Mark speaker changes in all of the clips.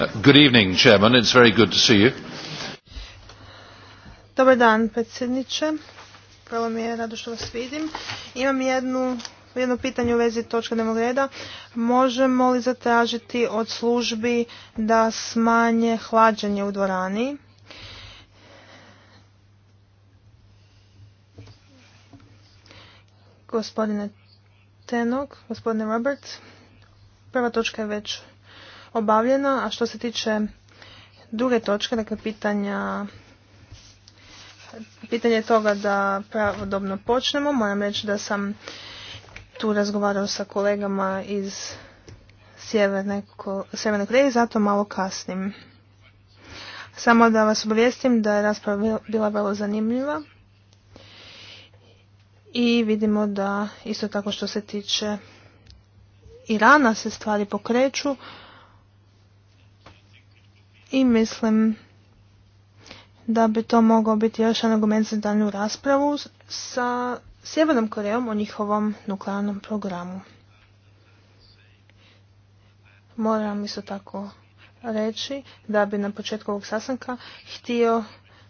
Speaker 1: Uh, good evening,
Speaker 2: Dobar dan, predsjedniče. Prvo mi je rado što vas vidim. Imam jednu, jedno pitanje u vezi točka dnevnog reda. Možemo li zatražiti od službi da smanje hlađenje u dvorani? Gospodine Tenog, gospodine Robert, prva točka je već obavljena. A što se tiče druge točke, dakle pitanja pitanje toga da pravodobno počnemo. Moram reći da sam tu razgovarao sa kolegama iz Sjeverne, Sjeverne Koreje, zato malo kasnim. Samo da vas obavijestim da je rasprava bila vrlo zanimljiva i vidimo da isto tako što se tiče Irana se stvari pokreću, i mislim da bi to mogao biti još jedan argument za raspravu sa Sjevernom Korejom o njihovom nuklearnom programu. Moram isto tako reći da bi na početku ovog sastanka htio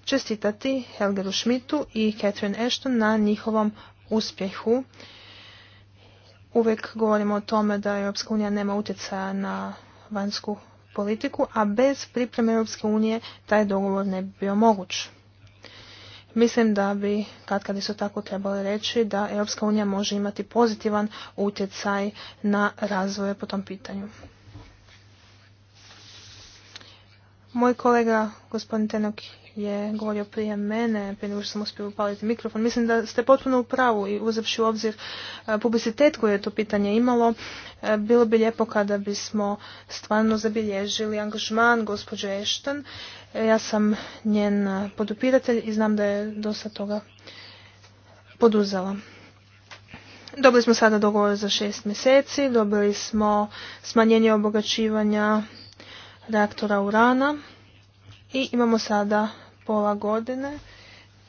Speaker 2: čestitati Helgeru Schmidtu i Catherine Ashton na njihovom uspjehu. Uvijek govorimo o tome da Europska unija nema utjecaja na vanjsku politiku, a bez pripreme Europske unije taj dogovor ne bi bio moguć. Mislim da bi kad kad isto tako trebali reći da Europska unija može imati pozitivan utjecaj na razvoje po tom pitanju. Moj kolega gospodin Tenoki je govorio prije mene, prije nego što sam uspio upaliti mikrofon. Mislim da ste potpuno u pravu i uzevši u obzir e, publicitet koje je to pitanje imalo, e, bilo bi lijepo kada bismo stvarno zabilježili angažman gospođe Ešten e, Ja sam njen podupiratelj i znam da je dosta toga poduzela. Dobili smo sada dogovor za šest mjeseci, dobili smo smanjenje obogaćivanja reaktora urana i imamo sada pola godine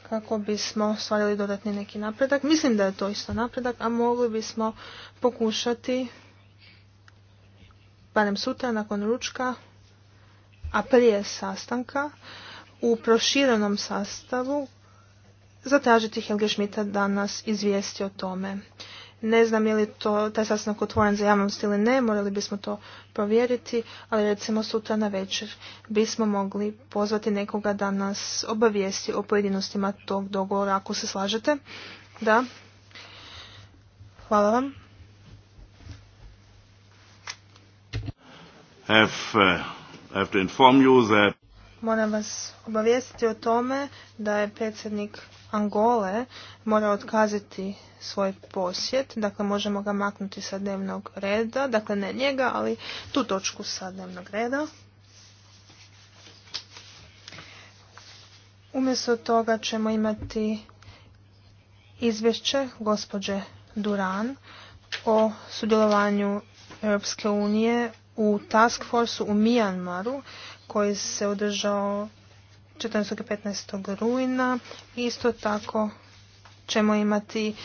Speaker 2: kako bismo stvarili dodatni neki napredak. Mislim da je to isto napredak, a mogli bismo pokušati barem sutra nakon ručka, a prije sastanka, u proširenom sastavu zatražiti Helge Schmidta da nas izvijesti o tome. Ne znam je li to, taj sastanak otvoren za javnost ili ne, morali bismo to provjeriti, ali recimo sutra na večer bismo mogli pozvati nekoga da nas obavijesti o pojedinostima tog dogovora, ako se slažete. Da. Hvala vam. Uh, Moram vas obavijestiti o tome da je predsjednik Angole mora otkazati svoj posjet, dakle možemo ga maknuti sa dnevnog reda, dakle ne njega, ali tu točku sa dnevnog reda. Umjesto toga ćemo imati izvješće gospođe Duran o sudjelovanju Europske unije u task u Mijanmaru koji se održao 14. i 15. rujna. Isto tako ćemo imati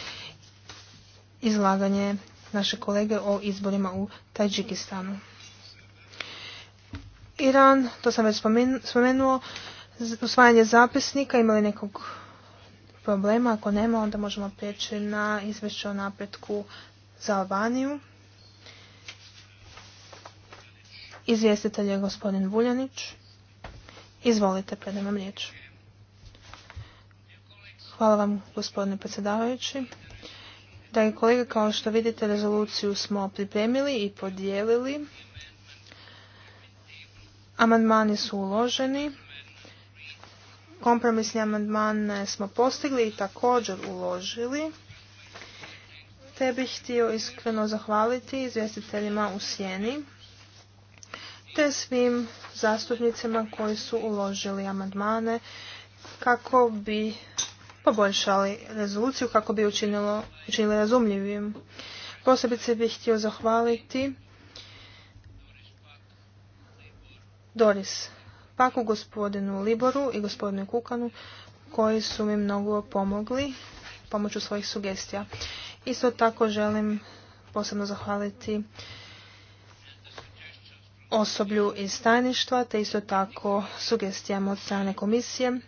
Speaker 2: izlaganje naše kolege o izborima u Tajđikistanu. Iran, to sam već spomenuo, usvajanje zapisnika, imali nekog problema, ako nema onda možemo prijeći na izvješće o napretku za Albaniju. Izvjestitelj je gospodin Vuljanić. Izvolite, predam vam riječ. Hvala vam, gospodine predsjedavajući. Dragi kolege, kao što vidite, rezoluciju smo pripremili i podijelili. Amandmani su uloženi. Kompromisni amandmane smo postigli i također uložili. Te bih htio iskreno zahvaliti izvjestiteljima u Sjeni te svim zastupnicima koji su uložili amandmane kako bi poboljšali rezoluciju, kako bi učinilo, učinili razumljivim. Posebice bih htio zahvaliti Doris Paku, gospodinu Liboru i gospodinu Kukanu koji su mi mnogo pomogli pomoću svojih sugestija. Isto tako želim posebno zahvaliti osoblju iz tajništva, te isto tako sugestijama od strane komisije,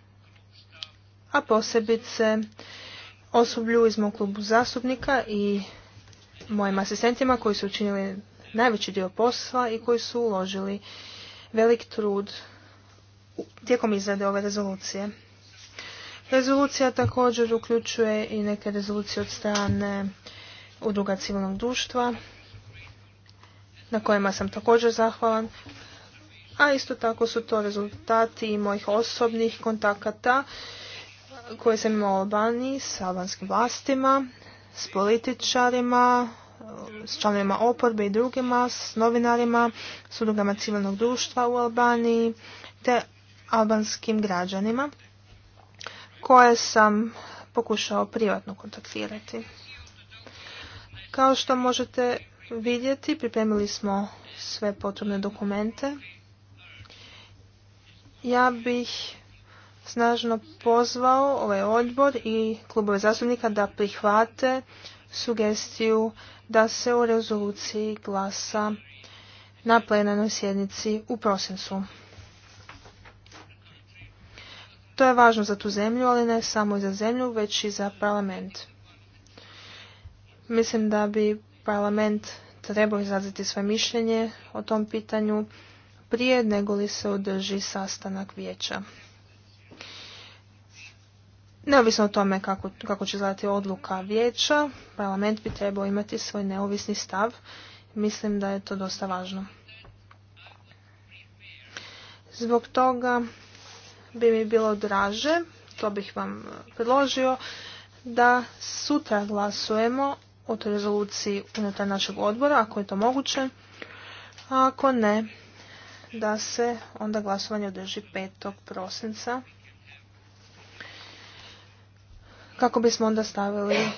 Speaker 2: a posebice osoblju iz mog klubu zastupnika i mojim asistentima koji su učinili najveći dio posla i koji su uložili velik trud tijekom izrade ove rezolucije. Rezolucija također uključuje i neke rezolucije od strane udruga civilnog društva, na kojima sam također zahvalan. A isto tako su to rezultati mojih osobnih kontakata koje sam imao u Albaniji s albanskim vlastima, s političarima, s članovima oporbe i drugima, s novinarima, s udrugama civilnog društva u Albaniji, te albanskim građanima koje sam pokušao privatno kontaktirati. Kao što možete vidjeti. Pripremili smo sve potrebne dokumente. Ja bih snažno pozvao ovaj odbor i klubove zastupnika da prihvate sugestiju da se u rezoluciji glasa na plenarnoj sjednici u prosincu. To je važno za tu zemlju, ali ne samo za zemlju, već i za parlament. Mislim da bi parlament treba izraziti svoje mišljenje o tom pitanju prije nego li se održi sastanak vijeća. Neovisno o tome kako, kako će izgledati odluka vijeća, parlament bi trebao imati svoj neovisni stav. Mislim da je to dosta važno. Zbog toga bi mi bilo draže, to bih vam predložio, da sutra glasujemo o toj rezoluciji unutar našeg odbora, ako je to moguće. A ako ne, da se onda glasovanje održi 5. prosinca. Kako bismo onda stavili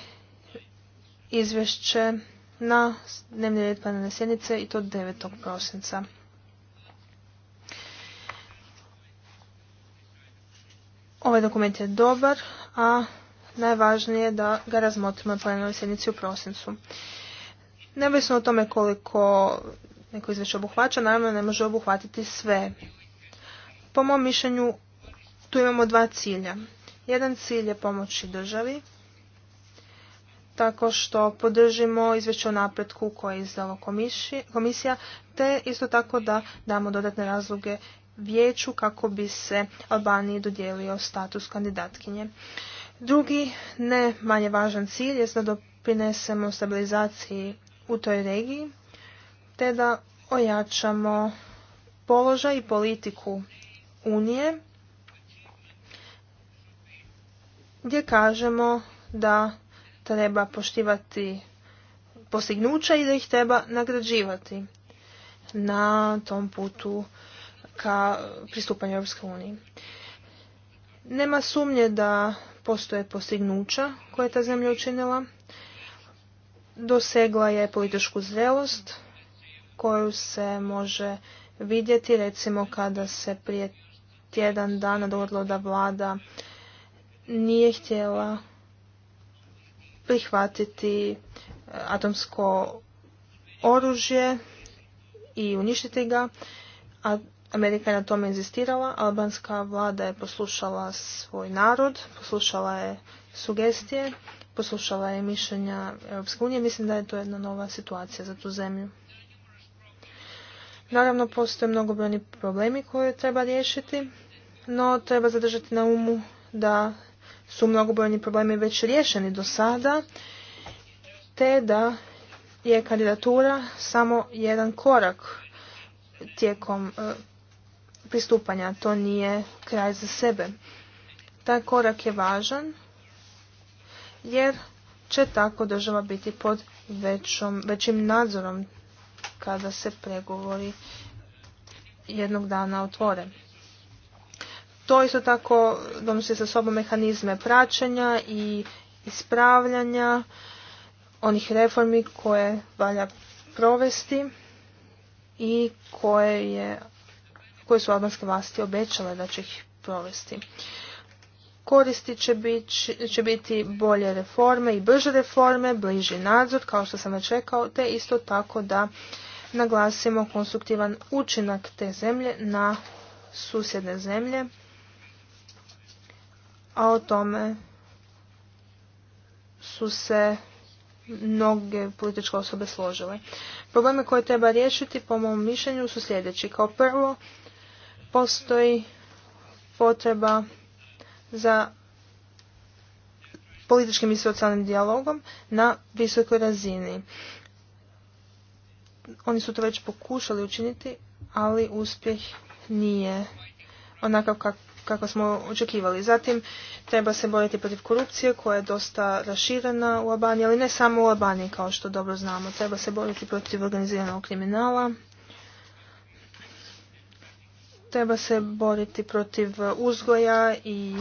Speaker 2: izvješće na dnevni red planene sjednice i to 9. prosinca. Ovaj dokument je dobar, a najvažnije da ga razmotrimo na plenarnoj sjednici u prosincu. Nevisno o tome koliko neko izvješće obuhvaća, naravno ne može obuhvatiti sve. Po mom mišljenju tu imamo dva cilja. Jedan cilj je pomoći državi, tako što podržimo izvješće o napretku koje je izdala komisija, te isto tako da damo dodatne razloge vijeću kako bi se Albaniji dodijelio status kandidatkinje. Drugi, ne manje važan cilj, je da doprinesemo stabilizaciji u toj regiji, te da ojačamo položaj i politiku Unije, gdje kažemo da treba poštivati postignuća i da ih treba nagrađivati na tom putu ka pristupanju Europske unije. Nema sumnje da Postoje postignuća koje je ta zemlja učinila. Dosegla je političku zrelost koju se može vidjeti recimo kada se prije tjedan dana dogodilo da vlada nije htjela prihvatiti eh, atomsko oružje i uništiti ga, a Amerika je na tome inzistirala, albanska vlada je poslušala svoj narod, poslušala je sugestije, poslušala je mišljenja Europske unije. Mislim da je to jedna nova situacija za tu zemlju. Naravno, postoje mnogobrojni problemi koje treba riješiti, no treba zadržati na umu da su mnogobrojni problemi već riješeni do sada, te da je kandidatura samo jedan korak tijekom e, pristupanja. To nije kraj za sebe. Taj korak je važan jer će tako država biti pod većom, većim nadzorom kada se pregovori jednog dana otvore. To isto tako donosi sa sobom mehanizme praćenja i ispravljanja onih reformi koje valja provesti i koje je koje su albanske vlasti obećale da će ih provesti. Koristi će, će biti bolje reforme i brže reforme, bliži nadzor, kao što sam već rekao, te isto tako da naglasimo konstruktivan učinak te zemlje na susjedne zemlje, a o tome su se mnoge političke osobe složile. Probleme koje treba riješiti, po mom mišljenju, su sljedeći. Kao prvo, postoji potreba za političkim i socijalnim dijalogom na visokoj razini. Oni su to već pokušali učiniti, ali uspjeh nije onakav kako smo očekivali. Zatim treba se boriti protiv korupcije koja je dosta raširena u Albaniji, ali ne samo u Albaniji kao što dobro znamo. Treba se boriti protiv organiziranog kriminala, Treba se boriti protiv uzgoja i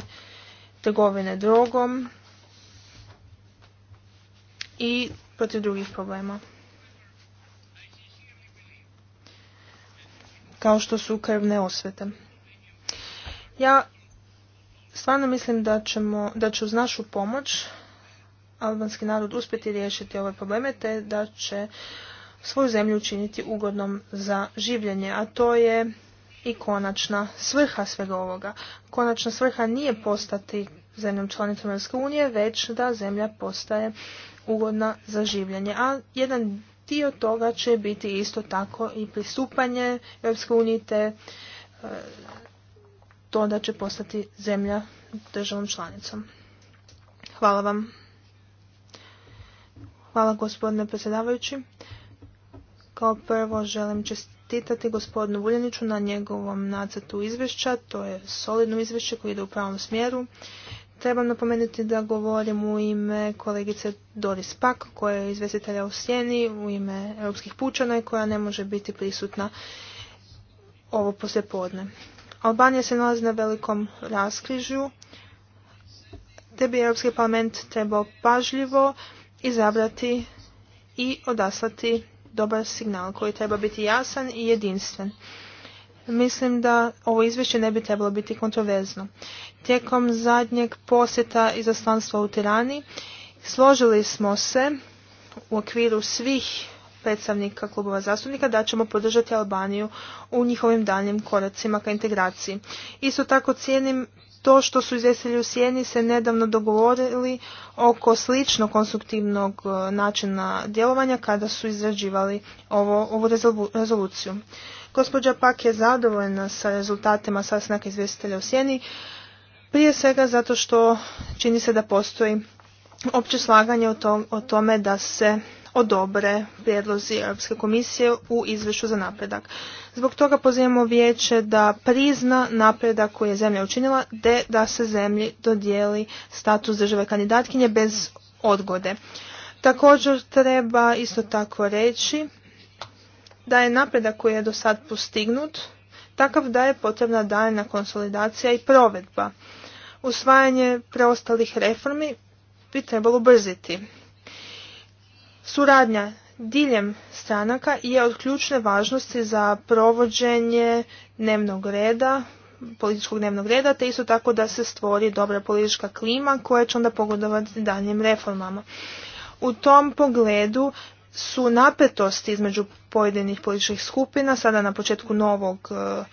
Speaker 2: trgovine drogom i protiv drugih problema. Kao što su krvne osvete. Ja stvarno mislim da, ćemo, da će uz našu pomoć albanski narod uspjeti riješiti ove probleme te da će svoju zemlju učiniti ugodnom za življenje, a to je i konačna svrha svega ovoga. Konačna svrha nije postati zemljom članicom Europske unije, već da zemlja postaje ugodna za življenje. A jedan dio toga će biti isto tako i pristupanje Europske unije te e, to da će postati zemlja državom članicom. Hvala vam. Hvala gospodine predsjedavajući. Kao prvo želim čestiti čestitati gospodinu Vuljaniću na njegovom nacrtu izvješća. To je solidno izvješće koje ide u pravom smjeru. Trebam napomenuti da govorim u ime kolegice Doris Pak, koja je izvjestitelja u Sjeni, u ime Europskih pučana i koja ne može biti prisutna ovo poslijepodne. Albanija se nalazi na velikom raskrižju, te bi Europski parlament trebao pažljivo izabrati i odaslati dobar signal koji treba biti jasan i jedinstven. Mislim da ovo izvješće ne bi trebalo biti kontroverzno. Tijekom zadnjeg posjeta izaslanstva u Tirani složili smo se u okviru svih predstavnika klubova zastupnika da ćemo podržati Albaniju u njihovim daljnjim koracima ka integraciji. Isto tako cijenim to što su izvjestitelji u Sjeni se nedavno dogovorili oko slično konstruktivnog e, načina djelovanja kada su izrađivali ovo, ovu rezoluciju. Gospođa Pak je zadovoljna sa rezultatima sastanaka izvjestitelja u Sjeni, prije svega zato što čini se da postoji opće slaganje o tome da se odobre prijedlozi Europske komisije u izvješću za napredak. Zbog toga pozivamo vijeće da prizna napredak koji je zemlja učinila, te da se zemlji dodijeli status države kandidatkinje bez odgode. Također treba isto tako reći da je napredak koji je do sad postignut takav da je potrebna daljna konsolidacija i provedba. Usvajanje preostalih reformi bi trebalo ubrziti. Suradnja diljem stranaka je od ključne važnosti za provođenje dnevnog reda, političkog dnevnog reda, te isto tako da se stvori dobra politička klima koja će onda pogodovati daljnjim reformama. U tom pogledu su napetosti između pojedinih političkih skupina sada na početku novog e,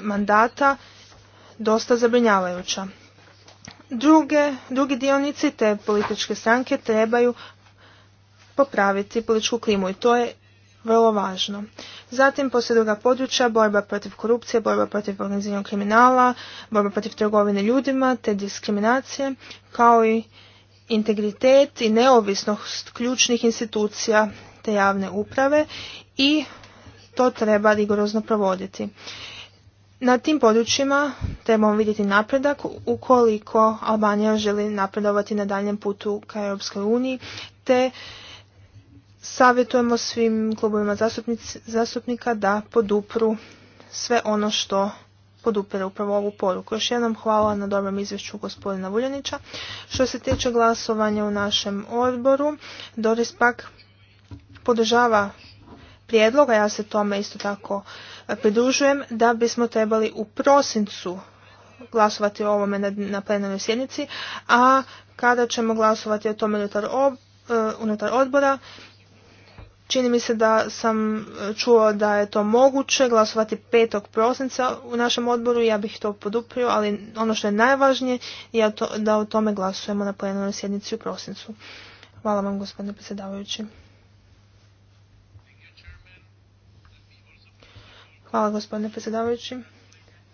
Speaker 2: mandata dosta zabrinjavajuća. drugi dionici te političke stranke trebaju popraviti političku klimu i to je vrlo važno. Zatim, poslije druga područja, borba protiv korupcije, borba protiv organiziranog kriminala, borba protiv trgovine ljudima te diskriminacije, kao i integritet i neovisnost ključnih institucija te javne uprave i to treba rigorozno provoditi. Na tim područjima trebamo vidjeti napredak ukoliko Albanija želi napredovati na daljem putu ka Europskoj uniji te savjetujemo svim klubovima zastupnika da podupru sve ono što podupere upravo ovu poruku. Još jednom hvala na dobrom izvješću gospodina Vuljanića. Što se tiče glasovanja u našem odboru, Doris pak podržava prijedlog, a ja se tome isto tako e, pridružujem, da bismo trebali u prosincu glasovati o ovome na plenarnoj sjednici, a kada ćemo glasovati o tome unutar, e, unutar odbora, Čini mi se da sam e, čuo da je to moguće glasovati 5. prosinca u našem odboru, ja bih to poduprio, ali ono što je najvažnije je da o tome glasujemo na plenarnoj sjednici u prosincu. Hvala vam gospodine predsjedavajući. Hvala gospodine predsjedavajući.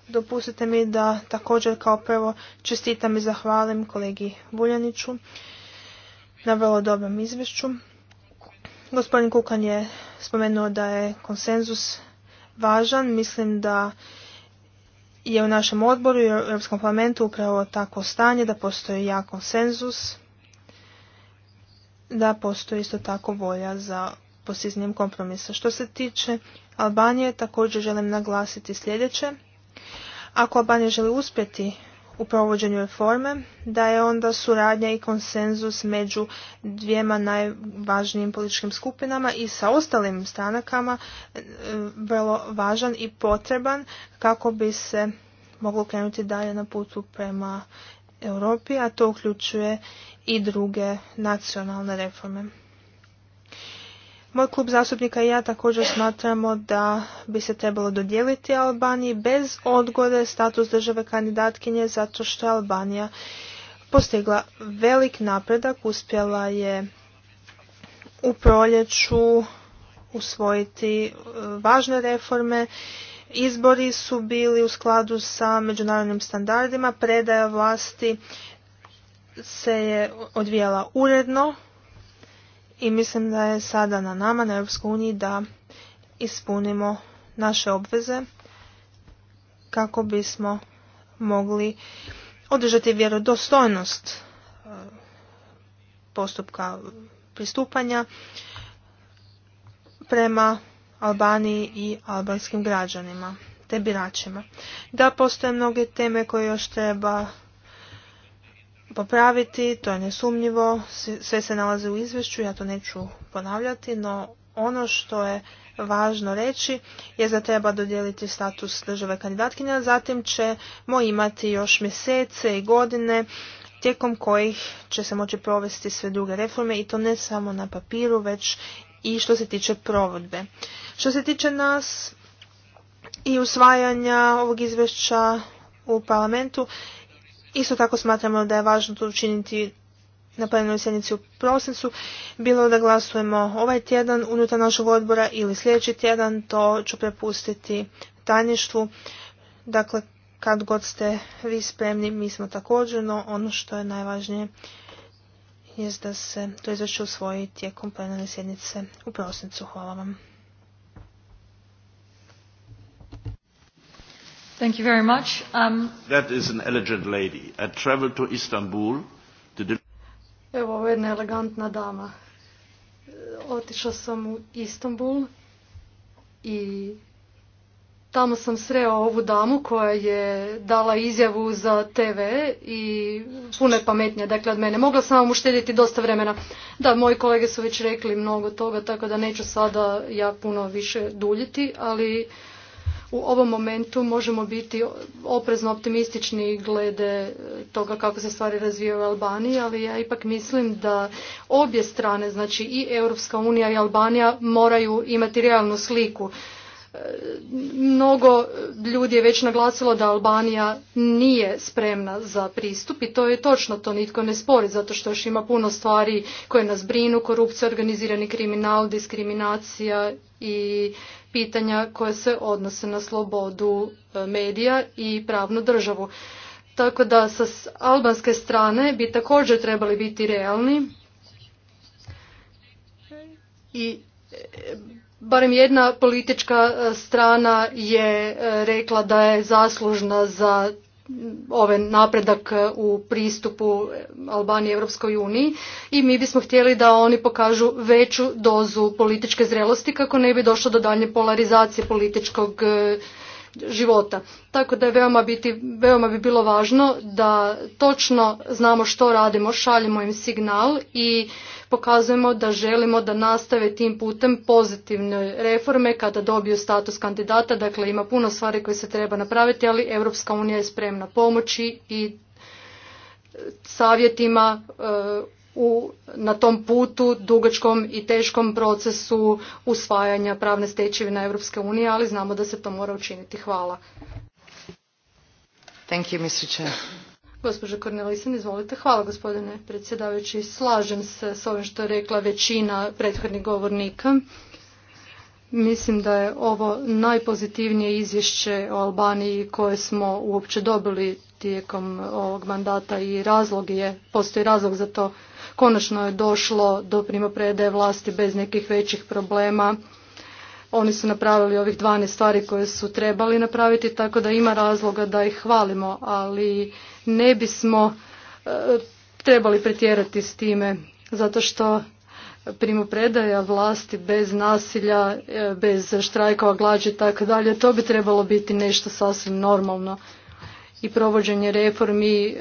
Speaker 2: Dopustite mi da također kao prvo čestitam i zahvalim kolegi Buljaniću na vrlo dobrom izvješću. Gospodin Kukan je spomenuo da je konsenzus važan. Mislim da je u našem odboru i u Europskom parlamentu upravo tako stanje da postoji jak konsenzus, da postoji isto tako volja za postizanjem kompromisa. Što se tiče Albanije, također želim naglasiti sljedeće. Ako Albanija želi uspjeti u provođenju reforme, da je onda suradnja i konsenzus među dvijema najvažnijim političkim skupinama i sa ostalim stranakama e, vrlo važan i potreban kako bi se moglo krenuti dalje na putu prema Europi, a to uključuje i druge nacionalne reforme. Moj klub zastupnika i ja također smatramo da bi se trebalo dodijeliti Albaniji bez odgode status države kandidatkinje zato što je Albanija postigla velik napredak, uspjela je u proljeću usvojiti e, važne reforme. Izbori su bili u skladu sa međunarodnim standardima, predaja vlasti se je odvijala uredno i mislim da je sada na nama, na EU, da ispunimo naše obveze kako bismo mogli održati vjerodostojnost e, postupka pristupanja prema Albaniji i albanskim građanima te biračima. Da, postoje mnoge teme koje još treba popraviti, to je nesumnjivo, sve se nalazi u izvješću, ja to neću ponavljati, no ono što je važno reći je da treba dodijeliti status države kandidatkinja, zatim ćemo imati još mjesece i godine tijekom kojih će se moći provesti sve druge reforme i to ne samo na papiru, već i što se tiče provodbe. Što se tiče nas i usvajanja ovog izvješća u parlamentu, Isto tako smatramo da je važno to učiniti na plenarnoj sjednici u prosincu, bilo da glasujemo ovaj tjedan unutar našeg odbora ili sljedeći tjedan, to ću prepustiti tajništvu. Dakle, kad god ste vi spremni, mi smo također, no ono što je najvažnije je da se to izvješće usvoji tijekom plenarne sjednice u prosincu. Hvala vam. Thank you very much. Um...
Speaker 3: That is an elegant lady. I traveled to Istanbul.
Speaker 4: Evo, ovo je jedna elegantna dama. E, otišla sam u Istanbul i tamo sam sreo ovu damu koja je dala izjavu za TV i puno je pametnija dakle, od mene. Mogla sam vam uštediti dosta vremena. Da, moji kolege su već rekli mnogo toga, tako da neću sada ja puno više duljiti, ali u ovom momentu možemo biti oprezno optimistični glede e, toga kako se stvari razvijaju u Albaniji, ali ja ipak mislim da obje strane, znači i Europska unija i Albanija moraju imati realnu sliku. E, mnogo ljudi je već naglasilo da Albanija nije spremna za pristup i to je točno, to nitko ne spori, zato što još ima puno stvari koje nas brinu, korupcija, organizirani kriminal, diskriminacija i pitanja koja se odnose na slobodu e, medija i pravnu državu. Tako da sa albanske strane bi također trebali biti realni i e, barem jedna politička e, strana je rekla da je zaslužna za ovaj napredak e, u pristupu Albanije Europskoj uniji i mi bismo htjeli da oni pokažu veću dozu političke zrelosti kako ne bi došlo do daljnje polarizacije političkog e, života. Tako da je veoma, biti, veoma bi bilo važno da točno znamo što radimo, šaljemo im signal i pokazujemo da želimo da nastave tim putem pozitivne reforme kada dobiju status kandidata. Dakle, ima puno stvari koje se treba napraviti, ali Europska unija je spremna pomoći i savjetima e, u, na tom putu dugačkom i teškom procesu usvajanja pravne stečevine Europske unije, ali znamo da se to mora učiniti. Hvala.
Speaker 3: Thank you, Mr.
Speaker 4: Gospođo Kornelisan, izvolite. Hvala gospodine predsjedavajući. Slažem se s ovim što je rekla većina prethodnih govornika. Mislim da je ovo najpozitivnije izvješće o Albaniji koje smo uopće dobili tijekom ovog mandata i razlog je, postoji razlog za to. Konačno je došlo do primopredaje vlasti bez nekih većih problema. Oni su napravili ovih 12 stvari koje su trebali napraviti, tako da ima razloga da ih hvalimo, ali ne bismo e, trebali pretjerati s time, zato što primopredaja vlasti bez nasilja, e, bez štrajkova, glađe i tako dalje, to bi trebalo biti nešto sasvim normalno. I provođenje reformi e,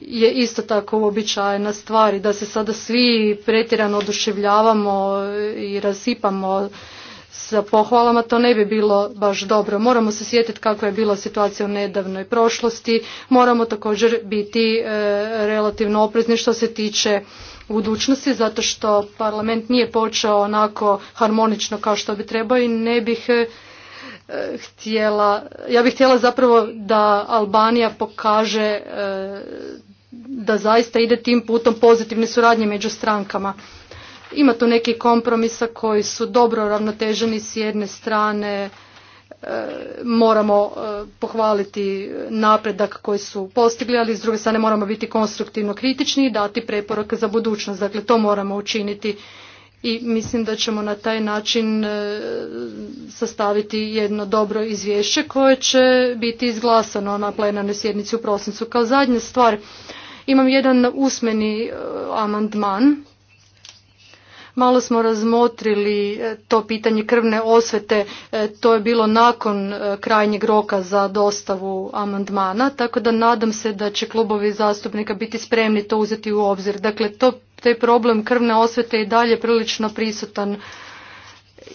Speaker 4: je isto tako uobičajena stvar i da se sada svi pretjerano oduševljavamo i rasipamo sa pohvalama, to ne bi bilo baš dobro. Moramo se sjetiti kako je bila situacija u nedavnoj prošlosti, moramo također biti e, relativno oprezni što se tiče budućnosti, zato što parlament nije počeo onako harmonično kao što bi trebao i ne bih e, htjela, ja bih htjela zapravo da Albanija pokaže e, da zaista ide tim putom pozitivne suradnje među strankama. Ima tu neki kompromisa koji su dobro ravnoteženi s jedne strane, e, moramo e, pohvaliti napredak koji su postigli, ali s druge strane moramo biti konstruktivno kritični i dati preporuke za budućnost. Dakle, to moramo učiniti i mislim da ćemo na taj način e, sastaviti jedno dobro izvješće koje će biti izglasano na plenarnoj sjednici u prosincu. Kao zadnja stvar imam jedan usmeni e, amandman. Malo smo razmotrili e, to pitanje krvne osvete, to je bilo nakon krajnjeg roka za dostavu amandmana, tako da nadam se da će klubovi zastupnika biti spremni to uzeti u obzir. Dakle, to taj problem krvne osvete i dalje prilično prisutan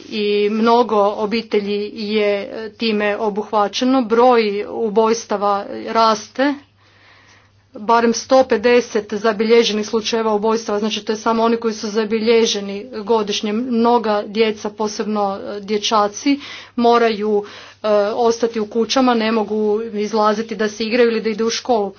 Speaker 4: i mnogo obitelji je time obuhvaćeno. Broj ubojstava raste, barem 150 zabilježenih slučajeva ubojstava, znači to je samo oni koji su zabilježeni godišnje. Mnoga djeca, posebno dječaci, moraju e, ostati u kućama, ne mogu izlaziti da se igraju ili da idu u školu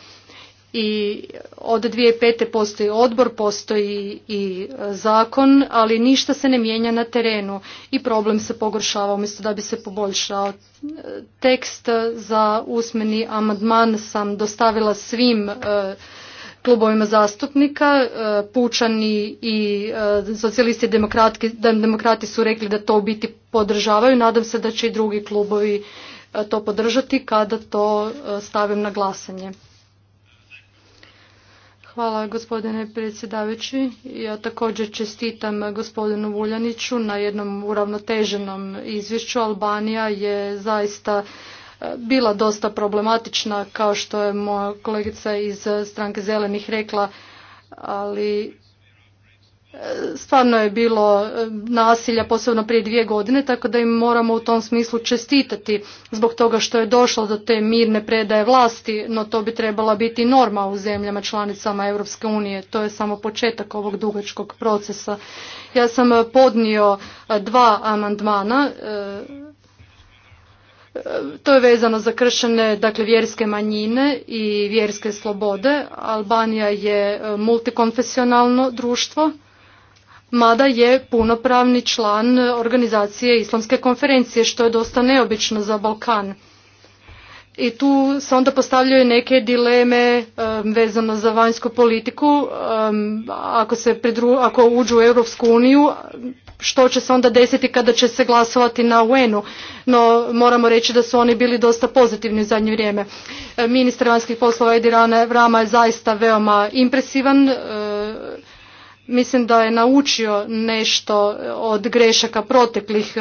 Speaker 4: i od 2005. postoji odbor, postoji i e, zakon, ali ništa se ne mijenja na terenu i problem se pogoršava umjesto da bi se poboljšao. E, tekst za usmeni amandman sam dostavila svim e, klubovima zastupnika. Pučani i socijalisti i demokrati, demokrati su rekli da to u biti podržavaju. Nadam se da će i drugi klubovi to podržati kada to stavim na glasanje. Hvala gospodine predsjedavajući. Ja također čestitam gospodinu Vuljaniću na jednom uravnoteženom izvješću. Albanija je zaista e, bila dosta problematična kao što je moja kolegica iz stranke zelenih rekla, ali stvarno je bilo e, nasilja posebno prije dvije godine tako da im moramo u tom smislu čestitati zbog toga što je došlo do te mirne predaje vlasti no to bi trebala biti norma u zemljama članicama Europske unije to je samo početak ovog dugačkog procesa ja sam podnio e, dva amandmana e, to je vezano za kršene dakle, vjerske manjine i vjerske slobode. Albanija je multikonfesionalno društvo mada je punopravni član organizacije Islamske konferencije, što je dosta neobično za Balkan. I tu se onda postavljaju neke dileme e, vezano za vanjsku politiku. E, ako, se pridru, ako uđu u Europsku uniju, što će se onda desiti kada će se glasovati na UN-u. No moramo reći da su oni bili dosta pozitivni u zadnje vrijeme. E, ministar vanjskih poslova Edirana Rama je zaista veoma impresivan mislim da je naučio nešto od grešaka proteklih e,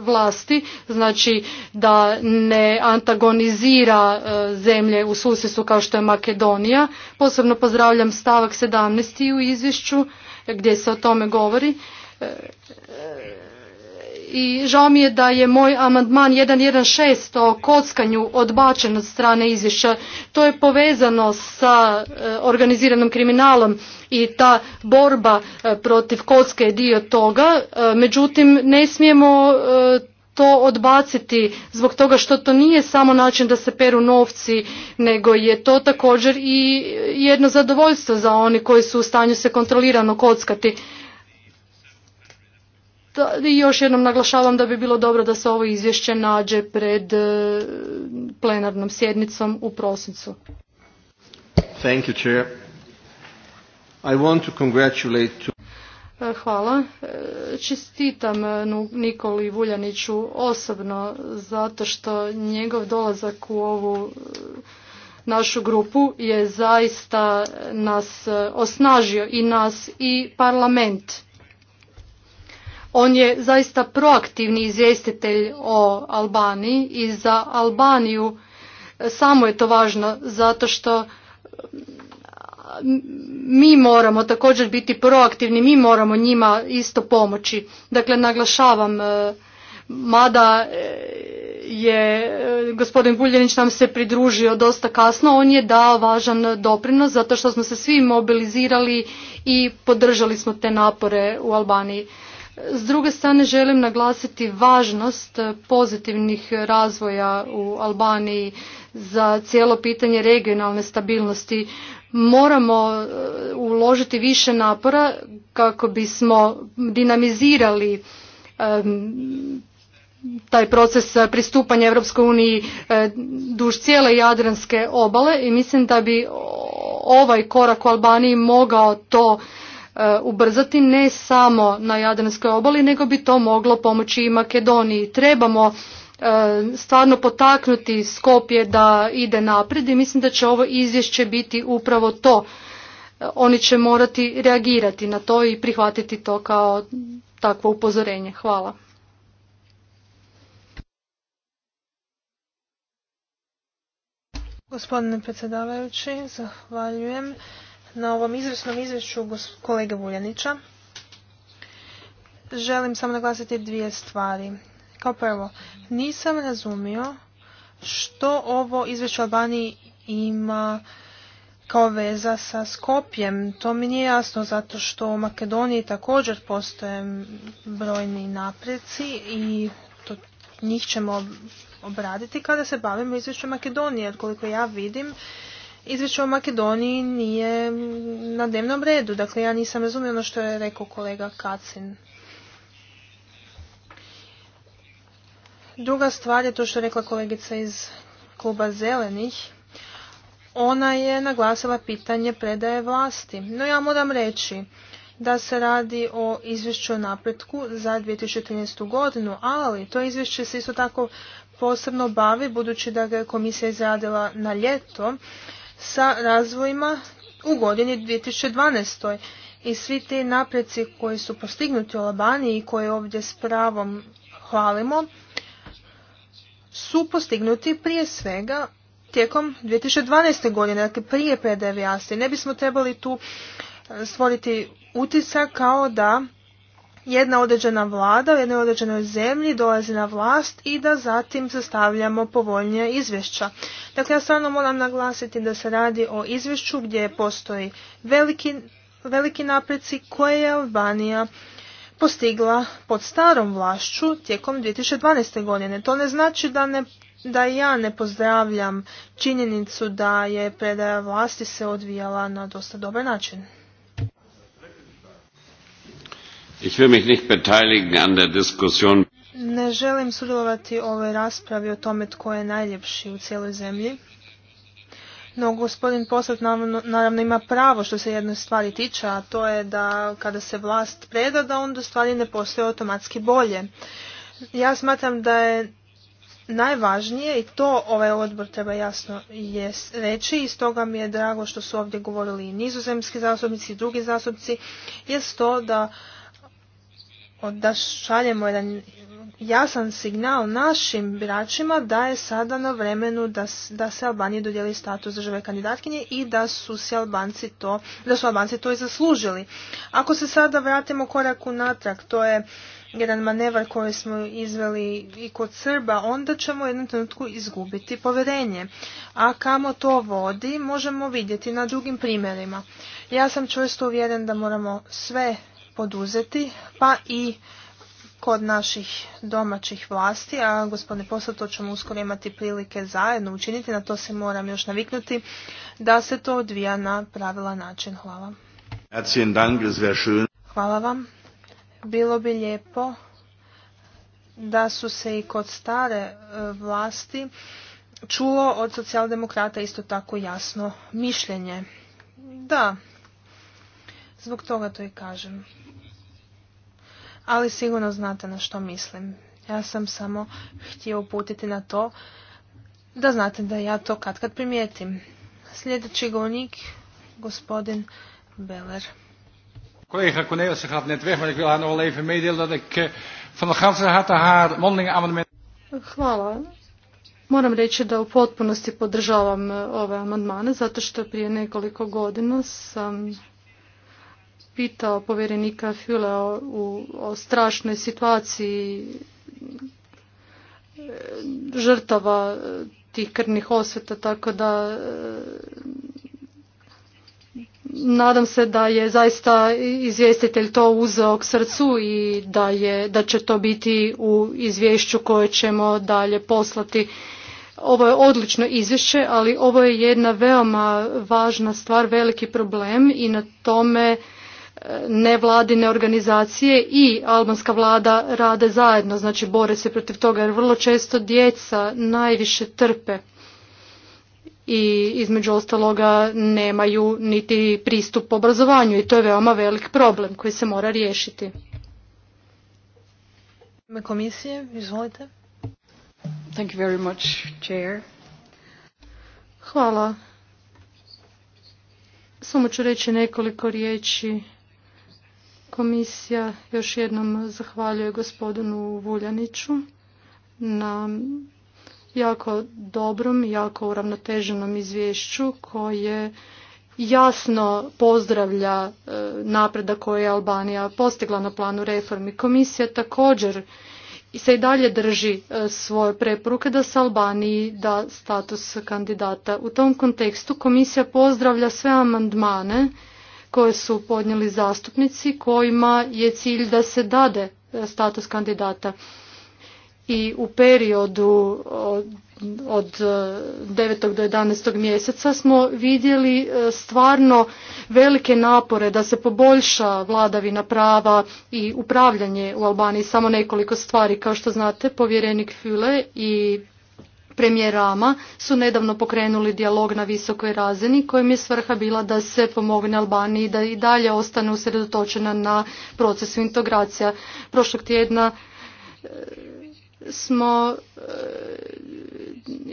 Speaker 4: vlasti, znači da ne antagonizira e, zemlje u susjedstvu kao što je Makedonija. Posebno pozdravljam stavak 17. u izvješću gdje se o tome govori e, i žao mi je da je moj amandman 1.1.6 o kockanju odbačen od strane izvješća. To je povezano sa e, organiziranom kriminalom i ta borba e, protiv kocka je dio toga, e, međutim ne smijemo to odbaciti zbog toga što to nije samo način da se peru novci, nego je to također i jedno zadovoljstvo za oni koji su u stanju se kontrolirano kockati i još jednom naglašavam da bi bilo dobro da se ovo izvješće nađe pred e, plenarnom sjednicom u prosincu.
Speaker 1: Thank you,
Speaker 3: Chair. I want to congratulate to...
Speaker 4: E, hvala. E, čestitam Nikoli Vuljaniću osobno zato što njegov dolazak u ovu našu grupu je zaista nas osnažio i nas i parlament on je zaista proaktivni izvjestitelj o Albaniji i za Albaniju samo je to važno zato što mm, mi moramo također biti proaktivni, mi moramo njima isto pomoći. Dakle, naglašavam, e, mada e, je e, gospodin Buljenić nam se pridružio dosta kasno, on je dao važan doprinos zato što smo se svi mobilizirali i podržali smo te napore u Albaniji. S druge strane želim naglasiti važnost eh, pozitivnih razvoja u Albaniji za cijelo pitanje regionalne stabilnosti. Moramo eh, uložiti više napora kako bismo dinamizirali taj proces eh, pristupanja Europskoj uniji duž cijele Jadranske obale i mislim da bi ovaj korak u Albaniji mogao to Eh, ubrzati ne samo na Jadranskoj obali, nego bi to moglo pomoći i Makedoniji. Trebamo eh, stvarno potaknuti Skopje da ide naprijed i mislim da će ovo izvješće biti upravo to. Oni će morati reagirati na to i prihvatiti to kao
Speaker 2: takvo upozorenje. Hvala. Gospodine predsjedavajući, zahvaljujem na ovom izvrsnom izvješću kolege Vuljanića. Želim samo naglasiti dvije stvari. Kao prvo, nisam razumio što ovo izvješće Albaniji ima kao veza sa Skopjem. To mi nije jasno zato što u Makedoniji također postoje brojni napreci i to, njih ćemo obraditi kada se bavimo izvješćem Makedonije. koliko ja vidim, izvješće o Makedoniji nije na dnevnom redu. Dakle, ja nisam razumio ono što je rekao kolega Kacin. Druga stvar je to što je rekla kolegica iz kluba zelenih. Ona je naglasila pitanje predaje vlasti. No ja moram reći da se radi o izvješću o napretku za 2013. godinu, ali to izvješće se isto tako posebno bavi, budući da ga je komisija izradila na ljeto, sa razvojima u godini 2012. I svi ti napreci koji su postignuti u Albaniji i koje ovdje s pravom hvalimo, su postignuti prije svega tijekom 2012. godine, dakle prije predajevijasti. Ne bismo trebali tu e, stvoriti utisak kao da jedna određena vlada u jednoj određenoj zemlji dolazi na vlast i da zatim sastavljamo povoljnije izvješća. Dakle, ja stvarno moram naglasiti da se radi o izvješću gdje postoji veliki, veliki napreci koje je Albanija postigla pod starom vlašću tijekom 2012. godine. To ne znači da ne da ja ne pozdravljam činjenicu da je predaja vlasti se odvijala na dosta dobar način. Ne želim sudjelovati ovoj raspravi o tome tko je najljepši u cijeloj zemlji. No, gospodin Posad naravno, ima pravo što se jedne stvari tiče, a to je da kada se vlast preda, da onda stvari ne postoje automatski bolje. Ja smatram da je najvažnije i to ovaj odbor treba jasno reći i stoga mi je drago što su ovdje govorili i nizozemski zastupnici i drugi zastupnici, jest to da da šaljemo jedan jasan signal našim biračima da je sada na vremenu da, da se Albaniji dodijeli status države kandidatkinje i da su se Albanci to, da su Albanci to i zaslužili. Ako se sada vratimo korak unatrag, to je jedan manevar koji smo izveli i kod Srba, onda ćemo u jednom trenutku izgubiti povjerenje. A kamo to vodi, možemo vidjeti na drugim primjerima. Ja sam čvrsto uvjeren da moramo sve poduzeti, pa i kod naših domaćih vlasti, a gospodine posao to ćemo uskoro imati prilike zajedno učiniti, na to se moram još naviknuti, da se to odvija na pravila način. Hvala. Hvala vam. Bilo bi lijepo da su se i kod stare e, vlasti čulo od socijaldemokrata isto tako jasno mišljenje. Da, zbog toga to i kažem ali sigurno znate na što mislim. Ja sam samo htio uputiti na to da znate da ja to kad kad primijetim. Sljedeći govornik, gospodin Beller.
Speaker 3: Collega Cornelissen net weg, maar ik wil haar nog even meedelen dat ik van de ganse harte haar mondelinge amendement...
Speaker 2: Hvala.
Speaker 4: Moram reći da u potpunosti podržavam eh, ove amandmane, zato što prije nekoliko godina sam pitao povjerenika Fule o, strašnoj situaciji e, žrtava e, tih krvnih osveta, tako da e, nadam se da je zaista izvjestitelj to uzeo k srcu i da, je, da će to biti u izvješću koje ćemo dalje poslati. Ovo je odlično izvješće, ali ovo je jedna veoma važna stvar, veliki problem i na tome nevladine organizacije i albanska vlada rade zajedno, znači bore se protiv toga jer vrlo često djeca najviše trpe i između ostaloga nemaju niti pristup obrazovanju i to je veoma velik problem koji se mora riješiti.
Speaker 2: Komisije, izvolite. Thank you very much, chair. Hvala.
Speaker 4: Samo ću reći nekoliko riječi Komisija još jednom zahvaljuje gospodinu Vuljaniću na jako dobrom i jako uravnoteženom izvješću koje jasno pozdravlja e, napredak koji je Albanija postigla na planu reformi. Komisija također se i dalje drži e, svoje preporuke da se Albaniji da status kandidata. U tom kontekstu komisija pozdravlja sve amandmane koje su podnijeli zastupnici kojima je cilj da se dade e, status kandidata. I u periodu od, 9. E, do 11. mjeseca smo vidjeli e, stvarno velike napore da se poboljša vladavina prava i upravljanje u Albaniji. Samo nekoliko stvari. Kao što znate, povjerenik Fule i premijerama su nedavno pokrenuli dijalog na visokoj razini kojem je svrha bila da se pomogne Albaniji da i dalje ostane usredotočena na procesu integracija. Prošlog tjedna e, smo e,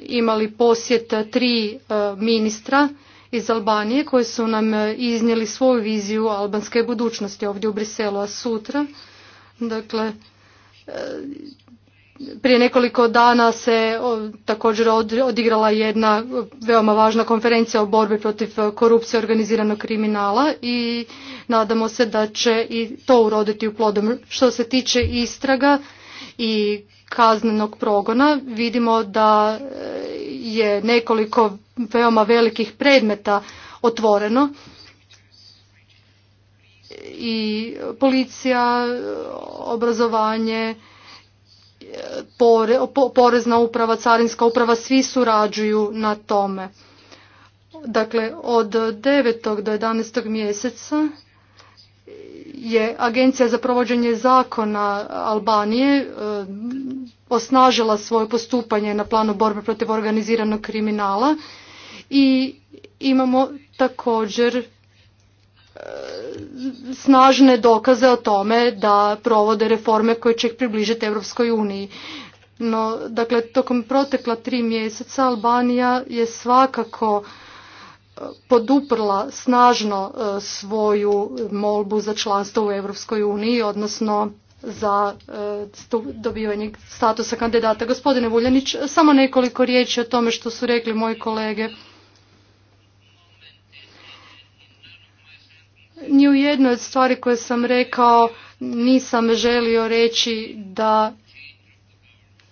Speaker 4: imali posjet tri e, ministra iz Albanije koji su nam iznijeli svoju viziju albanske budućnosti ovdje u Briselu, a sutra, dakle, prije nekoliko dana se također odigrala jedna veoma važna konferencija o borbi protiv korupcije organiziranog kriminala i nadamo se da će i to uroditi u plodom. Što se tiče istraga i kaznenog progona vidimo da e, je nekoliko veoma velikih predmeta otvoreno i policija, obrazovanje, pore, porezna uprava, carinska uprava, svi surađuju na tome. Dakle, od 9. do 11. mjeseca je Agencija za provođenje zakona Albanije e, osnažila svoje postupanje na planu borbe protiv organiziranog kriminala i imamo također snažne dokaze o tome da provode reforme koje će ih približiti Europskoj uniji. No, dakle, tokom protekla tri mjeseca Albanija je svakako e, poduprla snažno e, svoju molbu za članstvo u Europskoj uniji, odnosno za e, dobivanje statusa kandidata. Gospodine Vuljanić, samo nekoliko riječi o tome što su rekli moji kolege Ni u jednoj od stvari koje sam rekao nisam želio reći da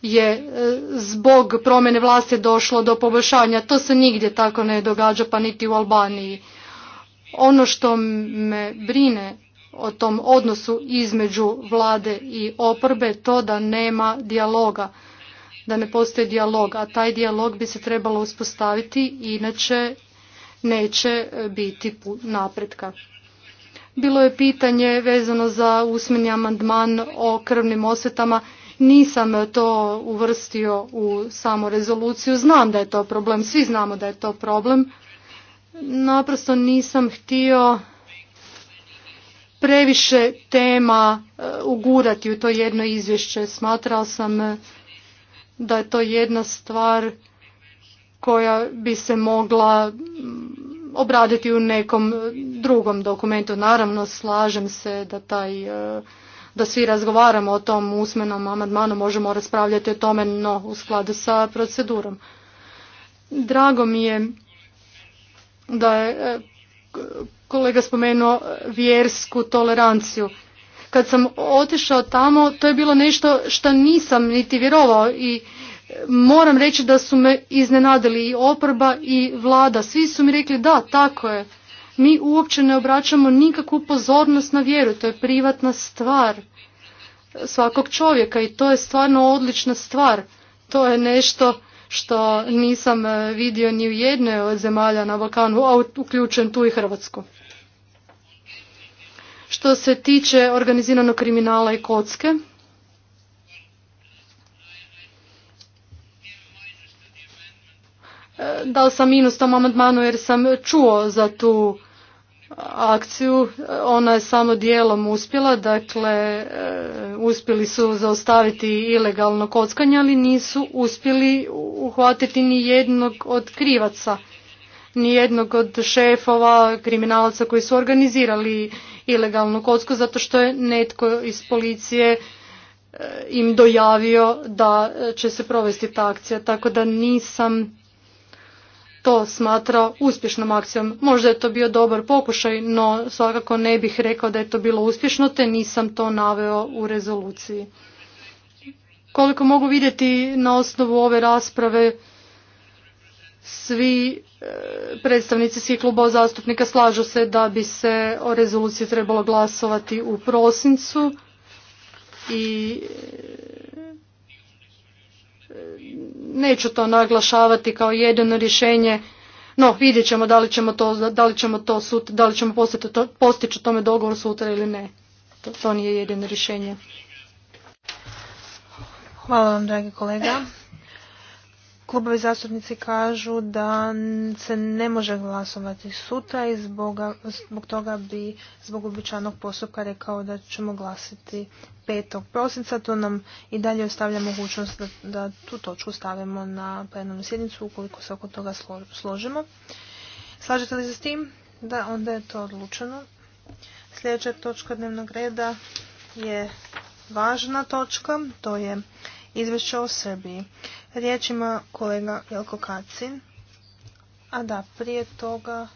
Speaker 4: je e, zbog promjene vlasti došlo do poboljšanja. To se nigdje tako ne događa, pa niti u Albaniji. Ono što me brine o tom odnosu između vlade i oporbe to da nema dijaloga, da ne postoji dijalog, a taj dijalog bi se trebalo uspostaviti, inače neće biti napretka. Bilo je pitanje vezano za usmeni amandman o krvnim osvetama. Nisam to uvrstio u samu rezoluciju. Znam da je to problem, svi znamo da je to problem. Naprosto nisam htio previše tema e, ugurati u to jedno izvješće. Smatrao sam e, da je to jedna stvar koja bi se mogla obraditi u nekom drugom dokumentu. Naravno, slažem se da taj e, da svi razgovaramo o tom usmenom amandmanu, možemo raspravljati o tome, no u skladu sa procedurom. Drago mi je da je e, kolega spomenuo vjersku toleranciju. Kad sam otišao tamo, to je bilo nešto što nisam niti vjerovao i moram reći da su me iznenadili i oporba i vlada. Svi su mi rekli da, tako je. Mi uopće ne obraćamo nikakvu pozornost na vjeru. To je privatna stvar svakog čovjeka i to je stvarno odlična stvar. To je nešto što nisam e, vidio ni u jednoj od zemalja na Balkanu, a uključujem tu i Hrvatsku. Što se tiče organiziranog kriminala i kocke, E, dao sam minus tom amandmanu jer sam čuo za tu akciju. E, ona je samo dijelom uspjela, dakle e, uspjeli su zaostaviti ilegalno kockanje, ali nisu uspjeli uhvatiti ni jednog od krivaca, ni jednog od šefova, kriminalaca koji su organizirali ilegalnu kocku zato što je netko iz policije im dojavio da će se provesti ta akcija, tako da nisam to smatra uspješnom akcijom. Možda je to bio dobar pokušaj, no svakako ne bih rekao da je to bilo uspješno, te nisam to naveo u rezoluciji. Koliko mogu vidjeti na osnovu ove rasprave, svi e, predstavnici svih klubova zastupnika slažu se da bi se o rezoluciji trebalo glasovati u prosincu i neću to naglašavati kao jedino rješenje, no vidjet ćemo da li ćemo to, da li ćemo to, da li ćemo postići o tome dogovor sutra ili ne. To, to nije jedino rješenje.
Speaker 2: Hvala vam, dragi kolega klubovi zastupnici kažu da se ne može glasovati sutra i zbog, toga bi zbog običanog postupka rekao da ćemo glasiti 5. prosinca. To nam i dalje ostavlja mogućnost da, tu točku stavimo na plenarnu sjednicu ukoliko se oko toga složimo. Slažete li se s tim? Da, onda je to odlučeno. Sljedeća točka dnevnog reda je važna točka, to je izvješće o Srbiji. Riječ ima kolega Jelko Kacin. A da, prije toga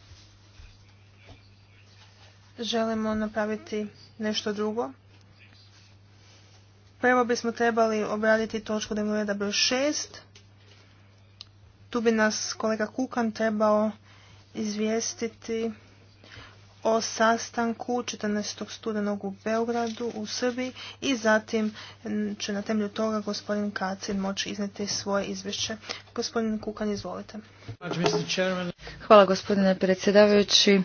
Speaker 2: želimo napraviti nešto drugo. Prvo bismo trebali obraditi točku dnevnog reda broj 6. Tu bi nas kolega Kukan trebao izvijestiti o sastanku 14. studenog u Beogradu u Srbiji i zatim će na temlju toga gospodin Kacin moći izneti svoje izvješće. Gospodin Kukan, izvolite.
Speaker 5: Hvala gospodine predsjedavajući.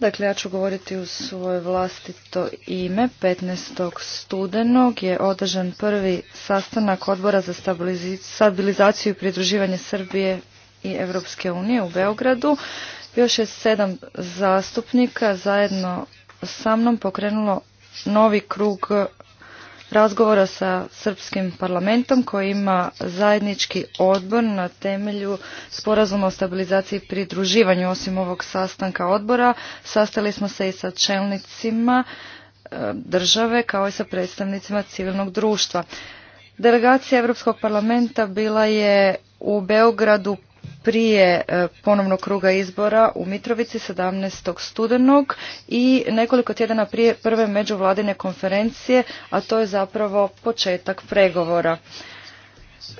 Speaker 5: Dakle, ja ću govoriti u svoje vlastito ime. 15. studenog je održan prvi sastanak odbora za stabilizaciju i pridruživanje Srbije i Evropske unije u Beogradu. Još je sedam zastupnika zajedno sa mnom pokrenulo novi krug razgovora sa srpskim parlamentom koji ima zajednički odbor na temelju sporazuma o stabilizaciji i pridruživanju osim ovog sastanka odbora sastali smo se i sa čelnicima e, države kao i sa predstavnicima civilnog društva delegacija europskog parlamenta bila je u Beogradu prije e, ponovnog kruga izbora u Mitrovici 17. studenog i nekoliko tjedana prije prve međuvladine konferencije, a to je zapravo početak pregovora.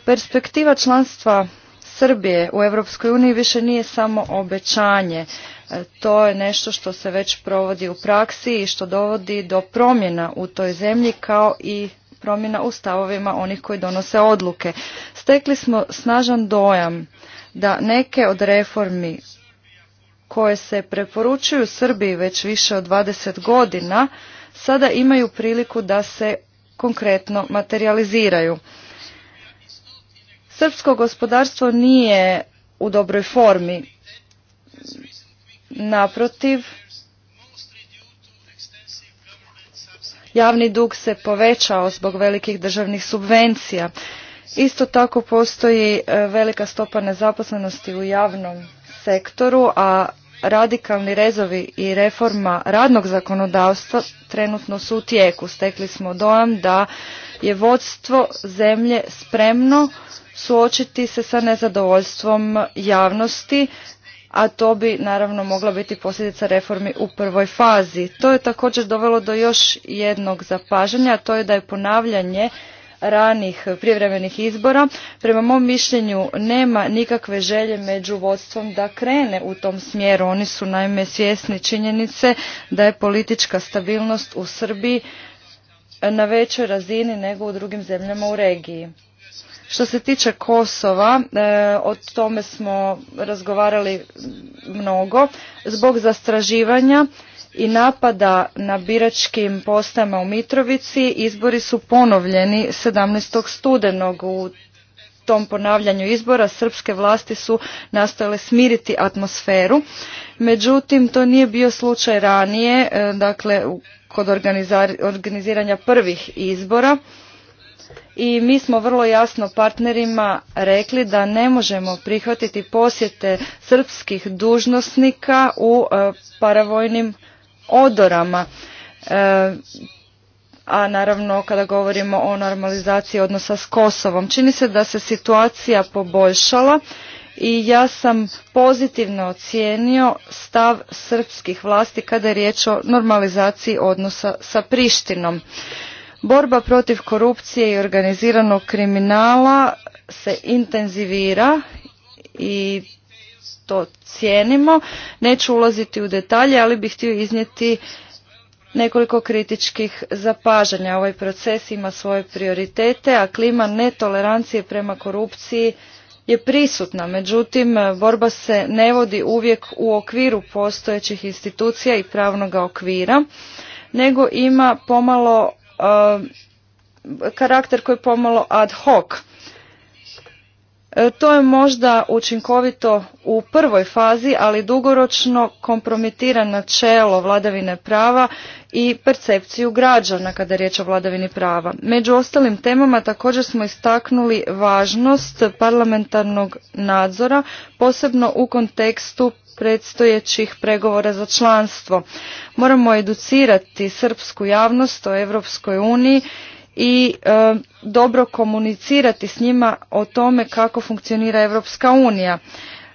Speaker 5: Perspektiva članstva Srbije u Europskoj uniji više nije samo obećanje. E, to je nešto što se već provodi u praksi i što dovodi do promjena u toj zemlji kao i promjena u stavovima onih koji donose odluke. Stekli smo snažan dojam da neke od reformi koje se preporučuju Srbiji već više od 20 godina sada imaju priliku da se konkretno materializiraju. Srpsko gospodarstvo nije u dobroj formi. Naprotiv, javni dug se povećao zbog velikih državnih subvencija. Isto tako postoji e, velika stopa nezaposlenosti u javnom sektoru, a radikalni rezovi i reforma radnog zakonodavstva trenutno su u tijeku. Stekli smo dojam da je vodstvo zemlje spremno suočiti se sa nezadovoljstvom javnosti, a to bi naravno mogla biti posljedica reformi u prvoj fazi. To je također dovelo do još jednog zapažanja, a to je da je ponavljanje ranih prijevremenih izbora. Prema mom mišljenju nema nikakve želje među vodstvom da krene u tom smjeru. Oni su naime svjesni činjenice da je politička stabilnost u Srbiji na većoj razini nego u drugim zemljama u regiji. Što se tiče Kosova, e, o tome smo razgovarali mnogo. Zbog zastraživanja i napada na biračkim postajama u Mitrovici izbori su ponovljeni 17. studenog u tom ponavljanju izbora srpske vlasti su nastojale smiriti atmosferu. Međutim, to nije bio slučaj ranije, e, dakle, kod organiziranja prvih izbora. I mi smo vrlo jasno partnerima rekli da ne možemo prihvatiti posjete srpskih dužnosnika u e, paravojnim odorama. E, a naravno kada govorimo o normalizaciji odnosa s Kosovom. Čini se da se situacija poboljšala i ja sam pozitivno ocijenio stav srpskih vlasti kada je riječ o normalizaciji odnosa sa Prištinom. Borba protiv korupcije i organiziranog kriminala se intenzivira i to cijenimo. Neću ulaziti u detalje, ali bih htio iznijeti nekoliko kritičkih zapažanja. Ovaj proces ima svoje prioritete, a klima netolerancije prema korupciji je prisutna. Međutim, borba se ne vodi uvijek u okviru postojećih institucija i pravnog okvira, nego ima pomalo eh, karakter koji je pomalo ad hoc. E, to je možda učinkovito u prvoj fazi, ali dugoročno kompromitira načelo vladavine prava i percepciju građana kada je riječ o vladavini prava. Među ostalim temama također smo istaknuli važnost parlamentarnog nadzora, posebno u kontekstu predstojećih pregovora za članstvo. Moramo educirati srpsku javnost o Europskoj uniji i e, dobro komunicirati s njima o tome kako funkcionira Europska unija.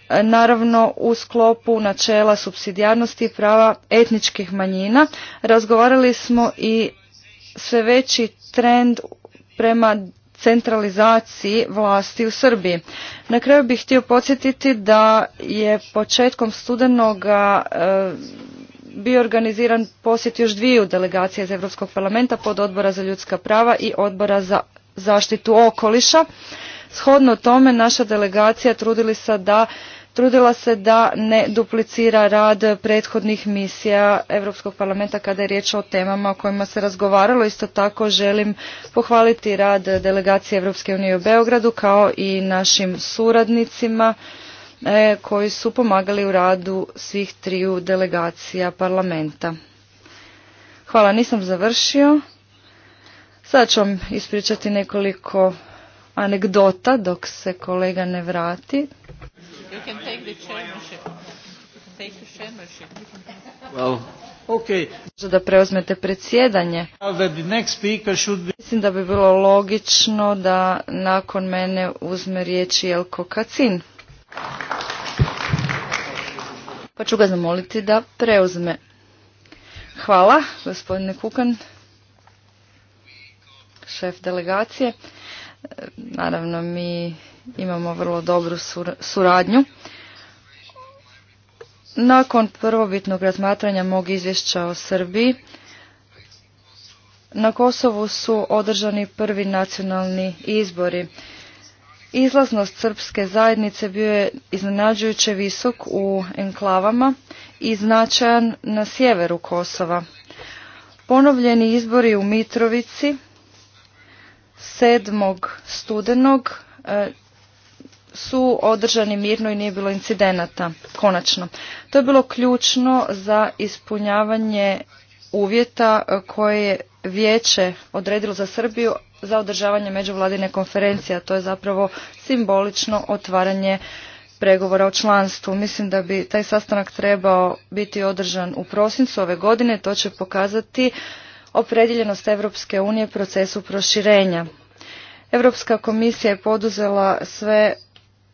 Speaker 5: E, naravno u sklopu načela subsidijarnosti i prava etničkih manjina razgovarali smo i sve veći trend prema centralizaciji vlasti u Srbiji. Na kraju bih htio podsjetiti da je početkom studenoga e, bio organiziran posjet još dviju delegacija iz Europskog parlamenta pod odbora za ljudska prava i odbora za zaštitu okoliša. Shodno tome naša delegacija trudili se da trudila se da ne duplicira rad prethodnih misija Europskog parlamenta kada je riječ o temama o kojima se razgovaralo. Isto tako želim pohvaliti rad delegacije Europske unije u Beogradu kao i našim suradnicima E, koji su pomagali u radu svih triju delegacija parlamenta. Hvala, nisam završio. Sada ću vam ispričati nekoliko anegdota dok se kolega ne vrati. Well, Da preuzmete predsjedanje. Mislim da bi bilo logično da nakon mene uzme riječ Jelko Kacin. Pa ću ga zamoliti da preuzme. Hvala, gospodine Kukan, šef delegacije. E, naravno, mi imamo vrlo dobru suradnju. Nakon prvobitnog razmatranja mog izvješća o Srbiji, na Kosovu su održani prvi nacionalni izbori. Izlaznost srpske zajednice bio je iznenađujuće visok u enklavama i značajan na sjeveru Kosova. Ponovljeni izbori u Mitrovici 7. studenog e, su održani mirno i nije bilo incidenata, konačno. To je bilo ključno za ispunjavanje uvjeta e, koje je vijeće odredilo za Srbiju za održavanje međuvladine konferencije, a to je zapravo simbolično otvaranje pregovora o članstvu. Mislim da bi taj sastanak trebao biti održan u prosincu ove godine. To će pokazati opredjeljenost Europske unije procesu proširenja. Europska komisija je poduzela sve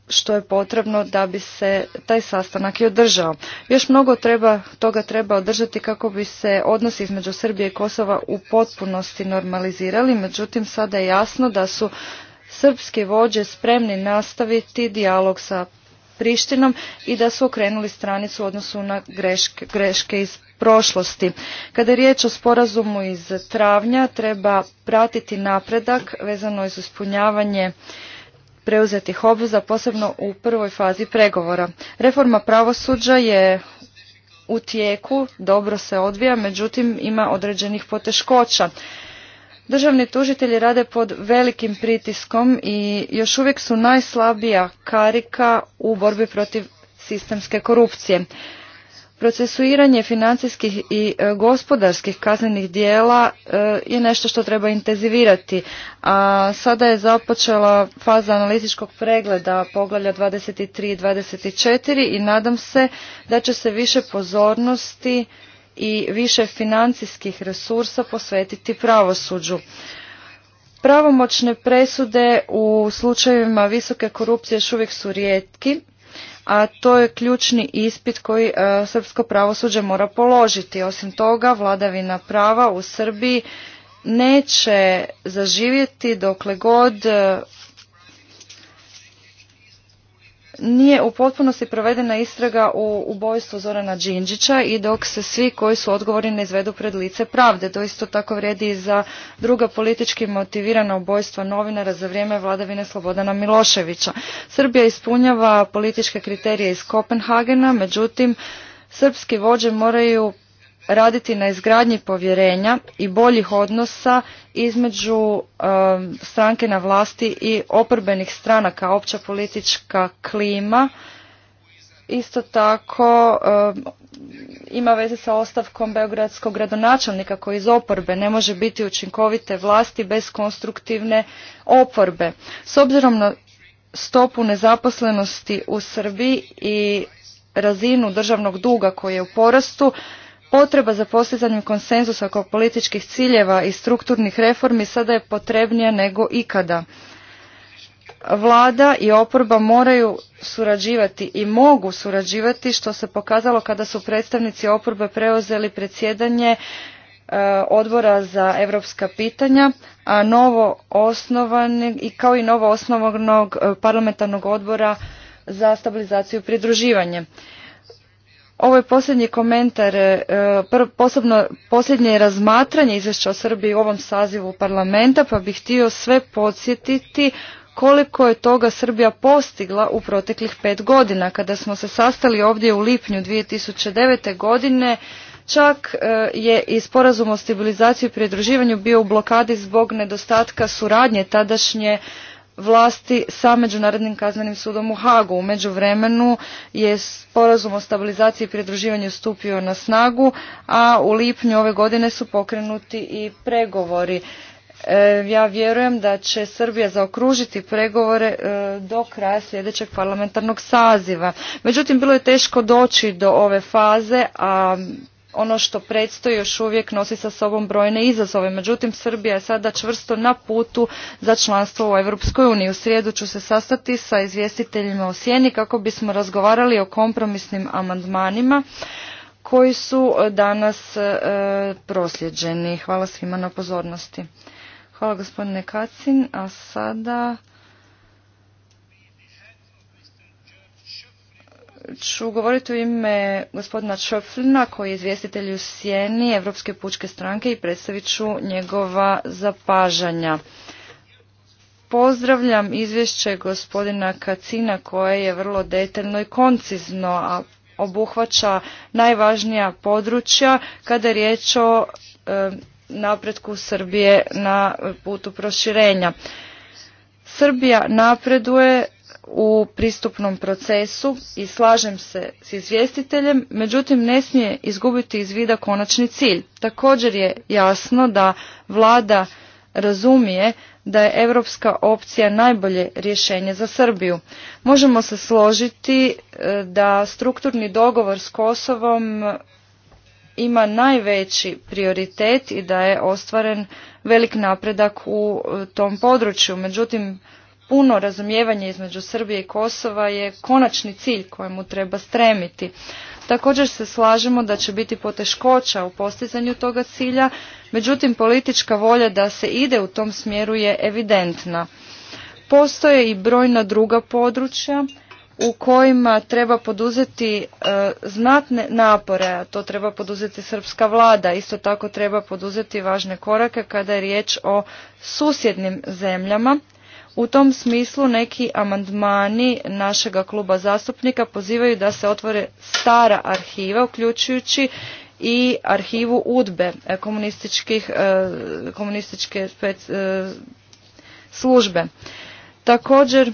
Speaker 5: što je potrebno da bi se taj sastanak i održao. Još mnogo treba, toga treba održati kako bi se odnosi između Srbije i Kosova u potpunosti normalizirali, međutim sada je jasno da su srpski vođe spremni nastaviti dijalog sa Prištinom i da su okrenuli stranicu u odnosu na greške, greške iz prošlosti. Kada je riječ o sporazumu iz travnja, treba pratiti napredak vezano iz ispunjavanje preuzetih obveza, posebno u prvoj fazi pregovora. Reforma pravosuđa je u tijeku, dobro se odvija, međutim ima određenih poteškoća. Državni tužitelji rade pod velikim pritiskom i još uvijek su najslabija karika u borbi protiv sistemske korupcije. Procesuiranje financijskih i e, gospodarskih kaznenih dijela e, je nešto što treba intenzivirati, a sada je započela faza analitičkog pregleda poglavlja 23 i 24 i nadam se da će se više pozornosti i više financijskih resursa posvetiti pravosuđu. Pravomoćne presude u slučajevima visoke korupcije još uvijek su rijetki, a to je ključni ispit koji e, srpsko pravosuđe mora položiti. Osim toga, vladavina prava u Srbiji neće zaživjeti dokle god e, nije u potpunosti provedena istraga u ubojstvu Zorana Đinđića i dok se svi koji su odgovorni ne izvedu pred lice pravde. To isto tako vredi i za druga politički motivirana ubojstva novinara za vrijeme vladavine Slobodana Miloševića. Srbija ispunjava političke kriterije iz Kopenhagena, međutim, srpski vođe moraju raditi na izgradnji povjerenja i boljih odnosa između um, stranke na vlasti i oporbenih stranaka, opća politička klima. Isto tako um, ima veze sa ostavkom beogradskog gradonačelnika koji iz oporbe ne može biti učinkovite vlasti bez konstruktivne oporbe. S obzirom na stopu nezaposlenosti u Srbiji i razinu državnog duga koji je u porastu, Potreba za postizanjem konsenzusa oko političkih ciljeva i strukturnih reformi sada je potrebnija nego ikada. Vlada i oporba moraju surađivati i mogu surađivati što se pokazalo kada su predstavnici oporbe preuzeli predsjedanje e, odbora za europska pitanja, a novo i kao i novo osnovanog e, parlamentarnog odbora za stabilizaciju i pridruživanje. Ovo je posljednji komentar, e, e, posebno posljednje razmatranje izvješća o Srbiji u ovom sazivu parlamenta, pa bih htio sve podsjetiti koliko je toga Srbija postigla u proteklih pet godina. Kada smo se sastali ovdje u lipnju 2009. godine, čak e, je i sporazum o stabilizaciji i pridruživanju bio u blokadi zbog nedostatka suradnje tadašnje vlasti sa Međunarodnim kaznenim sudom u Hagu. U međuvremenu je sporazum o stabilizaciji i pridruživanju stupio na snagu, a u lipnju ove godine su pokrenuti i pregovori. E, ja vjerujem da će Srbija zaokružiti pregovore e, do kraja sljedećeg parlamentarnog saziva. Međutim, bilo je teško doći do ove faze, a ono što predstoji još uvijek nosi sa sobom brojne izazove. Međutim, Srbija je sada čvrsto na putu za članstvo u Europskoj uniji. U srijedu ću se sastati sa izvjestiteljima o sjeni kako bismo razgovarali o kompromisnim amandmanima koji su e, danas e, prosljeđeni. Hvala svima na pozornosti. Hvala gospodine Kacin, a sada ću govoriti u ime gospodina Čoflina koji je izvjestitelj u Sjeni Europske pučke stranke i predstavit ću njegova zapažanja. Pozdravljam izvješće gospodina Kacina koje je vrlo detaljno i koncizno, a obuhvaća najvažnija područja kada je riječ o e, napretku Srbije na putu proširenja. Srbija napreduje u pristupnom procesu i slažem se s izvjestiteljem, međutim ne smije izgubiti iz vida konačni cilj. Također je jasno da vlada razumije da je europska opcija najbolje rješenje za Srbiju. Možemo se složiti e, da strukturni dogovor s Kosovom ima najveći prioritet i da je ostvaren velik napredak u e, tom području. Međutim, puno razumijevanje između Srbije i Kosova je konačni cilj kojemu treba stremiti. Također se slažemo da će biti poteškoća u postizanju toga cilja, međutim politička volja da se ide u tom smjeru je evidentna. Postoje i brojna druga područja u kojima treba poduzeti e, znatne napore, a to treba poduzeti srpska vlada, isto tako treba poduzeti važne korake kada je riječ o susjednim zemljama u tom smislu neki amandmani našega kluba zastupnika pozivaju da se otvore stara arhiva, uključujući i arhivu UDBE, e, komunističkih, e, komunističke e, službe. Također,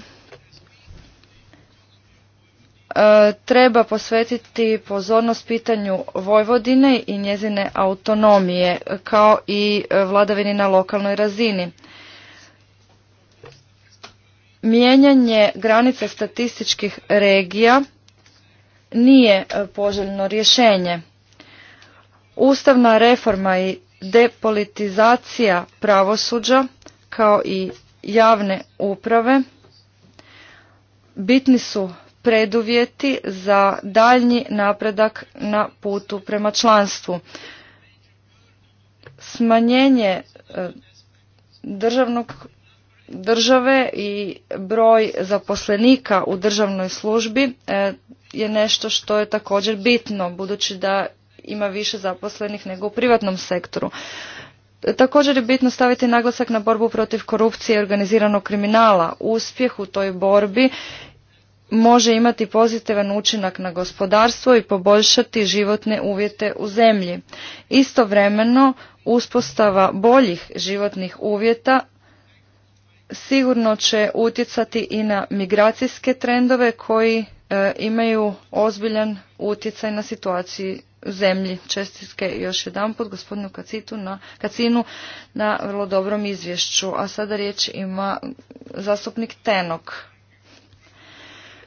Speaker 5: treba posvetiti pozornost pitanju Vojvodine i njezine autonomije, kao i vladavini na lokalnoj razini mijenjanje granice statističkih regija nije e, poželjno rješenje. Ustavna reforma i depolitizacija pravosuđa kao i javne uprave bitni su preduvjeti za daljnji napredak na putu prema članstvu. Smanjenje e, državnog države i broj zaposlenika u državnoj službi e, je nešto što je također bitno budući da ima više zaposlenih nego u privatnom sektoru. E, također je bitno staviti naglasak na borbu protiv korupcije i organiziranog kriminala. Uspjeh u toj borbi može imati pozitivan učinak na gospodarstvo i poboljšati životne uvjete u zemlji. Istovremeno, uspostava boljih životnih uvjeta sigurno će utjecati i na migracijske trendove koji e, imaju ozbiljan utjecaj na situaciji u zemlji. Čestitke još jedanput gospodinu Kacitu na, Kacinu na vrlo dobrom izvješću. A sada riječ ima zastupnik Tenok.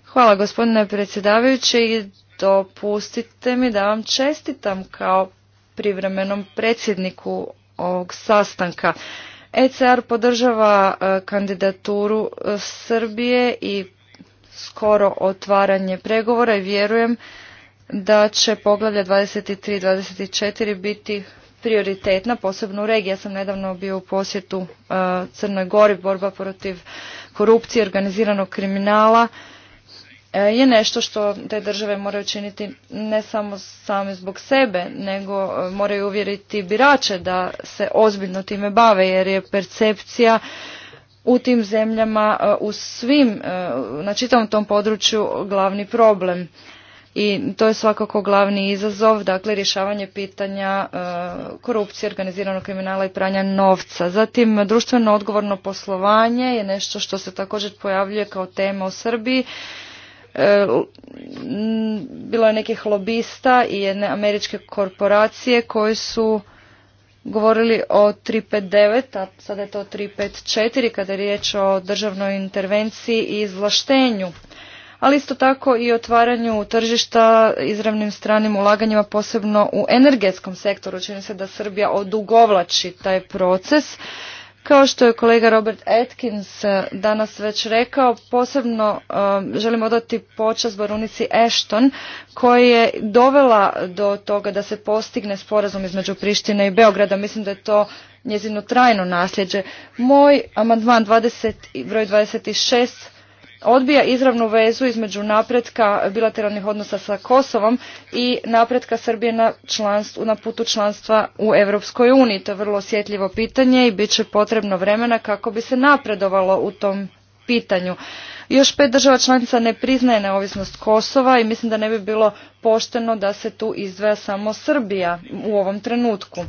Speaker 5: Hvala gospodine predsjedavajući i dopustite mi da vam čestitam kao privremenom predsjedniku ovog sastanka. ECR podržava e, kandidaturu e, Srbije i skoro otvaranje pregovora i vjerujem da će poglavlja 23 i 24 biti prioritetna, posebno u regiji. Ja sam nedavno bio u posjetu e, Crnoj Gori, borba protiv korupcije, organiziranog kriminala E, je nešto što te države moraju činiti ne samo same zbog sebe, nego e, moraju uvjeriti birače da se ozbiljno time bave, jer je percepcija u tim zemljama e, u svim, na čitavom tom području glavni problem. I to je svakako glavni izazov, dakle rješavanje pitanja korupcije, organiziranog kriminala i pranja novca. Zatim društveno odgovorno poslovanje je nešto što se također pojavljuje kao tema u Srbiji E, bilo je nekih lobista i jedne američke korporacije koji su govorili o 359, a sada je to 354 kada je riječ o državnoj intervenciji i izvlaštenju. Ali isto tako i otvaranju tržišta izravnim stranim ulaganjima, posebno u energetskom sektoru. Čini se da Srbija odugovlači taj proces kao što je kolega Robert Atkins eh, danas već rekao, posebno eh, želim odati počas barunici Ashton koja je dovela do toga da se postigne sporazum između Prištine i Beograda. Mislim da je to njezino trajno nasljeđe. Moj amandman broj broj 26 odbija izravnu vezu između napretka bilateralnih odnosa sa Kosovom i napretka Srbije na, na putu članstva u Europskoj uniji. To je vrlo osjetljivo pitanje i bit će potrebno vremena kako bi se napredovalo u tom pitanju. Još pet država članica ne priznaje neovisnost Kosova i mislim da ne bi bilo pošteno da se tu izdvaja samo Srbija u ovom trenutku.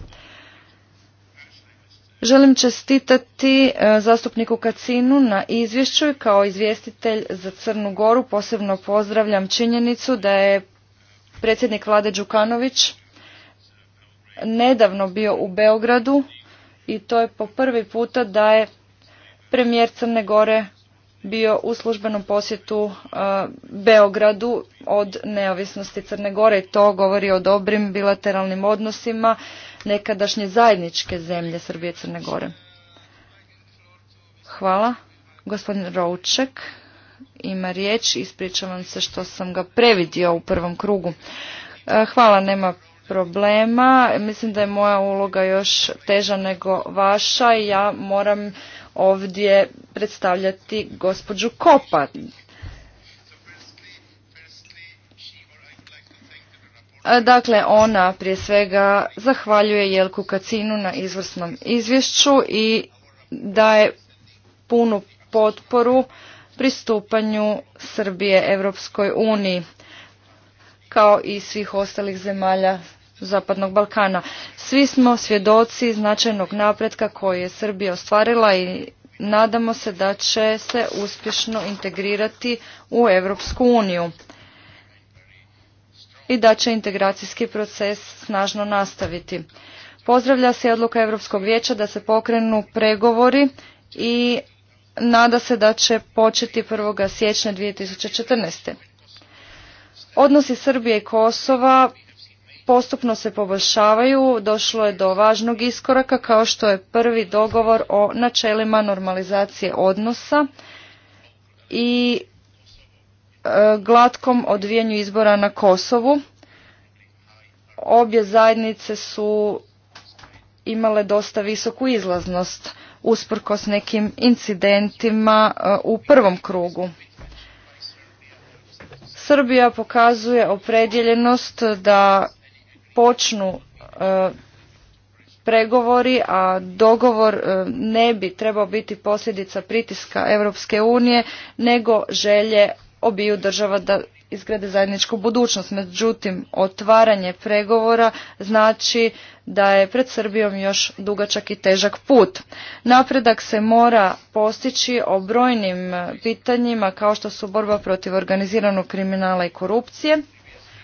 Speaker 5: Želim čestitati e, zastupniku Kacinu na izvješću i kao izvjestitelj za Crnu Goru posebno pozdravljam činjenicu da je predsjednik vlade Đukanović nedavno bio u Beogradu i to je po prvi puta da je premijer Crne Gore bio u službenom posjetu e, Beogradu od neovisnosti Crne Gore i to govori o dobrim bilateralnim odnosima nekadašnje zajedničke zemlje Srbije i Crne Gore. Hvala. Gospodin Rouček ima riječ. Ispričavam se što sam ga previdio u prvom krugu. E, hvala, nema problema. Mislim da je moja uloga još teža nego vaša i ja moram ovdje predstavljati gospođu Kopa. E, dakle, ona prije svega zahvaljuje Jelku Kacinu na izvrsnom izvješću i daje punu potporu pristupanju Srbije Europskoj uniji kao i svih ostalih zemalja Zapadnog Balkana. Svi smo svjedoci značajnog napretka koji je Srbija ostvarila i nadamo se da će se uspješno integrirati u Europsku uniju i da će integracijski proces snažno nastaviti. Pozdravlja se odluka Europskog vijeća da se pokrenu pregovori i nada se da će početi 1. siječnja 2014. Odnosi Srbije i Kosova postupno se poboljšavaju, došlo je do važnog iskoraka kao što je prvi dogovor o načelima normalizacije odnosa i glatkom odvijanju izbora na Kosovu. Obje zajednice su imale dosta visoku izlaznost usprkos nekim incidentima uh, u prvom krugu. Srbija pokazuje opredjeljenost da počnu uh, pregovori, a dogovor uh, ne bi trebao biti posljedica pritiska Europske unije, nego želje obiju država da izgrade zajedničku budućnost. Međutim, otvaranje pregovora znači da je pred Srbijom još dugačak i težak put. Napredak se mora postići o brojnim pitanjima kao što su borba protiv organiziranog kriminala i korupcije,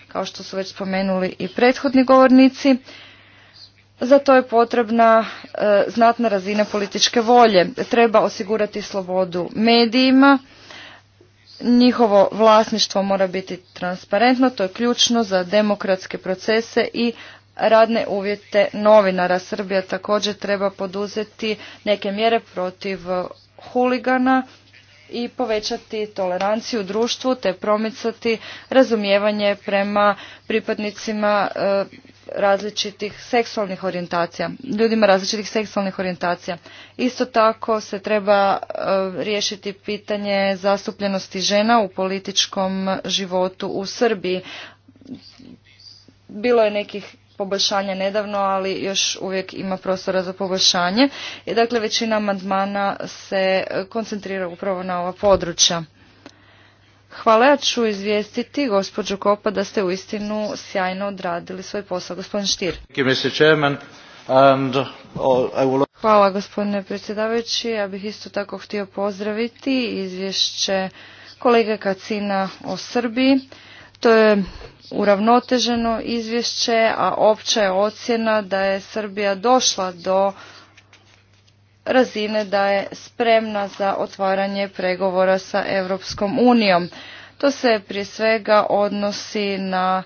Speaker 5: kao što su već spomenuli i prethodni govornici. Za to je potrebna e, znatna razina političke volje. Treba osigurati slobodu medijima, Njihovo vlasništvo mora biti transparentno, to je ključno za demokratske procese i radne uvjete novinara. Srbija također treba poduzeti neke mjere protiv huligana i povećati toleranciju u društvu te promicati razumijevanje prema pripadnicima e, različitih seksualnih orijentacija, ljudima različitih seksualnih orijentacija. Isto tako se treba e, riješiti pitanje zastupljenosti žena u političkom životu u Srbiji. Bilo je nekih poboljšanja nedavno, ali još uvijek ima prostora za poboljšanje. I dakle, većina amandmana se koncentrira upravo na ova područja. Hvala, ja ću izvijestiti gospođu Kopa da ste uistinu sjajno odradili svoj posao. Gospodin Štir. Uh, Hvala gospodine predsjedavajući. Ja bih isto tako htio pozdraviti izvješće kolege Kacina o Srbiji. To je uravnoteženo izvješće, a opća je ocjena da je Srbija došla do razine da je spremna za otvaranje pregovora sa Europskom unijom. To se prije svega odnosi na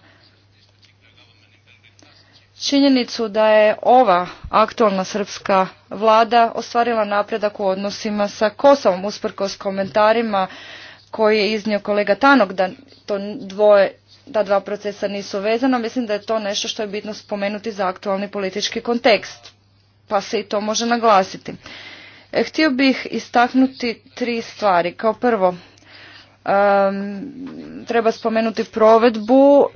Speaker 5: činjenicu da je ova aktualna srpska vlada ostvarila napredak u odnosima sa Kosovom usprkos komentarima koji je iznio kolega Tanog da to dvoje da dva procesa nisu vezana, mislim da je to nešto što je bitno spomenuti za aktualni politički kontekst pa se i to može naglasiti. E, htio bih istaknuti tri stvari. Kao prvo, treba spomenuti provedbu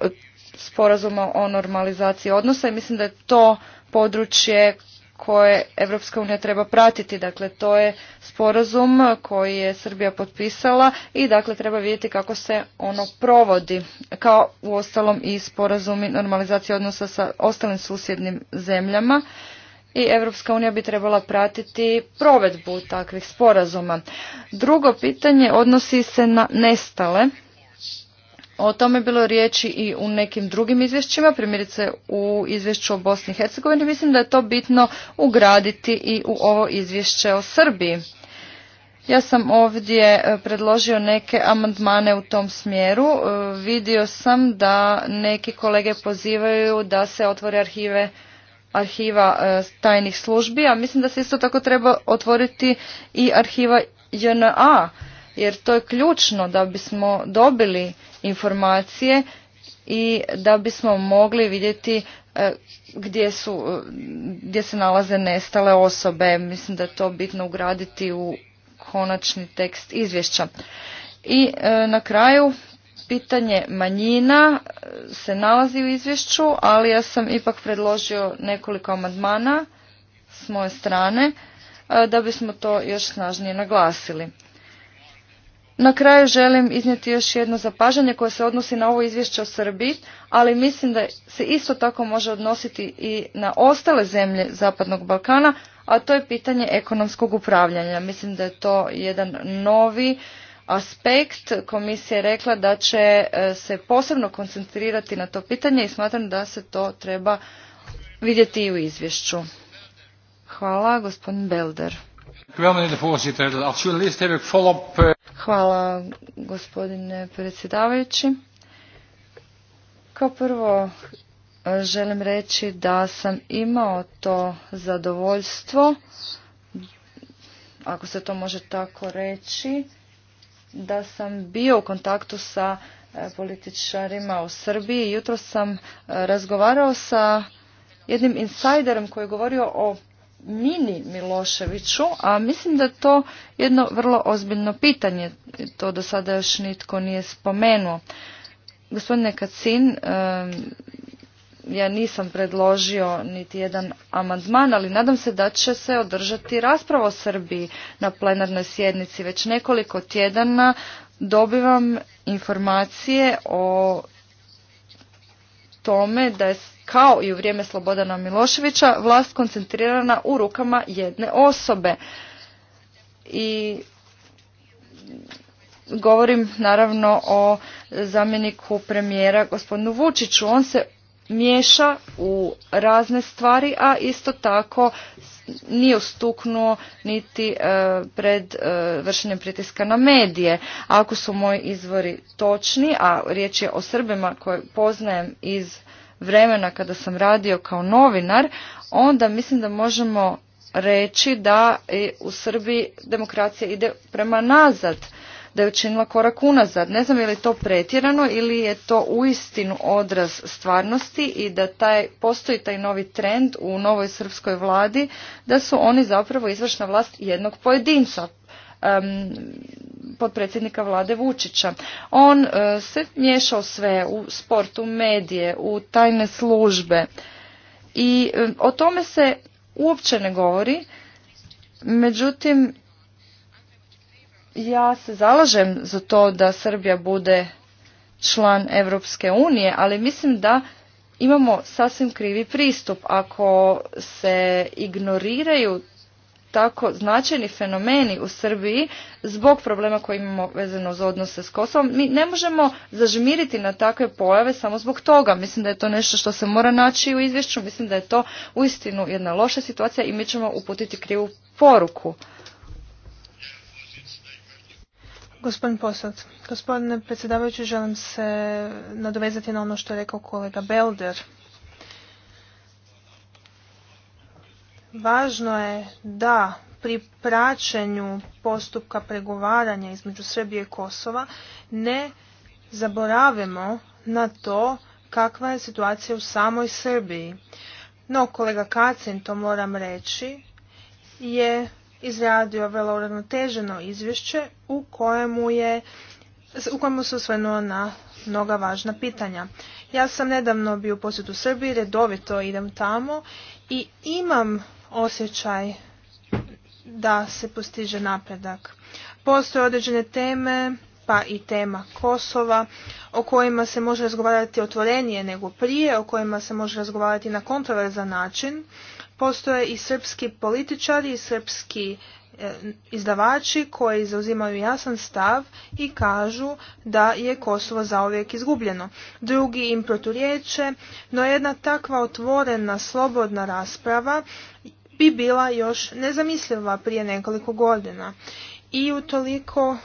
Speaker 5: sporazuma o normalizaciji odnosa i mislim da je to područje koje Europska unija treba pratiti. Dakle, to je sporazum koji je Srbija potpisala i dakle treba vidjeti kako se ono provodi. Kao u ostalom i sporazumi normalizacije odnosa sa ostalim susjednim zemljama i Europska unija bi trebala pratiti provedbu takvih sporazuma. Drugo pitanje odnosi se na nestale. O tome je bilo riječi i u nekim drugim izvješćima, primjerice u izvješću o Bosni i Hercegovini. Mislim da je to bitno ugraditi i u ovo izvješće o Srbiji. Ja sam ovdje e, predložio neke amandmane u tom smjeru. E, vidio sam da neki kolege pozivaju da se otvore arhive arhiva e, tajnih službi, a mislim da se isto tako treba otvoriti i arhiva JNA, jer to je ključno da bismo dobili informacije i da bismo mogli vidjeti e, gdje, su, e, gdje se nalaze nestale osobe. Mislim da je to bitno ugraditi u konačni tekst izvješća. I na kraju pitanje manjina e, se nalazi u izvješću, ali ja sam ipak predložio nekoliko amandmana s moje strane e, da bismo to još snažnije naglasili. Na kraju želim iznijeti još jedno zapažanje koje se odnosi na ovo izvješće o Srbiji, ali mislim da se isto tako može odnositi i na ostale zemlje Zapadnog Balkana, a to je pitanje ekonomskog upravljanja. Mislim da je to jedan novi aspekt. Komisija je rekla da će e, se posebno koncentrirati na to pitanje i smatram da se to treba vidjeti i u izvješću. Hvala, gospodin Belder. Hvala, gospodine predsjedavajući. Kao prvo, e, želim reći da sam imao to zadovoljstvo, ako se to može tako reći, da sam bio u kontaktu sa e, političarima u Srbiji. Jutro sam e, razgovarao sa jednim insajderom koji je govorio o mini Miloševiću, a mislim da je to jedno vrlo ozbiljno pitanje. To do sada još nitko nije spomenuo. Gospodine Kacin, e, ja nisam predložio niti jedan amandman, ali nadam se da će se održati rasprava o Srbiji na plenarnoj sjednici. Već nekoliko tjedana dobivam informacije o tome da je kao i u vrijeme Slobodana Miloševića vlast koncentrirana u rukama jedne osobe. I govorim naravno o zamjeniku premijera gospodinu Vučiću. On se miješa u razne stvari, a isto tako nije ustuknuo niti e, pred e, vršenjem pritiska na medije. Ako su moji izvori točni, a riječ je o Srbima koje poznajem iz vremena kada sam radio kao novinar, onda mislim da možemo reći da u Srbiji demokracija ide prema nazad da je učinila korak unazad. Ne znam je li to pretjerano ili je to uistinu odraz stvarnosti i da taj, postoji taj novi trend u novoj srpskoj vladi da su oni zapravo izvršna vlast jednog pojedinca um, potpredsjednika vlade Vučića. On e, se miješao sve u sport, u medije, u tajne službe i e, o tome se uopće ne govori. Međutim, ja se zalažem za to da Srbija bude član Europske unije, ali mislim da imamo sasvim krivi pristup ako se ignoriraju tako značajni fenomeni u Srbiji zbog problema koji imamo vezano za odnose s Kosovom. Mi ne možemo zažmiriti na takve pojave samo zbog toga. Mislim da je to nešto što se mora naći u izvješću. Mislim da je to uistinu jedna loša situacija i mi ćemo uputiti krivu poruku.
Speaker 2: Gospodin Posad, gospodine predsjedavajući, želim se nadovezati na ono što je rekao kolega Belder. Važno je da pri praćenju postupka pregovaranja između Srbije i Kosova ne zaboravimo na to kakva je situacija u samoj Srbiji. No, kolega Kacin, to moram reći, je izradio vrlo uravnoteženo izvješće u kojemu, je, u kojemu se osvrnuo na mnoga važna pitanja. Ja sam nedavno bio u posjetu Srbiji, redovito idem tamo i imam osjećaj da se postiže napredak. Postoje određene teme pa i tema Kosova, o kojima se može razgovarati otvorenije nego prije, o kojima se može razgovarati na kontroverzan način. Postoje i srpski političari i srpski e, izdavači koji zauzimaju jasan stav i kažu da je Kosovo zauvijek izgubljeno. Drugi im proturječe, no jedna takva otvorena, slobodna rasprava bi bila još nezamisliva prije nekoliko godina. I utoliko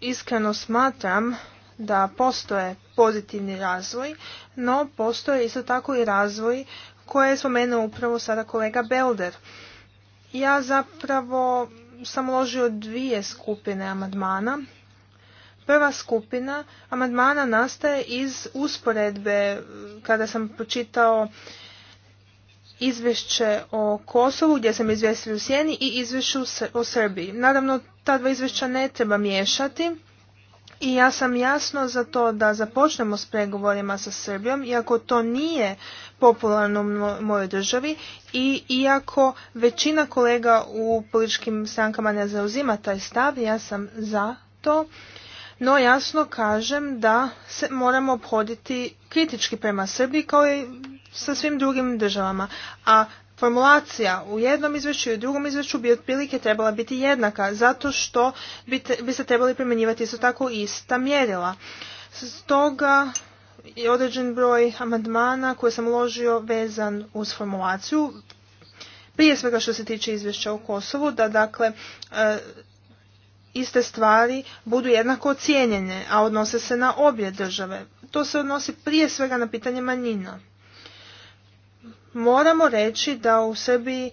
Speaker 2: iskreno smatram da postoje pozitivni razvoj, no postoje isto tako i razvoj koje je spomenuo upravo sada kolega Belder. Ja zapravo sam uložio dvije skupine amandmana. Prva skupina amandmana nastaje iz usporedbe kada sam pročitao izvješće o Kosovu gdje sam izvjestila u Sjeni i izvješće o Srbiji. Naravno, ta dva izvješća ne treba miješati i ja sam jasno za to da započnemo s pregovorima sa Srbijom, iako to nije popularno u mojoj državi i iako većina kolega u političkim strankama ne zauzima taj stav, ja sam za to. No jasno kažem da se moramo obhoditi kritički prema Srbiji kao i sa svim drugim državama. A formulacija u jednom izvješću i u drugom izvješću bi otprilike trebala biti jednaka, zato što bi, te, se trebali primjenjivati isto tako ista mjerila. Stoga je određen broj amandmana koje sam uložio vezan uz formulaciju. Prije svega što se tiče izvješća o Kosovu, da dakle e, iste stvari budu jednako ocijenjene, a odnose se na obje države. To se odnosi prije svega na pitanje manjina moramo reći da u sebi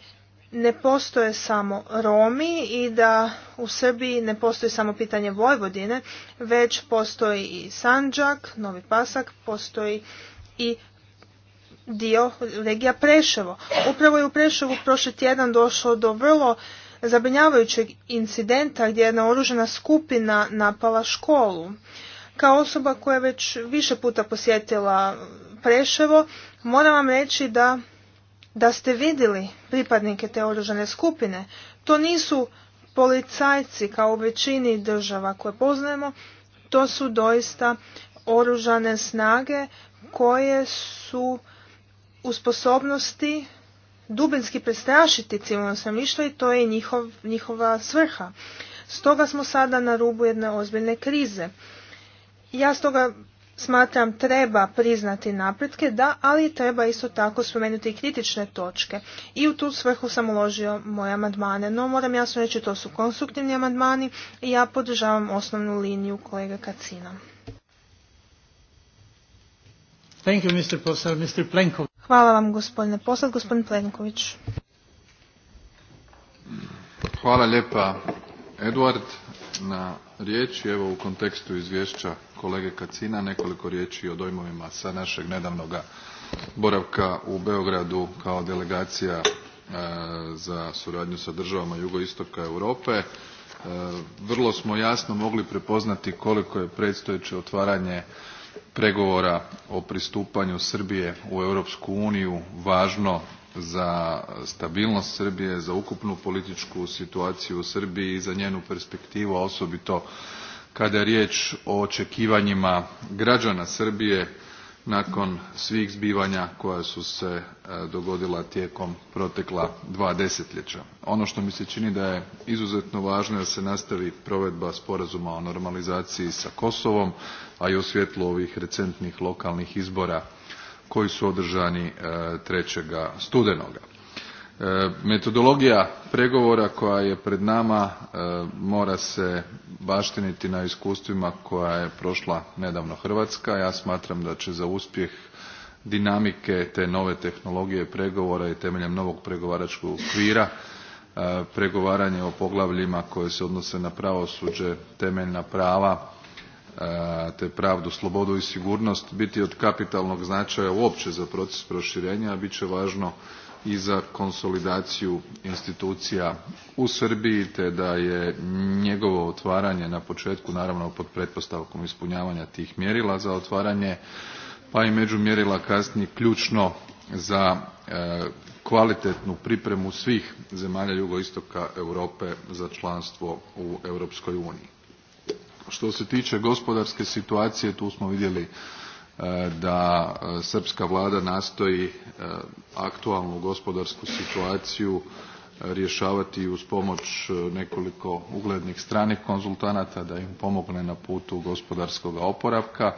Speaker 2: ne postoje samo Romi i da u Srbiji ne postoji samo pitanje Vojvodine, već postoji i Sanđak, Novi Pasak, postoji i dio regija Preševo. Upravo je u Preševu prošli tjedan došlo do vrlo zabrinjavajućeg incidenta gdje je jedna skupina napala školu. Kao osoba koja je već više puta posjetila Preševo, Moram vam reći da, da ste vidjeli pripadnike te oružane skupine. To nisu policajci kao u većini država koje poznajemo, to su doista oružane snage koje su u sposobnosti dubinski prestrašiti civilno samišlje i to je njihov, njihova svrha. Stoga smo sada na rubu jedne ozbiljne krize. Ja stoga smatram treba priznati napretke, da, ali treba isto tako spomenuti i kritične točke. I u tu svrhu sam uložio moje amandmane, no moram jasno reći to su konstruktivni amandmani i ja podržavam osnovnu liniju kolega Kacina. Hvala vam gospodine Posad, gospodin Plenković.
Speaker 1: Hvala lijepa Eduard na riječi, evo u kontekstu izvješća kolege Kacina nekoliko riječi o dojmovima sa našeg nedavnoga boravka u Beogradu kao delegacija e, za suradnju sa državama jugoistoka Europe. E, vrlo smo jasno mogli prepoznati koliko je predstojeće otvaranje pregovora o pristupanju Srbije u Europsku uniju važno za stabilnost Srbije, za ukupnu političku situaciju u Srbiji i za njenu perspektivu, a osobito kada je riječ o očekivanjima građana Srbije nakon svih zbivanja koja su se e, dogodila tijekom protekla dva desetljeća. Ono što mi se čini da je izuzetno važno da se nastavi provedba Sporazuma o normalizaciji sa Kosovom, a i u svjetlu ovih recentnih lokalnih izbora koji su održani 3. E, studenoga. E, metodologija pregovora koja je pred nama e, mora se baštiniti na iskustvima koja je prošla nedavno hrvatska ja smatram da će za uspjeh dinamike te nove tehnologije pregovora i temeljem novog pregovaračkog okvira e, pregovaranje o poglavljima koje se odnose na pravosuđe temeljna prava te pravdu slobodu i sigurnost biti od kapitalnog značaja uopće za proces proširenja a bit će važno i za konsolidaciju institucija u srbiji te da je njegovo otvaranje na početku naravno pod pretpostavkom ispunjavanja tih mjerila za otvaranje pa i mjerila kasnije ključno za e, kvalitetnu pripremu svih zemalja jugoistoka europe za članstvo u europskoj uniji. što se tiče gospodarske situacije tu smo vidjeli E, da e, srpska vlada nastoji e, aktualnu gospodarsku situaciju rješavati uz pomoć nekoliko uglednih stranih konzultanata da im pomogne na putu gospodarskog oporavka.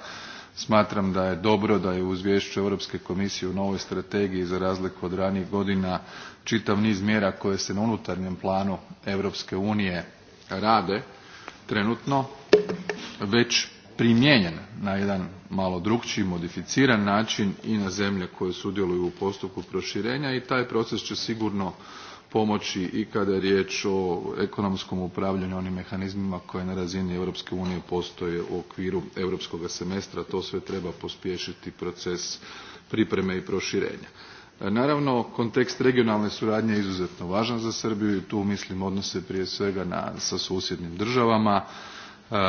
Speaker 1: Smatram da je dobro da je u izvješću Europske komisije u novoj strategiji za razliku od ranijih godina čitav niz mjera koje se na unutarnjem planu Europske unije rade trenutno već primijenjen na jedan malo drukčiji modificiran način i na zemlje koje sudjeluju u postupku proširenja i taj proces će sigurno pomoći i kada je riječ o ekonomskom upravljanju onim mehanizmima koje na razini Europske unije postoje u okviru europskog semestra. To sve treba pospješiti proces pripreme i proširenja. Naravno, kontekst regionalne suradnje je izuzetno važan za Srbiju i tu mislim odnose prije svega sa susjednim državama, E,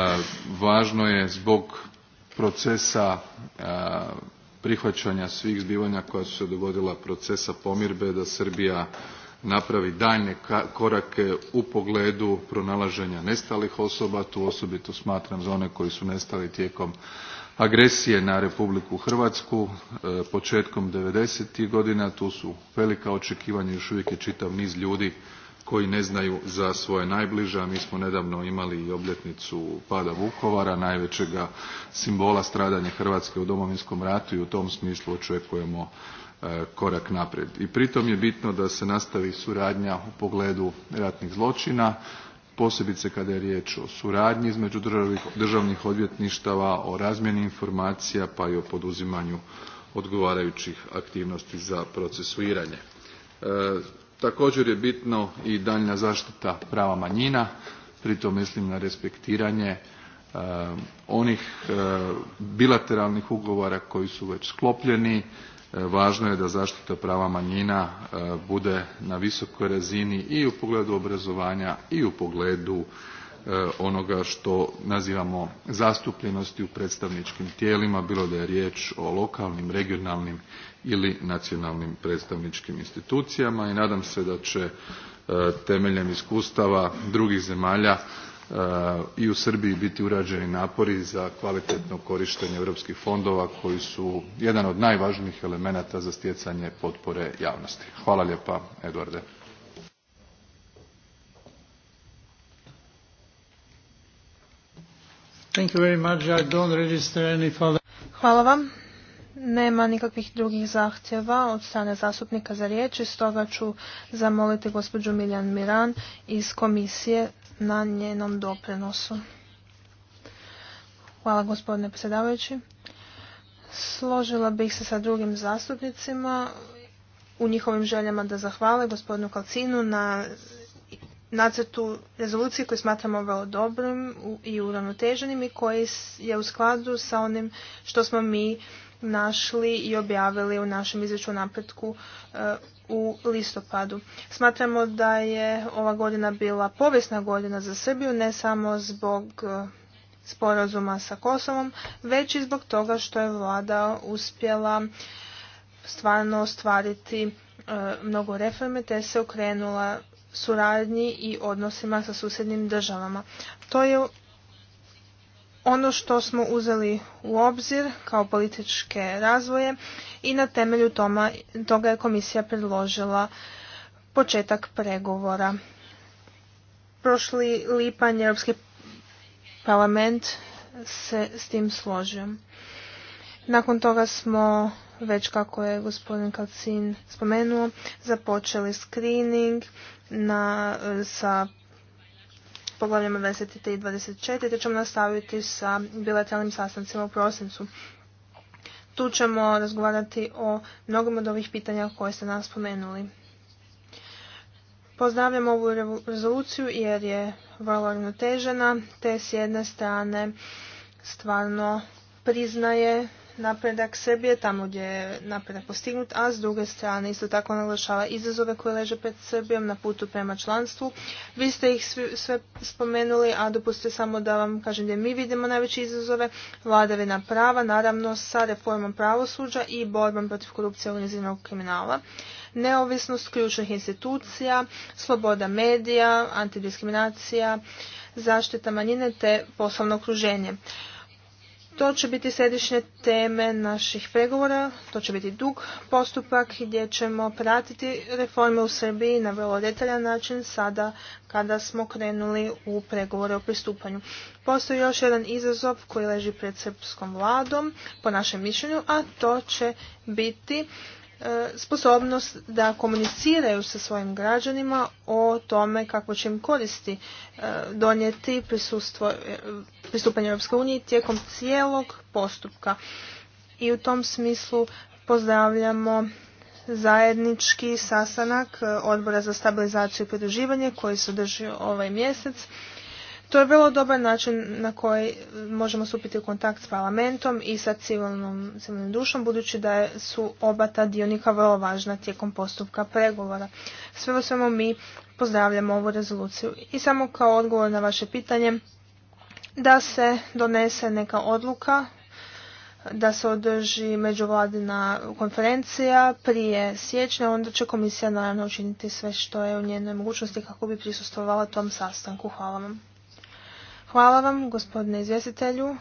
Speaker 1: važno je zbog procesa e, prihvaćanja svih zbivanja koja su se dogodila procesa pomirbe da Srbija napravi daljnje korake u pogledu pronalaženja nestalih osoba, tu osobito smatram za one koji su nestali tijekom agresije na Republiku Hrvatsku e, početkom 90. godina, tu su velika očekivanja, još uvijek je čitav niz ljudi koji ne znaju za svoje najbliže a mi smo nedavno imali i obljetnicu pada vukovara najvećega simbola stradanja hrvatske u domovinskom ratu i u tom smislu očekujemo e, korak naprijed i pritom je bitno da se nastavi suradnja u pogledu ratnih zločina posebice kada je riječ o suradnji između državnih odvjetništava o razmjeni informacija pa i o poduzimanju odgovarajućih aktivnosti za procesuiranje. E, također je bitno i daljnja zaštita prava manjina pritom mislim na respektiranje e, onih e, bilateralnih ugovora koji su već sklopljeni e, važno je da zaštita prava manjina bude na visokoj razini i u pogledu obrazovanja i u pogledu E, onoga što nazivamo zastupljenosti u predstavničkim tijelima bilo da je riječ o lokalnim regionalnim ili nacionalnim predstavničkim institucijama i nadam se da će e, temeljem iskustava drugih zemalja e, i u Srbiji biti urađeni napori za kvalitetno korištenje europskih fondova koji su jedan od najvažnijih elemenata za stjecanje potpore javnosti. Hvala lijepa Eduarde.
Speaker 2: Hvala vam. Nema nikakvih drugih zahtjeva od strane zastupnika za riječ i stoga ću zamoliti gospođu Miljan Miran iz komisije na njenom doprinosu. Hvala gospodine predsjedavajući. Složila bih se sa drugim zastupnicima u njihovim željama da zahvale gospodinu Kalcinu na nacrtu rezolucije koju smatramo vrlo dobrim i uravnoteženim i koji je u skladu sa onim što smo mi našli i objavili u našem izveću napretku e, u listopadu. Smatramo da je ova godina bila povijesna godina za Srbiju, ne samo zbog e, sporazuma sa Kosovom, već i zbog toga što je vlada uspjela stvarno ostvariti e, mnogo reforme te se okrenula suradnji i odnosima sa susjednim državama. To je ono što smo uzeli u obzir kao političke razvoje i na temelju toma, toga je komisija predložila početak pregovora. Prošli lipanj Europski parlament se s tim složio. Nakon toga smo već kako je gospodin Kalcin spomenuo, započeli screening na, sa poglavljama 23 i 24, te ćemo nastaviti sa bilateralnim sastancima u prosincu. Tu ćemo razgovarati o mnogom od ovih pitanja koje ste nas spomenuli. Pozdravljam ovu rezoluciju jer je vrlo ravnotežena, te s jedne strane stvarno priznaje napredak Srbije tamo gdje je napredak postignut, a s druge strane isto tako naglašava izazove koje leže pred Srbijom na putu prema članstvu. Vi ste ih sve, spomenuli, a dopustite samo da vam kažem gdje mi vidimo najveće izazove, vladavina prava, naravno sa reformom pravosuđa i borbom protiv korupcije organiziranog kriminala neovisnost ključnih institucija, sloboda medija, antidiskriminacija, zaštita manjine te poslovno okruženje. To će biti središnje teme naših pregovora, to će biti dug postupak gdje ćemo pratiti reforme u Srbiji na vrlo detaljan način sada kada smo krenuli u pregovore o pristupanju. Postoji još jedan izazov koji leži pred srpskom vladom, po našem mišljenju, a to će biti sposobnost da komuniciraju sa svojim građanima o tome kako će im koristi e, donijeti e, pristupanje Europske unije tijekom cijelog postupka. I u tom smislu pozdravljamo zajednički sastanak e, Odbora za stabilizaciju i pridruživanje koji se održio ovaj mjesec to je vrlo dobar način na koji možemo stupiti u kontakt s parlamentom i sa civilnom, civilnim dušom budući da su oba ta dionika vrlo važna tijekom postupka pregovora. Sve o svemu mi pozdravljamo ovu rezoluciju. I samo kao odgovor na vaše pitanje, da se donese neka odluka da se održi međuvladina konferencija prije siječnja, onda će komisija naravno učiniti sve što je u njenoj mogućnosti kako bi prisustvovala tom sastanku. Hvala vam. Hvala vam, gospodine izvjestitelju.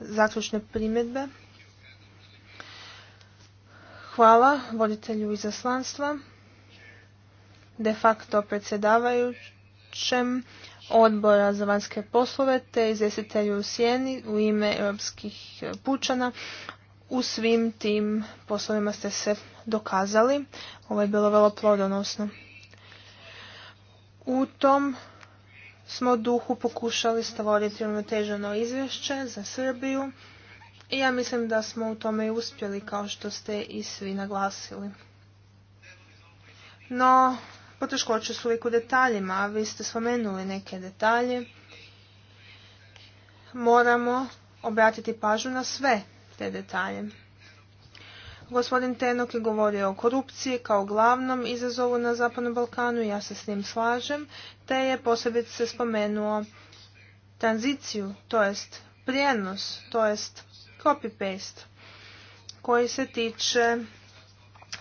Speaker 2: Zaključne primjedbe. Hvala voditelju izaslanstva, de facto predsjedavajućem odbora za vanjske poslove te izvjestitelju u Sjeni u ime europskih pučana. U svim tim poslovima ste se dokazali. Ovo je bilo vrlo plodonosno. U tom smo duhu pokušali stvoriti uravnoteženo izvješće za Srbiju i ja mislim da smo u tome i uspjeli kao što ste i svi naglasili. No, poteškoće su uvijek u detaljima, a vi ste spomenuli neke detalje. Moramo obratiti pažnju na sve te detalje. Gospodin Tenok je govorio o korupciji kao glavnom izazovu na Zapadnom Balkanu, ja se s njim slažem, te je posebice spomenuo tranziciju, to jest prijenos, to jest copy-paste, koji se tiče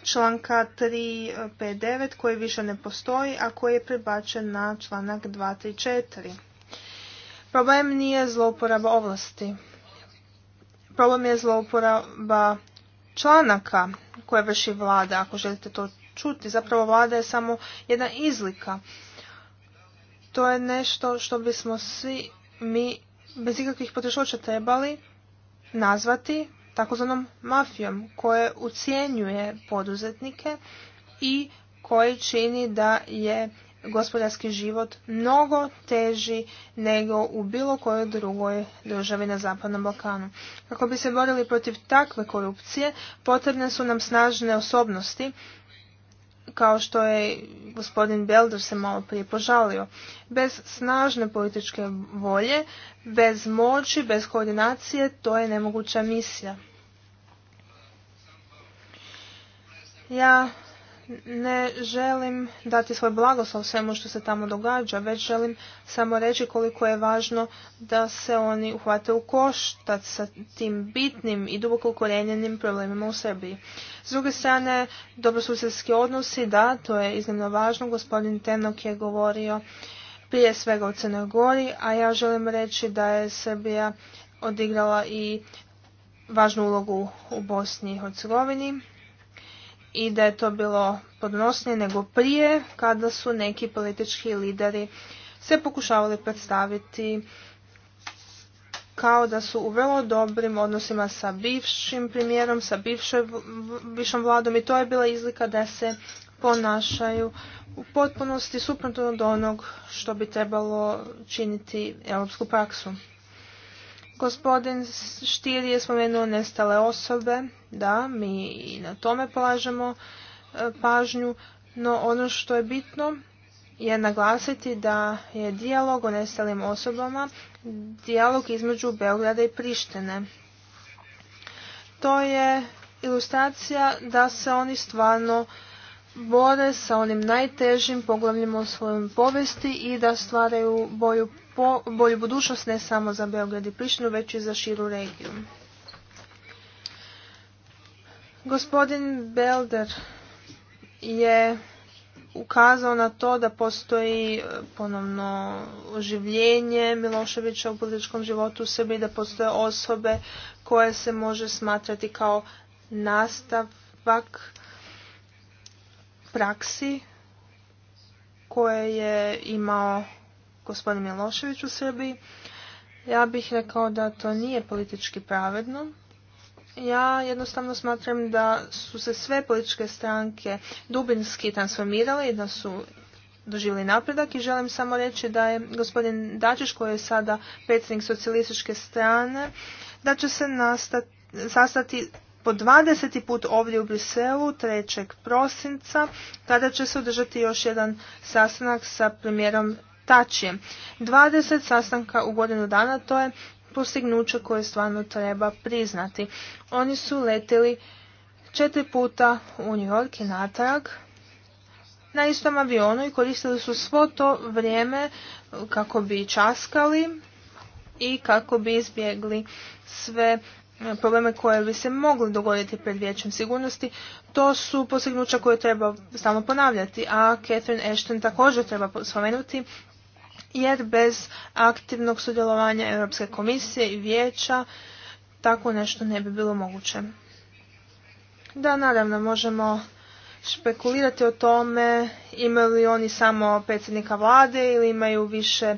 Speaker 2: članka 359 koji više ne postoji, a koji je prebačen na članak 234. Problem nije zlouporaba ovlasti. Problem je zlouporaba članaka koje vrši vlada, ako želite to čuti, zapravo vlada je samo jedna izlika. To je nešto što bismo svi mi bez ikakvih poteškoća trebali nazvati takozvanom mafijom koje ucijenjuje poduzetnike i koji čini da je gospodarski život mnogo teži nego u bilo kojoj drugoj državi na Zapadnom Balkanu. Kako bi se borili protiv takve korupcije, potrebne su nam snažne osobnosti, kao što je gospodin Belder se malo prije požalio. Bez snažne političke volje, bez moći, bez koordinacije, to je nemoguća misija. Ja ne želim dati svoj blagoslov svemu što se tamo događa, već želim samo reći koliko je važno da se oni uhvate u koštac sa tim bitnim i duboko ukorenjenim problemima u Srbiji. S druge strane, dobrosusjedski odnosi, da, to je iznimno važno. Gospodin Tenok je govorio prije svega o Crnoj Gori, a ja želim reći da je Srbija odigrala i važnu ulogu u Bosni i Hercegovini i da je to bilo podnosnije nego prije kada su neki politički lideri se pokušavali predstaviti kao da su u vrlo dobrim odnosima sa bivšim premijerom, sa bivšom vladom i to je bila izlika da se ponašaju u potpunosti suprotno od onog što bi trebalo činiti europsku praksu. Gospodin Štir je spomenuo nestale osobe, da, mi i na tome polažemo e, pažnju, no ono što je bitno je naglasiti da je dijalog o nestalim osobama dijalog između Beograda i Prištine. To je ilustracija da se oni stvarno bore sa onim najtežim poglavljima u svojoj povesti i da stvaraju boju po, bolju budućnost ne samo za Beograd i Prištinu, već i za širu regiju. Gospodin Belder je ukazao na to da postoji e, ponovno oživljenje Miloševića u političkom životu u Srbiji, da postoje osobe koje se može smatrati kao nastavak praksi koje je imao gospodin Milošević u Srbiji. Ja bih rekao da to nije politički pravedno. Ja jednostavno smatram da su se sve političke stranke dubinski transformirale i da su doživjeli napredak i želim samo reći da je gospodin Dačić koji je sada predsjednik socijalističke strane da će se sastati po 20. put ovdje u Briselu 3. prosinca kada će se održati još jedan sastanak sa premijerom tačije. 20 sastanka u godinu dana to je postignuće koje stvarno treba priznati. Oni su letili četiri puta u New York i natrag na istom avionu i koristili su svo to vrijeme kako bi časkali i kako bi izbjegli sve probleme koje bi se mogli dogoditi pred vijećem sigurnosti, to su postignuća koje treba stalno ponavljati, a Catherine Ashton također treba spomenuti jer bez aktivnog sudjelovanja Europske komisije i vijeća tako nešto ne bi bilo moguće. Da, naravno, možemo špekulirati o tome imaju li oni samo predsjednika vlade ili imaju više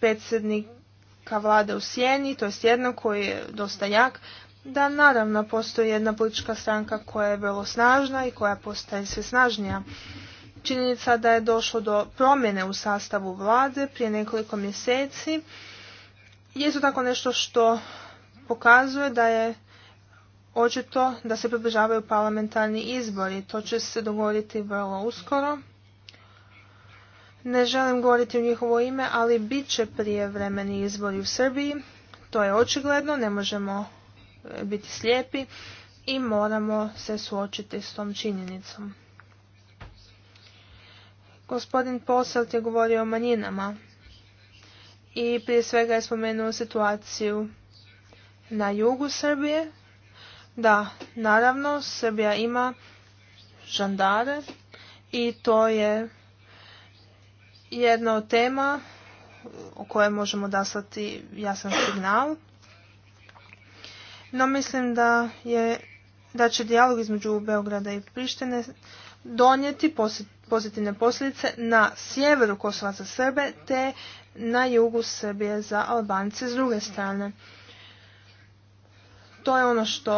Speaker 2: predsjednika vlade u sjeni, to je jedno koji je dosta jak. Da, naravno, postoji jedna politička stranka koja je vrlo snažna i koja postaje sve snažnija činjenica da je došlo do promjene u sastavu vlade prije nekoliko mjeseci je isto tako nešto što pokazuje da je očito da se približavaju parlamentarni izbori. To će se dogoditi vrlo uskoro. Ne želim govoriti u njihovo ime, ali bit će prijevremeni izbori u Srbiji. To je očigledno, ne možemo e, biti slijepi i moramo se suočiti s tom činjenicom. Gospodin Poselt je govorio o manjinama i prije svega je spomenuo situaciju na jugu Srbije. Da, naravno, Srbija ima žandare i to je jedna od tema o kojoj možemo daslati jasan signal. No mislim da, je, da će dijalog između Beograda i Prištine donijeti pozitivne posljedice na sjeveru Kosova za Srbe te na jugu Srbije za Albance s druge strane. To je ono što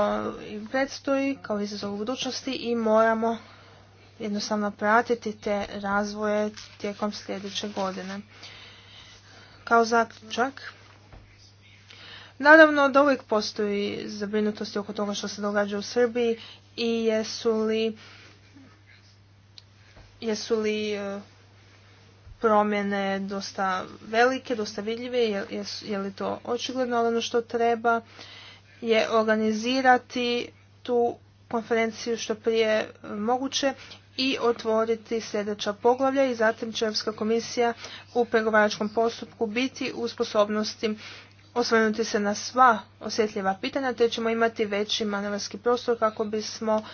Speaker 2: predstoji kao izazov u budućnosti i moramo jednostavno pratiti te razvoje tijekom sljedeće godine. Kao zaključak, naravno da uvijek postoji zabrinutosti oko toga što se događa u Srbiji i jesu li Jesu li e, promjene dosta velike, dosta vidljive, je, li to očigledno, ali ono što treba je organizirati tu konferenciju što prije e, moguće i otvoriti sljedeća poglavlja i zatim će Europska komisija u pregovaračkom postupku biti u sposobnosti osvrnuti se na sva osjetljiva pitanja te ćemo imati veći manevarski prostor kako bismo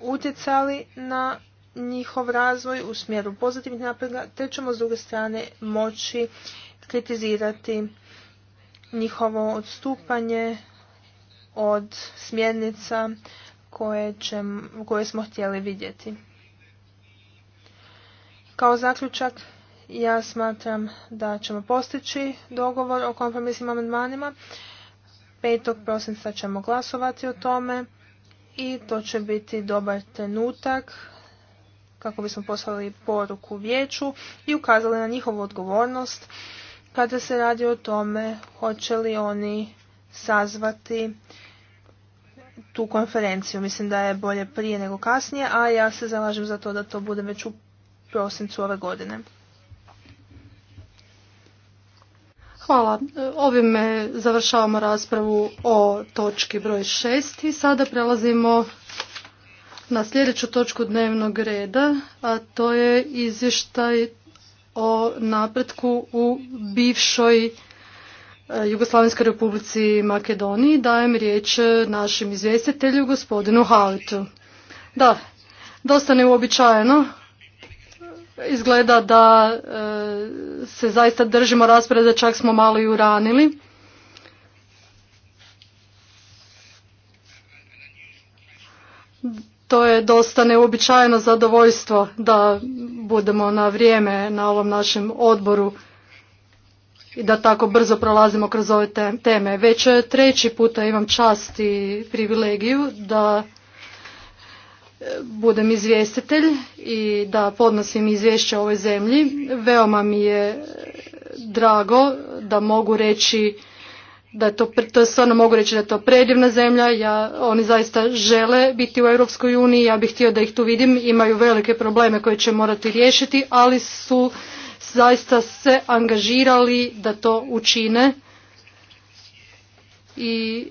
Speaker 2: utjecali na njihov razvoj u smjeru pozitivnih napreda, te ćemo s druge strane moći kritizirati njihovo odstupanje od smjernica koje, koje smo htjeli vidjeti. Kao zaključak, ja smatram da ćemo postići dogovor o kompromisnim amandmanima. 5. prosinca ćemo glasovati o tome i to će biti dobar trenutak kako bismo poslali poruku vijeću i ukazali na njihovu odgovornost kada se radi o tome hoće li oni sazvati tu konferenciju. Mislim da je bolje prije nego kasnije, a ja se zalažem za to da to bude već u prosincu ove godine.
Speaker 4: Hvala. Ovime završavamo raspravu o točki broj šest i sada prelazimo na sljedeću točku dnevnog reda, a to je izvještaj o napretku u bivšoj e, Jugoslavenskoj republici Makedoniji. Dajem riječ našem izvjestitelju, gospodinu Halitu. Da, dosta neuobičajeno. Izgleda da e, se zaista držimo rasprave, čak smo malo i uranili to je dosta neobičajeno zadovoljstvo da budemo na vrijeme na ovom našem odboru i da tako brzo prolazimo kroz ove teme. Već treći puta imam čast i privilegiju da e, budem izvjestitelj i da podnosim izvješće o ovoj zemlji. Veoma mi je drago da mogu reći da je to, to stvarno mogu reći da je to predivna zemlja, ja, oni zaista žele biti u Europskoj uniji, ja bih htio da ih tu vidim, imaju velike probleme koje će morati riješiti, ali su zaista se angažirali da to učine i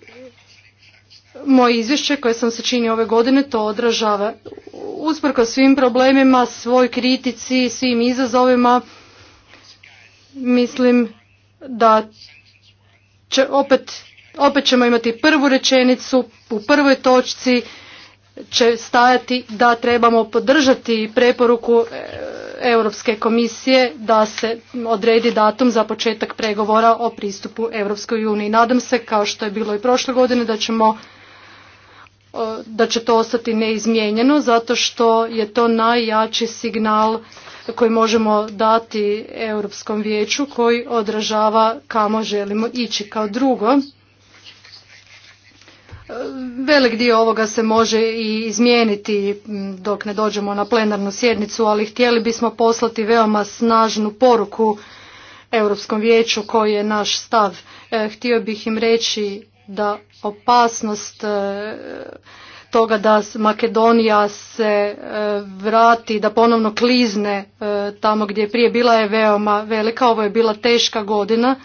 Speaker 4: moje izvješće koje sam se činio ove godine to odražava. Usprko svim problemima, svoj kritici, svim izazovima, mislim da će opet, opet ćemo imati prvu rečenicu u prvoj točci će stajati da trebamo podržati preporuku e, Europske komisije da se odredi datum za početak pregovora o pristupu Europskoj uniji. Nadam se, kao što je bilo i prošle godine, da ćemo e, da će to ostati neizmijenjeno zato što je to najjači signal koji možemo dati Europskom vijeću koji odražava kamo želimo ići. Kao drugo, e, Velik dio ovoga se može i izmijeniti dok ne dođemo na plenarnu sjednicu, ali htjeli bismo poslati veoma snažnu poruku Europskom vijeću koji je naš stav. E, htio bih im reći da opasnost e, toga da Makedonija se e, vrati, da ponovno klizne e, tamo gdje je prije bila je veoma velika, ovo je bila teška godina.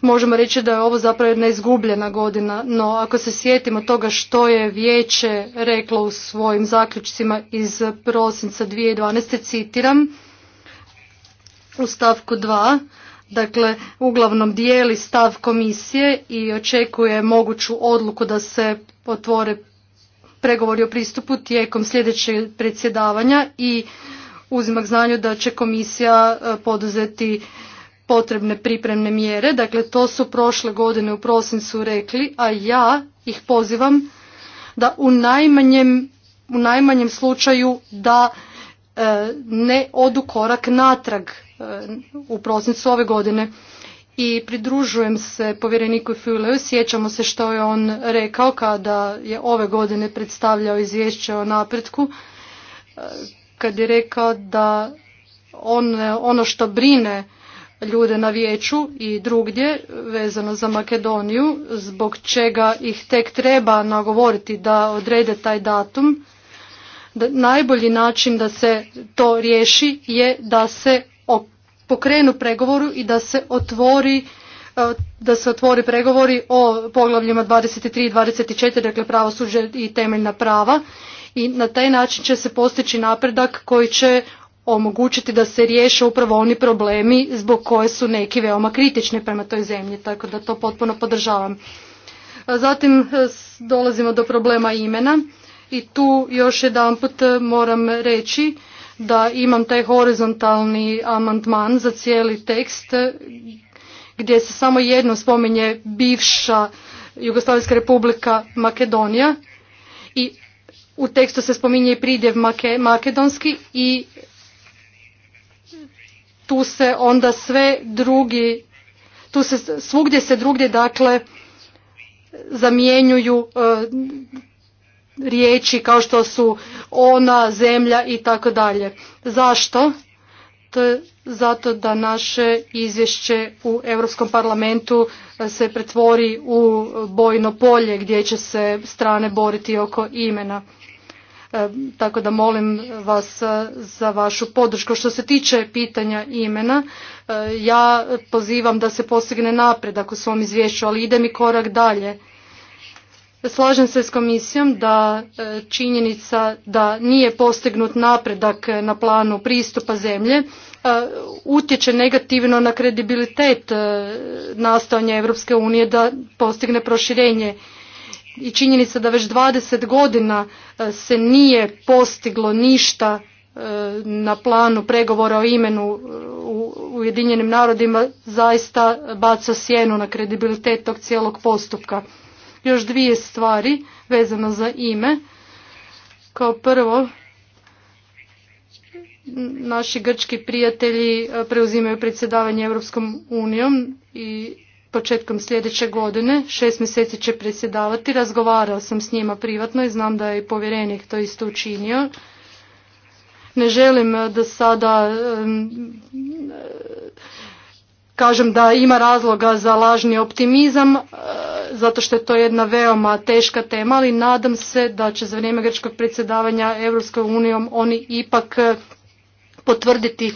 Speaker 4: Možemo reći da je ovo zapravo jedna izgubljena godina, no ako se sjetimo toga što je vijeće reklo u svojim zaključcima iz prosinca 2012. citiram u stavku 2 dakle uglavnom dijeli stav komisije i očekuje moguću odluku da se otvore pregovori o pristupu tijekom sljedećeg predsjedavanja i uzimak znanju da će komisija e, poduzeti potrebne pripremne mjere. Dakle, to su prošle godine u prosincu rekli, a ja ih pozivam da u najmanjem, u najmanjem slučaju da e, ne odu korak natrag e, u prosincu ove godine i pridružujem se povjereniku Fuleu, Sjećamo se što je on rekao kada je ove godine predstavljao izvješće o napretku, e, kad je rekao da on, e, ono što brine ljude na vijeću i drugdje vezano za Makedoniju, zbog čega ih tek treba nagovoriti da odrede taj datum, da najbolji način da se to riješi je da se pokrenu pregovoru i da se otvori e, da se otvori pregovori o poglavljima 23 i 24, dakle pravosuđe i temeljna prava i na taj način će se postići napredak koji će omogućiti da se riješe upravo oni problemi zbog koje su neki veoma kritični prema toj zemlji, tako da to potpuno podržavam. Zatim e, dolazimo do problema imena i tu još jedanput e, moram reći da imam taj horizontalni amandman za cijeli tekst gdje se samo jedno spominje bivša Jugoslavijska republika Makedonija i u tekstu se spominje i pridjev makedonski i tu se onda sve drugi, tu se svugdje se drugdje dakle zamjenjuju e, riječi kao što su ona, zemlja i tako dalje. Zašto? To zato da naše izvješće u Europskom parlamentu eh, se pretvori u bojno polje gdje će se strane boriti oko imena. Eh, tako da molim vas eh, za vašu podršku. Što se tiče pitanja imena, ja pozivam da se postigne napredak u svom izvješću, ali idem i korak dalje Slažem se s komisijom da e, činjenica da nije postignut napredak e, na planu pristupa zemlje e, utječe negativno na kredibilitet nastojanja Europske unije da postigne proširenje i činjenica da već 20 godina se nije postiglo ništa na planu pregovora o imenu u Ujedinjenim narodima zaista baca sjenu na kredibilitet tog cijelog postupka još dvije stvari vezano za ime. Kao prvo, naši grčki prijatelji e, preuzimaju predsjedavanje Europskom unijom i početkom sljedeće godine, šest mjeseci će predsjedavati. Razgovarao sam s njima privatno i znam da je i povjerenik to isto učinio. Ne želim e, da sada kažem da ima razloga za lažni optimizam e, zato što je to jedna veoma teška tema, ali nadam se da će za vrijeme grčkog predsjedavanja Europskoj unijom oni ipak e, potvrditi e,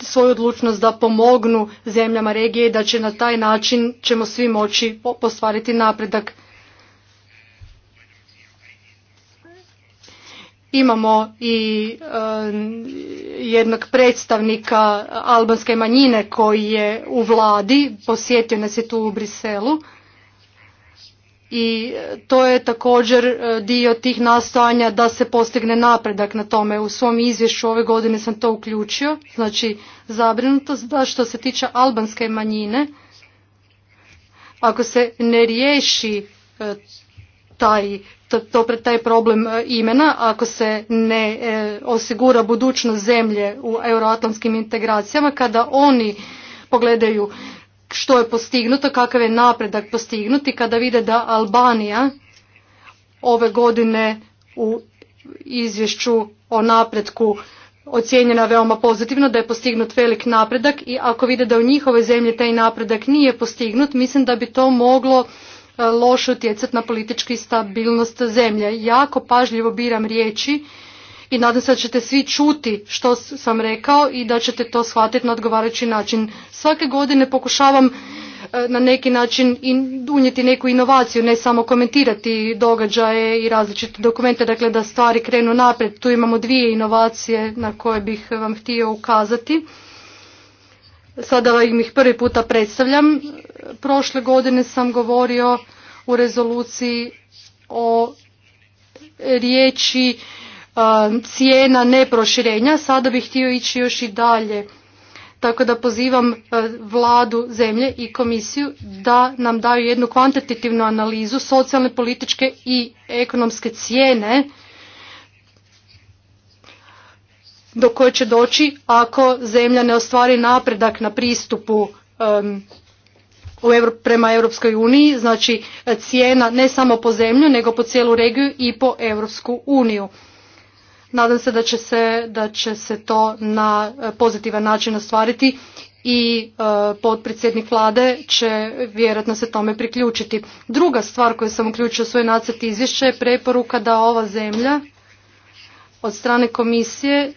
Speaker 4: svoju odlučnost da pomognu zemljama regije i da će na taj način ćemo svi moći postvariti napredak. Imamo i jednog predstavnika albanske manjine koji je u vladi, posjetio nas je tu u Briselu i e, to je također e, dio tih nastojanja da se postigne napredak na tome. U svom izvješću ove godine sam to uključio, znači zabrinutost da što se tiče albanske manjine, ako se ne riješi e, taj to pred taj problem e, imena ako se ne e, osigura budućnost zemlje u euroatlantskim integracijama kada oni pogledaju što je postignuto, kakav je napredak postignuti kada vide da Albanija ove godine u izvješću o napretku ocijenjena veoma pozitivno, da je postignut velik napredak i ako vide da u njihovoj zemlji taj napredak nije postignut, mislim da bi to moglo loše utjecati na politički stabilnost zemlje. Jako pažljivo biram riječi i nadam se da ćete svi čuti što sam rekao i da ćete to shvatiti na odgovarajući način. Svake godine pokušavam e, na neki način unijeti neku inovaciju, ne samo komentirati događaje i različite dokumente, dakle da stvari krenu naprijed. Tu imamo dvije inovacije na koje bih vam htio ukazati. Sada im ih prvi puta predstavljam prošle godine sam govorio u rezoluciji o riječi cijena neproširenja. Sada bih htio ići još i dalje. Tako da pozivam vladu zemlje i komisiju da nam daju jednu kvantitativnu analizu socijalne, političke i ekonomske cijene do koje će doći ako zemlja ne ostvari napredak na pristupu prema Europskoj uniji, znači cijena ne samo po zemlju, nego po cijelu regiju i po Europsku uniju. Nadam se da će se, se to na pozitivan način ostvariti i e, potpredsjednik vlade će vjerojatno se tome priključiti. Druga stvar koju sam uključio u svoj nacrt izvješća je preporuka da ova zemlja od strane komisije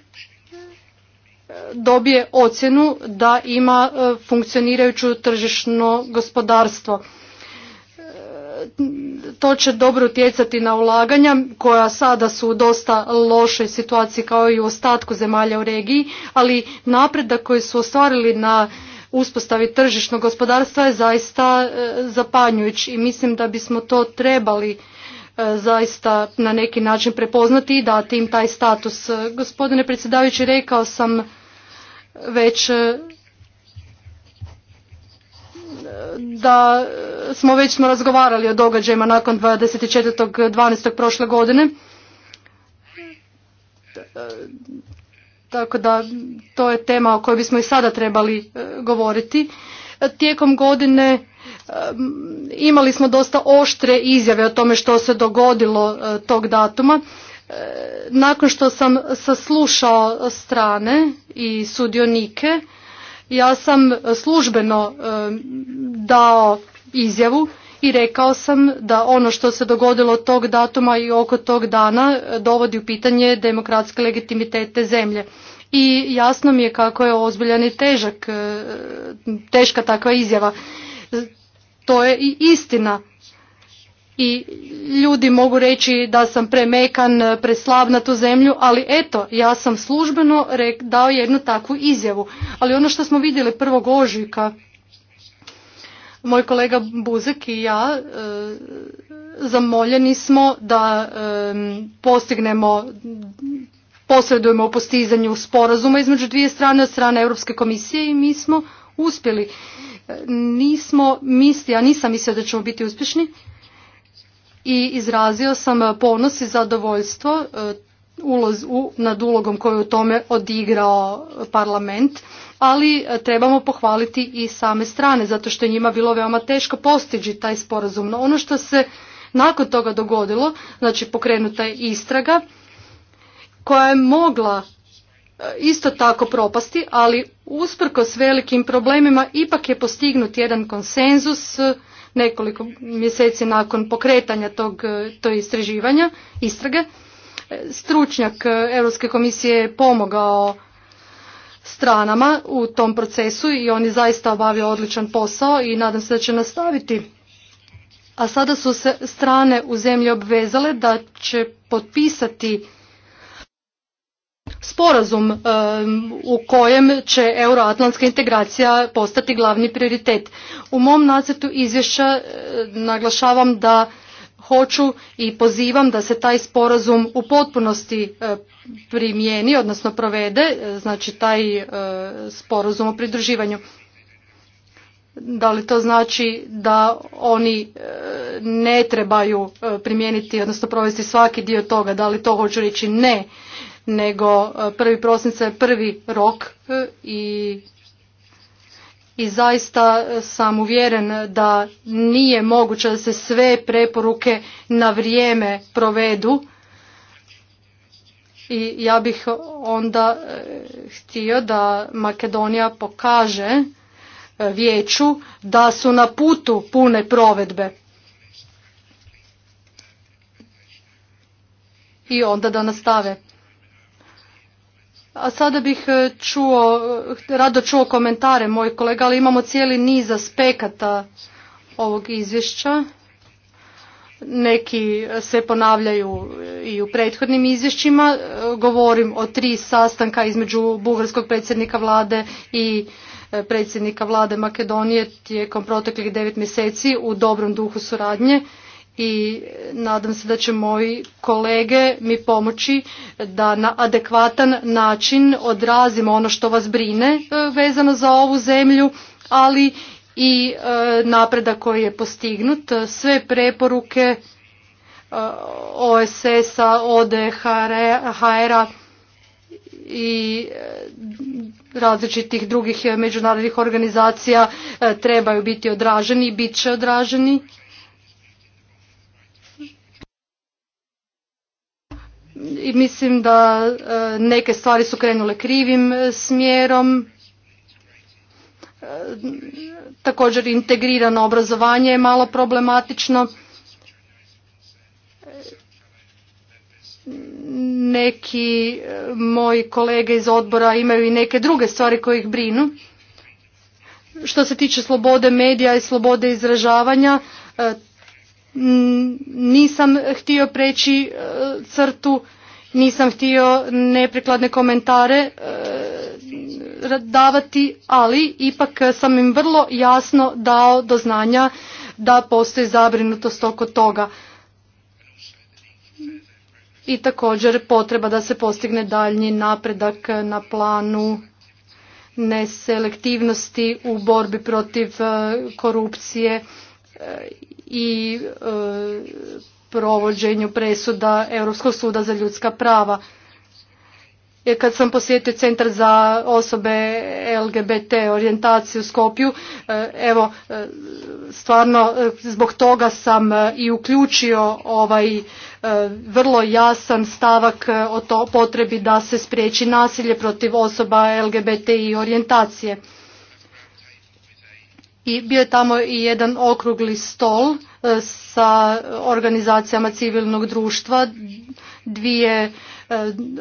Speaker 4: dobije ocjenu da ima e, funkcionirajuću tržišno gospodarstvo. E, to će dobro utjecati na ulaganja koja sada su u dosta lošoj situaciji kao i u ostatku zemalja u regiji, ali napredak koji su ostvarili na uspostavi tržišnog gospodarstva je zaista e, zapanjujuć i mislim da bismo to trebali zaista na neki način prepoznati i dati im taj status. Gospodine predsjedavajući, rekao sam već e, da smo već smo razgovarali o događajima nakon 24.12. prošle godine. Tako da to je tema o kojoj bismo i sada trebali e, govoriti. Tijekom godine e, imali smo dosta oštre izjave o tome što se dogodilo tog datuma nakon što sam saslušao strane i sudionike, ja sam službeno e, dao izjavu i rekao sam da ono što se dogodilo tog datuma i oko tog dana e, dovodi u pitanje demokratske legitimitete zemlje. I jasno mi je kako je ozbiljan i težak, e, teška takva izjava. To je i istina i ljudi mogu reći da sam premekan, e, preslab na tu zemlju, ali eto, ja sam službeno dao jednu takvu izjavu. Ali ono što smo vidjeli prvog ožujka, moj kolega Buzek i ja e, zamoljeni smo da e, postignemo posredujemo o postizanju sporazuma između dvije strane od strane Europske komisije i mi smo uspjeli. E, nismo misli, ja nisam mislio da ćemo biti uspješni, i izrazio sam e, ponos i zadovoljstvo e, nad ulogom koju u tome odigrao e, parlament, ali trebamo pohvaliti i same strane, zato što je njima bilo veoma teško postići taj sporazum. No ono što se nakon toga dogodilo, znači pokrenuta je istraga koja je mogla isto tako propasti, ali s velikim problemima ipak je postignut jedan konsenzus nekoliko mjeseci nakon pokretanja tog, e, to istraživanja, istrage. E, stručnjak e, Europske komisije je pomogao stranama u tom procesu i on je zaista obavio odličan posao i nadam se da će nastaviti. A sada su se strane u zemlji obvezale da će potpisati sporazum um, u kojem će euroatlantska integracija postati glavni prioritet. U mom nacrtu izvješća uh, naglašavam da hoću i pozivam da se taj sporazum u potpunosti uh, primijeni, odnosno provede, uh, znači taj sporazum o pridruživanju. Da li to znači da oni ne trebaju primijeniti, odnosno provesti svaki dio toga? Da li to hoću reći ne? nego e, prvi prosinca je prvi rok e, i i zaista sam uvjeren da nije moguće da se sve preporuke na vrijeme provedu i ja bih onda e, htio da Makedonija pokaže vijeću da su na putu pune provedbe. I onda da nastave a sada bih e, čuo, e, rado čuo komentare moj kolega, ali imamo cijeli niz aspekata ovog izvješća. Neki se ponavljaju i u prethodnim izvješćima. E, govorim o tri sastanka između bugarskog predsjednika vlade i predsjednika vlade Makedonije tijekom proteklih devet mjeseci u dobrom duhu suradnje i e, nadam se da će moji kolege mi pomoći da na adekvatan način odrazimo ono što vas brine e, vezano za ovu zemlju, ali i e, napredak koji je postignut, sve preporuke OSS-a, ODHR-a i različitih drugih međunarodnih organizacija trebaju biti odraženi i bit će odraženi i mislim da e, neke stvari su krenule krivim e, smjerom. E, također integrirano obrazovanje je malo problematično. Neki moji kolege iz odbora imaju i neke druge stvari koje ih brinu. Što se tiče slobode medija i slobode izražavanja, Mm, nisam htio preći e, crtu, nisam htio neprikladne komentare e, davati, ali ipak sam im vrlo jasno dao do znanja da postoji zabrinutost oko toga i također potreba da se postigne daljnji napredak na planu neselektivnosti u borbi protiv e, korupcije i e, provođenju presuda Europskog suda za ljudska prava. Kad sam posjetio centar za osobe LGBT orijentaciju u Skopju, e, evo, e, stvarno zbog toga sam i uključio ovaj vrlo jasan stavak o to potrebi da se spriječi nasilje protiv osoba LGBT i orijentacije i bio je tamo i jedan okrugli stol e, sa organizacijama civilnog društva, dvije e,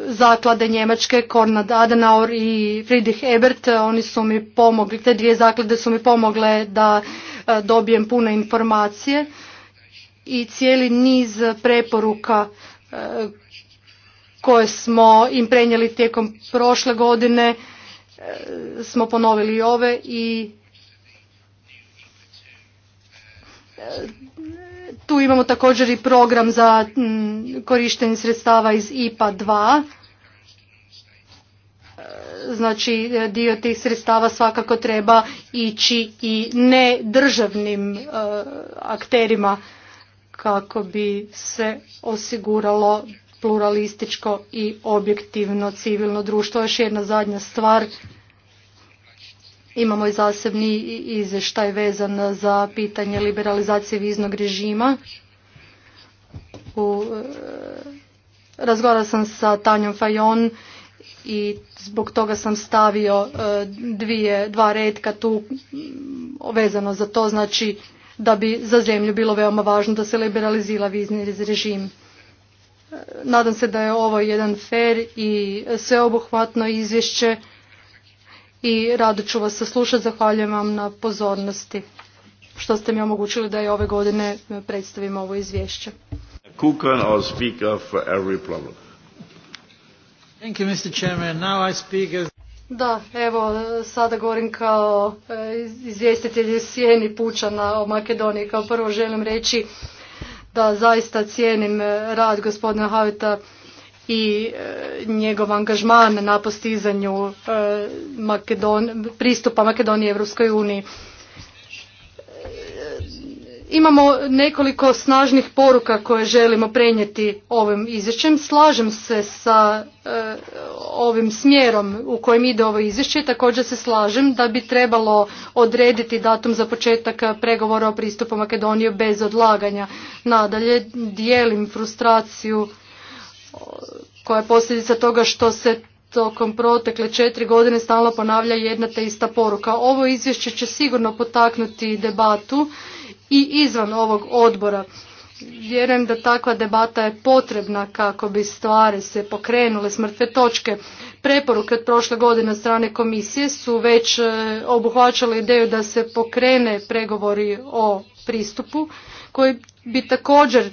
Speaker 4: zaklade njemačke, Konrad Adenauer i Friedrich Ebert, oni su mi pomogli, te dvije zaklade su mi pomogle da e, dobijem pune informacije i cijeli niz preporuka koje smo im prenijeli tijekom prošle godine smo ponovili i ove i Tu imamo također i program za mm, korištenje sredstava iz IPA 2. E, znači dio tih sredstava svakako treba ići i nedržavnim e, akterima kako bi se osiguralo pluralističko i objektivno civilno društvo. Još jedna zadnja stvar Imamo i zasebni izvještaj vezan za pitanje liberalizacije viznog režima. U, e, sam sa Tanjom Fajon i zbog toga sam stavio e, dvije, dva redka tu vezano za to, znači da bi za zemlju bilo veoma važno da se liberalizira vizni režim. E, nadam se da je ovo jedan fer i sveobuhvatno izvješće i rado ću vas saslušati. Zahvaljujem vam na pozornosti što ste mi omogućili da i ove godine predstavim ovo izvješće. Da, evo, sada govorim kao e, izvjestitelj sjeni Pučana o Makedoniji. Kao prvo želim reći da zaista cijenim e, rad gospodina haveta i e, njegov angažman na postizanju e, Makedon, pristupa Makedonije Evropskoj uniji. E, imamo nekoliko snažnih poruka koje želimo prenijeti ovim izvješćem. Slažem se sa ovim smjerom u kojem ide ovo izvješće. Također se slažem da bi trebalo odrediti datum za početak pregovora o pristupu Makedoniju bez odlaganja. Nadalje dijelim frustraciju koja je posljedica toga što se tokom protekle četiri godine stalno ponavlja jedna te ista poruka. Ovo izvješće će sigurno potaknuti debatu i izvan ovog odbora. Vjerujem da takva debata je potrebna kako bi stvari se pokrenule s mrtve točke. Preporuke od prošle godine strane komisije su već e, obuhvaćale ideju da se pokrene pregovori o pristupu koji bi također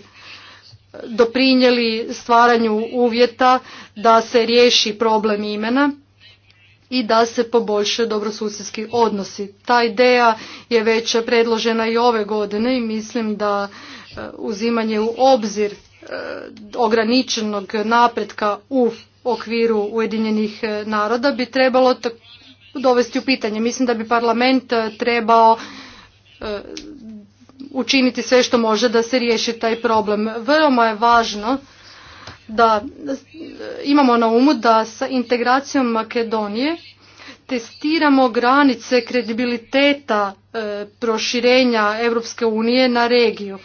Speaker 4: doprinijeli stvaranju uvjeta da se riješi problem imena i da se poboljšaju dobrosusjedski odnosi. Ta ideja je već predložena i ove godine i mislim da e, uzimanje u obzir e, ograničenog napretka u okviru Ujedinjenih e, naroda bi trebalo dovesti u pitanje. Mislim da bi parlament trebao učiniti sve što može da se riješi taj problem. Veoma je važno da imamo na umu da sa integracijom Makedonije testiramo granice kredibiliteta e, proširenja Europske unije na regiju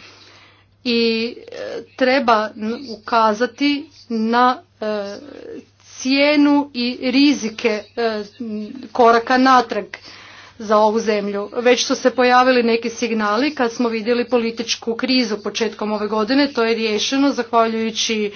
Speaker 4: i e, treba ukazati na e, cijenu i rizike koraka natrag za ovu zemlju. Već su se pojavili neki signali kad smo vidjeli političku krizu početkom ove godine. To je riješeno zahvaljujući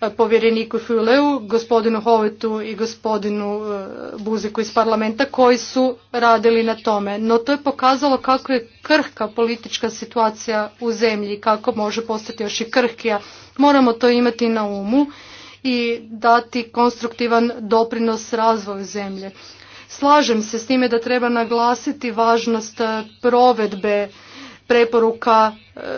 Speaker 4: e, povjereniku Fuleu, gospodinu Hovetu i gospodinu e, Buziku iz parlamenta koji su radili na tome. No to je pokazalo kako je krhka politička situacija u zemlji, kako može postati još i krhkija. Moramo to imati na umu i dati konstruktivan doprinos razvoju zemlje. Slažem se s time da treba naglasiti važnost e, provedbe preporuka e,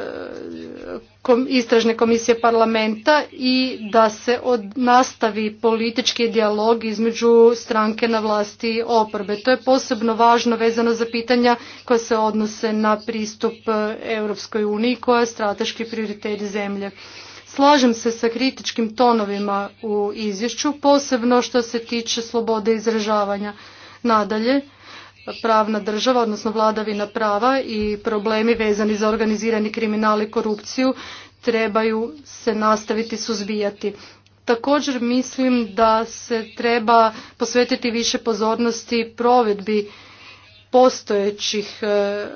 Speaker 4: istražne komisije parlamenta i da se nastavi politički dijalog između stranke na vlasti i oporbe. To je posebno važno vezano za pitanja koja se odnose na pristup e, Europskoj uniji koja je strateški prioritet zemlje. Slažem se sa kritičkim tonovima u izvješću, posebno što se tiče slobode izražavanja. Nadalje, pravna država, odnosno vladavina prava i problemi vezani za organizirani kriminal i korupciju trebaju se nastaviti suzbijati. Također mislim da se treba posvetiti više pozornosti provedbi postojećih eh,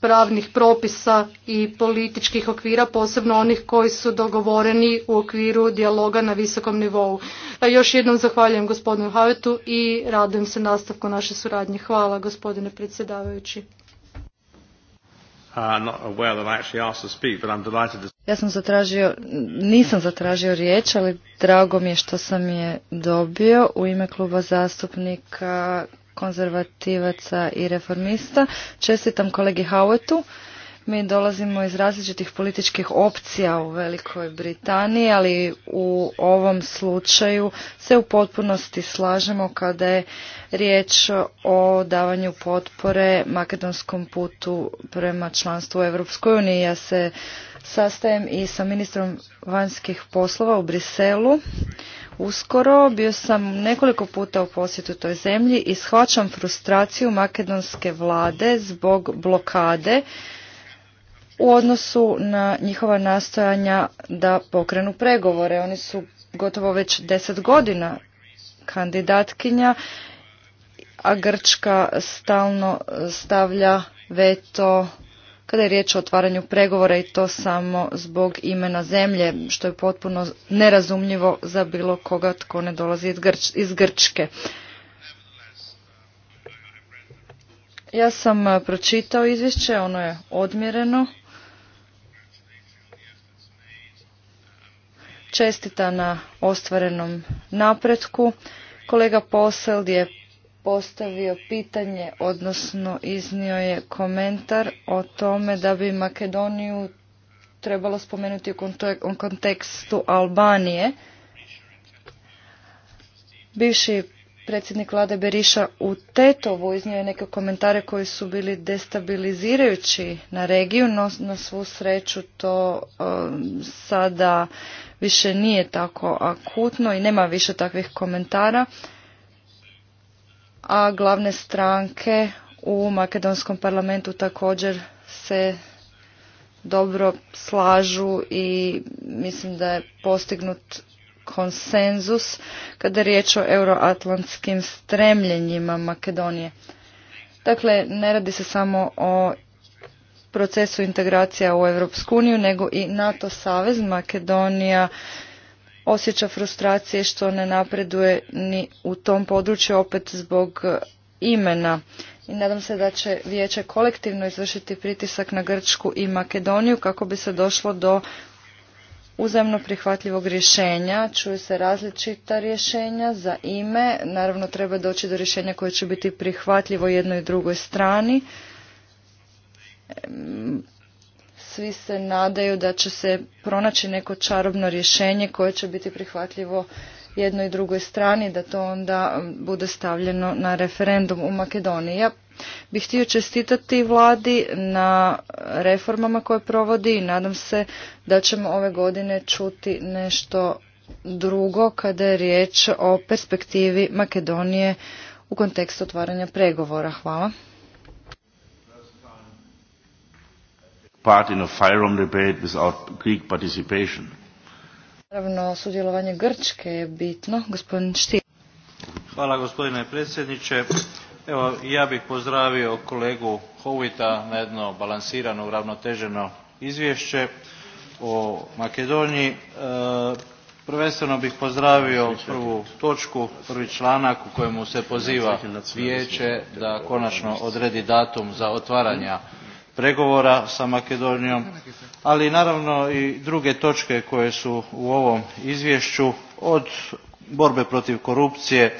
Speaker 4: pravnih propisa i političkih okvira, posebno onih koji su dogovoreni u okviru dijaloga na visokom nivou. Još jednom zahvaljujem gospodinu Havetu i radujem se nastavku naše suradnje. Hvala gospodine predsjedavajući.
Speaker 3: Uh,
Speaker 5: ja sam zatražio, nisam zatražio riječ, ali drago mi je što sam je dobio u ime kluba zastupnika konzervativaca i reformista. Čestitam kolegi Howetu. Mi dolazimo iz različitih političkih opcija u Velikoj Britaniji, ali u ovom slučaju se u potpunosti slažemo kada je riječ o davanju potpore makedonskom putu prema članstvu u EU. Ja se sastajem i sa ministrom vanjskih poslova u Briselu uskoro. Bio sam nekoliko puta u posjetu toj zemlji i shvaćam frustraciju makedonske vlade zbog blokade u odnosu na njihova nastojanja da pokrenu pregovore. Oni su gotovo već deset godina kandidatkinja, a Grčka stalno stavlja veto kada je riječ o otvaranju pregovora i to samo zbog imena zemlje, što je potpuno nerazumljivo za bilo koga tko ne dolazi iz, Grčke. Ja sam eh, pročitao izvješće, ono je odmjereno. Čestita na ostvarenom napretku. Kolega Posel je postavio pitanje, odnosno iznio je komentar o tome da bi Makedoniju trebalo spomenuti u kontekstu Albanije. Bivši predsjednik vlade Beriša u Tetovu iznio je neke komentare koji su bili destabilizirajući na regiju, no na svu sreću to e, sada više nije tako akutno i nema više takvih komentara a glavne stranke u makedonskom parlamentu također se dobro slažu i mislim da je postignut konsenzus kada je riječ o euroatlantskim stremljenjima Makedonije. Dakle, ne radi se samo o procesu integracija u Europsku uniju, nego i NATO savez Makedonija osjeća frustracije što ne napreduje ni u tom području opet zbog e, imena. I nadam se da će vijeće kolektivno izvršiti pritisak na Grčku i Makedoniju kako bi se došlo do uzemno prihvatljivog rješenja. Čuju se različita rješenja za ime. Naravno treba doći do rješenja koje će biti prihvatljivo jednoj i drugoj strani svi se nadaju da će se pronaći neko čarobno rješenje koje će biti prihvatljivo jednoj i drugoj strani, da to onda bude stavljeno na referendum u Makedoniji. Ja bih htio čestitati vladi na reformama koje provodi i nadam se da ćemo ove godine čuti nešto drugo kada je riječ o perspektivi Makedonije u kontekstu otvaranja pregovora. Hvala.
Speaker 3: part in a firearm debate without Greek participation.
Speaker 5: Naravno, sudjelovanje Grčke je bitno. Gospodin Štir.
Speaker 3: Hvala gospodine predsjedniče. Evo, ja bih pozdravio kolegu Hovita na jedno balansirano, uravnoteženo izvješće o Makedoniji. E, prvenstveno bih pozdravio prvu točku, prvi članak u kojemu se poziva vijeće da konačno odredi datum za otvaranja pregovora sa makedonijom ali naravno i druge točke koje su u ovom izvješću od borbe protiv korupcije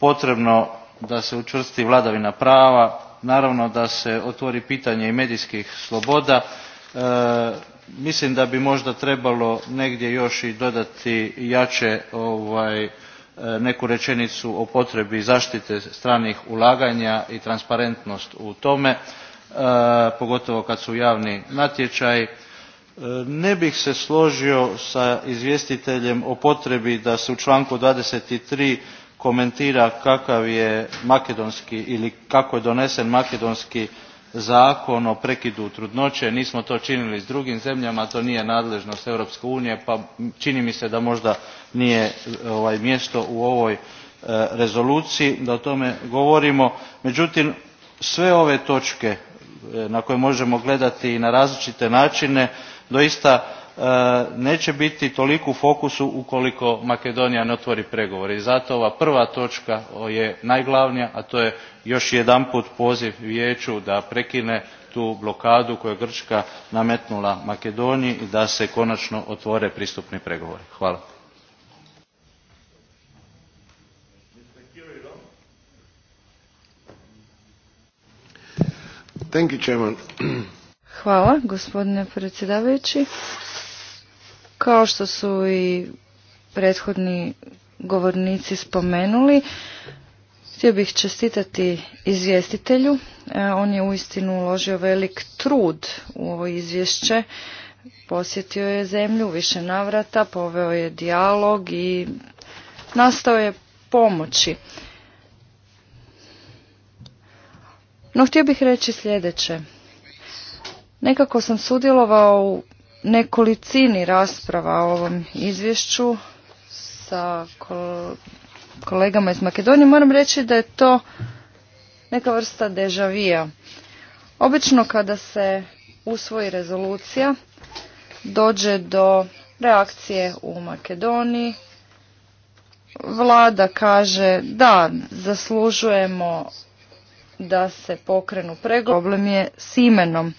Speaker 3: potrebno da se učvrsti vladavina prava naravno da se otvori pitanje i medijskih sloboda e, mislim da bi možda trebalo negdje još i dodati jače ovaj, e, neku rečenicu o potrebi zaštite stranih ulaganja i transparentnost u tome pogotovo kad su javni natječaji. E, ne bih se složio sa izvjestiteljem o potrebi da se u članku 23 komentira kakav je makedonski ili kako je donesen makedonski zakon o prekidu trudnoće nismo to činili s drugim zemljama to nije nadležnost europske unije pa čini mi se da možda nije ovaj, mjesto u ovoj e, rezoluciji da o tome govorimo. međutim sve ove točke E, na koje možemo gledati na različite načine doista e, neće biti toliko u fokusu ukoliko makedonija ne otvori pregovore i zato ova prva točka je najglavnija a to je još jedanput poziv vijeću da prekine tu blokadu koju je grčka nametnula makedoniji i da se konačno otvore pristupni pregovori. hvala.
Speaker 5: Hvala, gospodine predsjedavajući. Kao što su i prethodni govornici spomenuli, htio bih čestitati izvjestitelju. E, on je uistinu uložio velik trud u ovo izvješće. Posjetio je zemlju više navrata, poveo je dijalog i nastao je pomoći No htio bih reći sljedeće. Nekako sam sudjelovao u nekolicini rasprava o ovom izvješću sa kolegama iz Makedonije. Moram reći da je to neka vrsta dežavija. Obično kada se usvoji rezolucija dođe do reakcije u Makedoniji. Vlada kaže da zaslužujemo da se pokrenu pregovor. Problem je s imenom.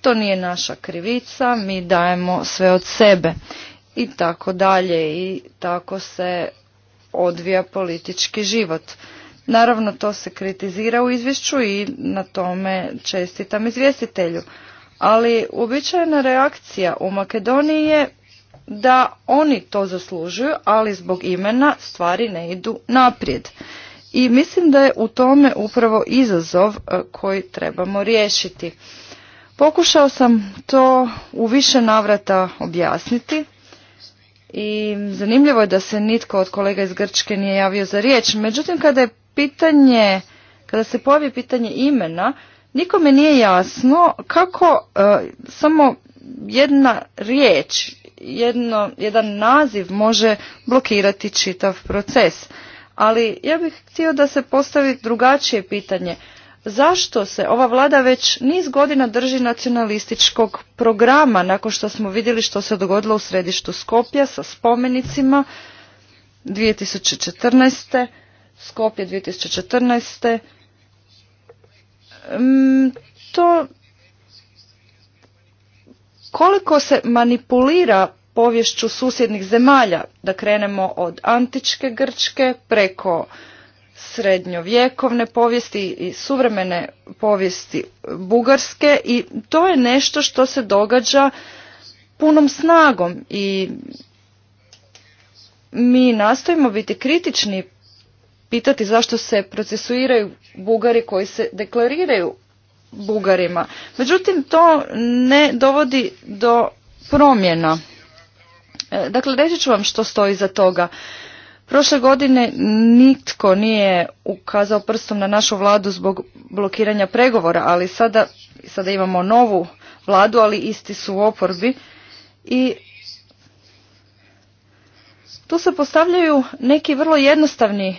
Speaker 5: To nije naša krivica, mi dajemo sve od sebe i tako dalje i tako se odvija politički život. Naravno to se kritizira u izvješću i na tome čestitam izvjestitelju. Ali uobičajena reakcija u Makedoniji je da oni to zaslužuju, ali zbog imena stvari ne idu naprijed. I mislim da je u tome upravo izazov e, koji trebamo riješiti. Pokušao sam to u više navrata objasniti i zanimljivo je da se nitko od kolega iz Grčke nije javio za riječ. Međutim, kada je pitanje, kada se pojavi pitanje imena, nikome nije jasno kako e, samo jedna riječ, jedno, jedan naziv može blokirati čitav proces ali ja bih htio da se postavi drugačije pitanje. Zašto se ova vlada već niz godina drži nacionalističkog programa nakon što smo vidjeli što se dogodilo u središtu Skopja sa spomenicima 2014. Skopje 2014. Mm, to koliko se manipulira povješću susjednih zemalja, da krenemo od antičke Grčke preko srednjovjekovne povijesti i suvremene povijesti Bugarske i to je nešto što se događa punom snagom i mi nastojimo biti kritični, pitati zašto se procesuiraju Bugari koji se deklariraju Bugarima. Međutim, to ne dovodi do promjena. E, dakle, reći ću vam što stoji za toga. Prošle godine nitko nije ukazao prstom na našu vladu zbog blokiranja pregovora, ali sada, sada imamo novu vladu, ali isti su u oporbi. I tu se postavljaju neki vrlo jednostavni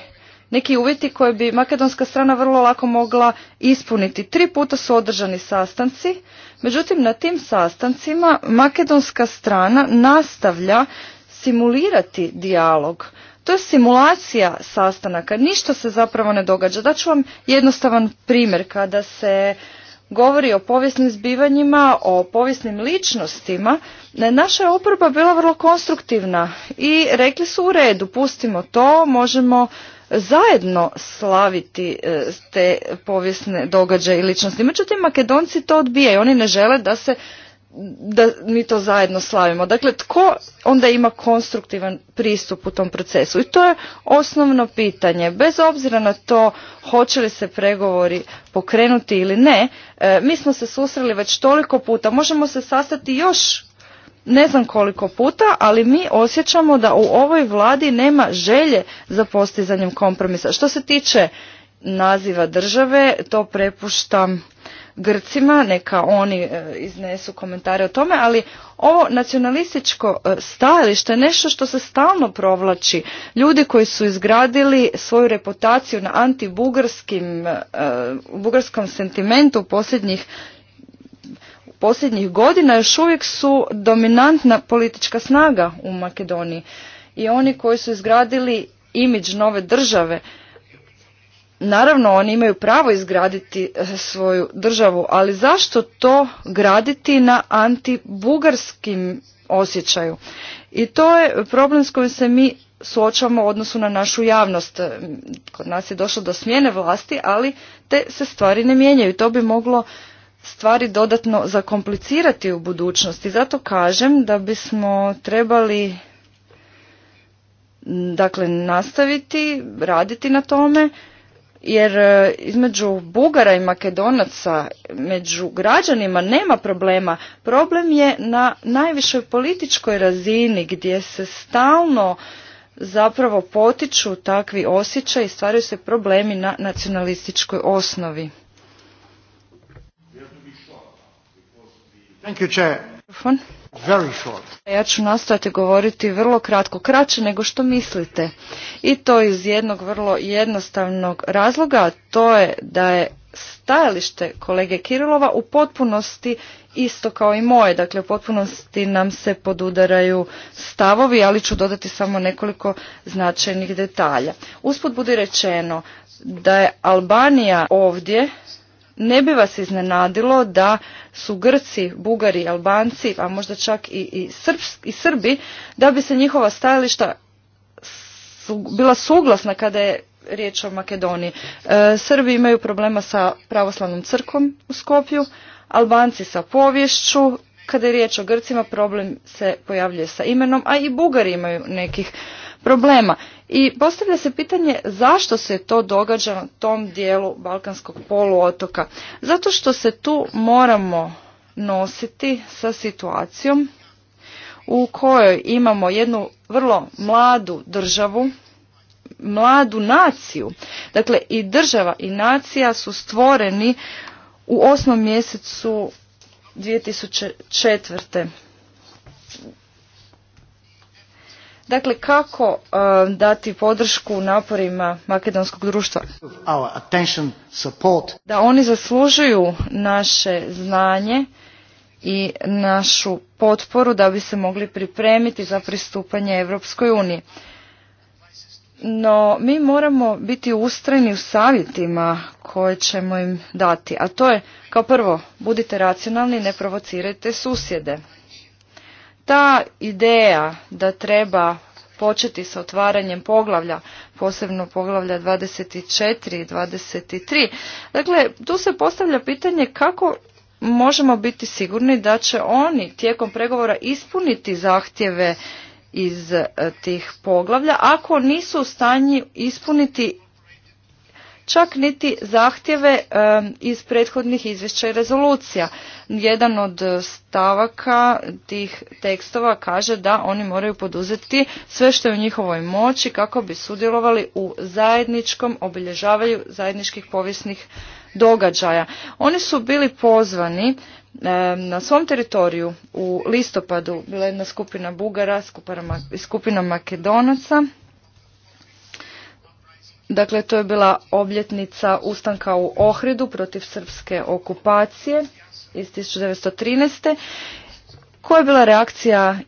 Speaker 5: neki uvjeti koje bi makedonska strana vrlo lako mogla ispuniti. Tri puta su održani sastanci, međutim na tim sastancima makedonska strana nastavlja simulirati dijalog. To je simulacija sastanaka, ništa se zapravo ne događa. Daću vam jednostavan primjer kada se govori o povijesnim zbivanjima, o povijesnim ličnostima, naša je oporba bila vrlo konstruktivna i rekli su u redu, pustimo to, možemo zajedno slaviti e, te povijesne događaje i ličnosti. Međutim, makedonci to odbijaju. Oni ne žele da se da mi to zajedno slavimo. Dakle, tko onda ima konstruktivan pristup u tom procesu? I to je osnovno pitanje. Bez obzira na to hoće li se pregovori pokrenuti ili ne, e, mi smo se susreli već toliko puta. Možemo se sastati još ne znam koliko puta, ali mi osjećamo da u ovoj vladi nema želje za postizanjem kompromisa. Što se tiče naziva države, to prepuštam Grcima, neka oni e, iznesu komentare o tome, ali ovo nacionalističko e, stajalište je nešto što se stalno provlači. Ljudi koji su izgradili svoju reputaciju na antibugarskom e, sentimentu u posljednjih posljednjih godina još uvijek su dominantna politička snaga u Makedoniji i oni koji su izgradili imidž nove države Naravno, oni imaju pravo izgraditi eh, svoju državu, ali zašto to graditi na antibugarskim osjećaju? I to je problem s kojim se mi suočavamo u odnosu na našu javnost. Eh, kod nas je došlo do smjene vlasti, ali te se stvari ne mijenjaju. To bi moglo stvari dodatno zakomplicirati u budućnosti. Zato kažem da bismo trebali dakle nastaviti raditi na tome jer e, između Bugara i Makedonaca, među građanima nema problema. Problem je na najvišoj političkoj razini gdje se stalno zapravo potiču takvi osjećaj i stvaraju se problemi na nacionalističkoj osnovi. Ja ću nastojati govoriti vrlo kratko, kraće nego što mislite. I to iz jednog vrlo jednostavnog razloga, a to je da je stajalište kolege Kirilova u potpunosti isto kao i moje. Dakle, u potpunosti nam se podudaraju stavovi, ali ću dodati samo nekoliko značajnih detalja. Usput budi rečeno da je Albanija ovdje ne bi vas iznenadilo da su Grci, Bugari, Albanci, a možda čak i, i, i Srbi, da bi se njihova stajališta bila suglasna kada je riječ o Makedoniji. E, Srbi imaju problema sa pravoslavnom crkom u Skopju, Albanci sa povješću, kada je riječ o Grcima problem se pojavljuje sa imenom, a i Bugari imaju nekih problema. I postavlja se pitanje zašto se to događa na tom dijelu Balkanskog poluotoka. Zato što se tu moramo nositi sa situacijom u kojoj imamo jednu vrlo mladu državu, mladu naciju. Dakle, i država i nacija su stvoreni u osmom mjesecu 2004. Dakle, kako e, dati podršku naporima makedonskog društva? Da oni zaslužuju naše znanje i našu potporu da bi se mogli pripremiti za pristupanje Europskoj uniji. No, mi moramo biti ustrajni u savjetima koje ćemo im dati, a to je, kao prvo, budite racionalni i ne provocirajte susjede. Ta ideja da treba početi sa otvaranjem poglavlja, posebno poglavlja 24 i 23. Dakle, tu se postavlja pitanje kako možemo biti sigurni da će oni tijekom pregovora ispuniti zahtjeve iz eh, tih poglavlja ako nisu u stanju ispuniti čak niti zahtjeve iz prethodnih izvješća i rezolucija. Jedan od stavaka tih tekstova kaže da oni moraju poduzeti sve što je u njihovoj moći kako bi sudjelovali u zajedničkom obilježavanju zajedničkih povijesnih događaja. Oni su bili pozvani na svom teritoriju u listopadu bila jedna skupina Bugara, skupina Makedonaca Dakle, to je bila obljetnica ustanka u Ohridu protiv srpske okupacije iz 1913. Koja je bila reakcija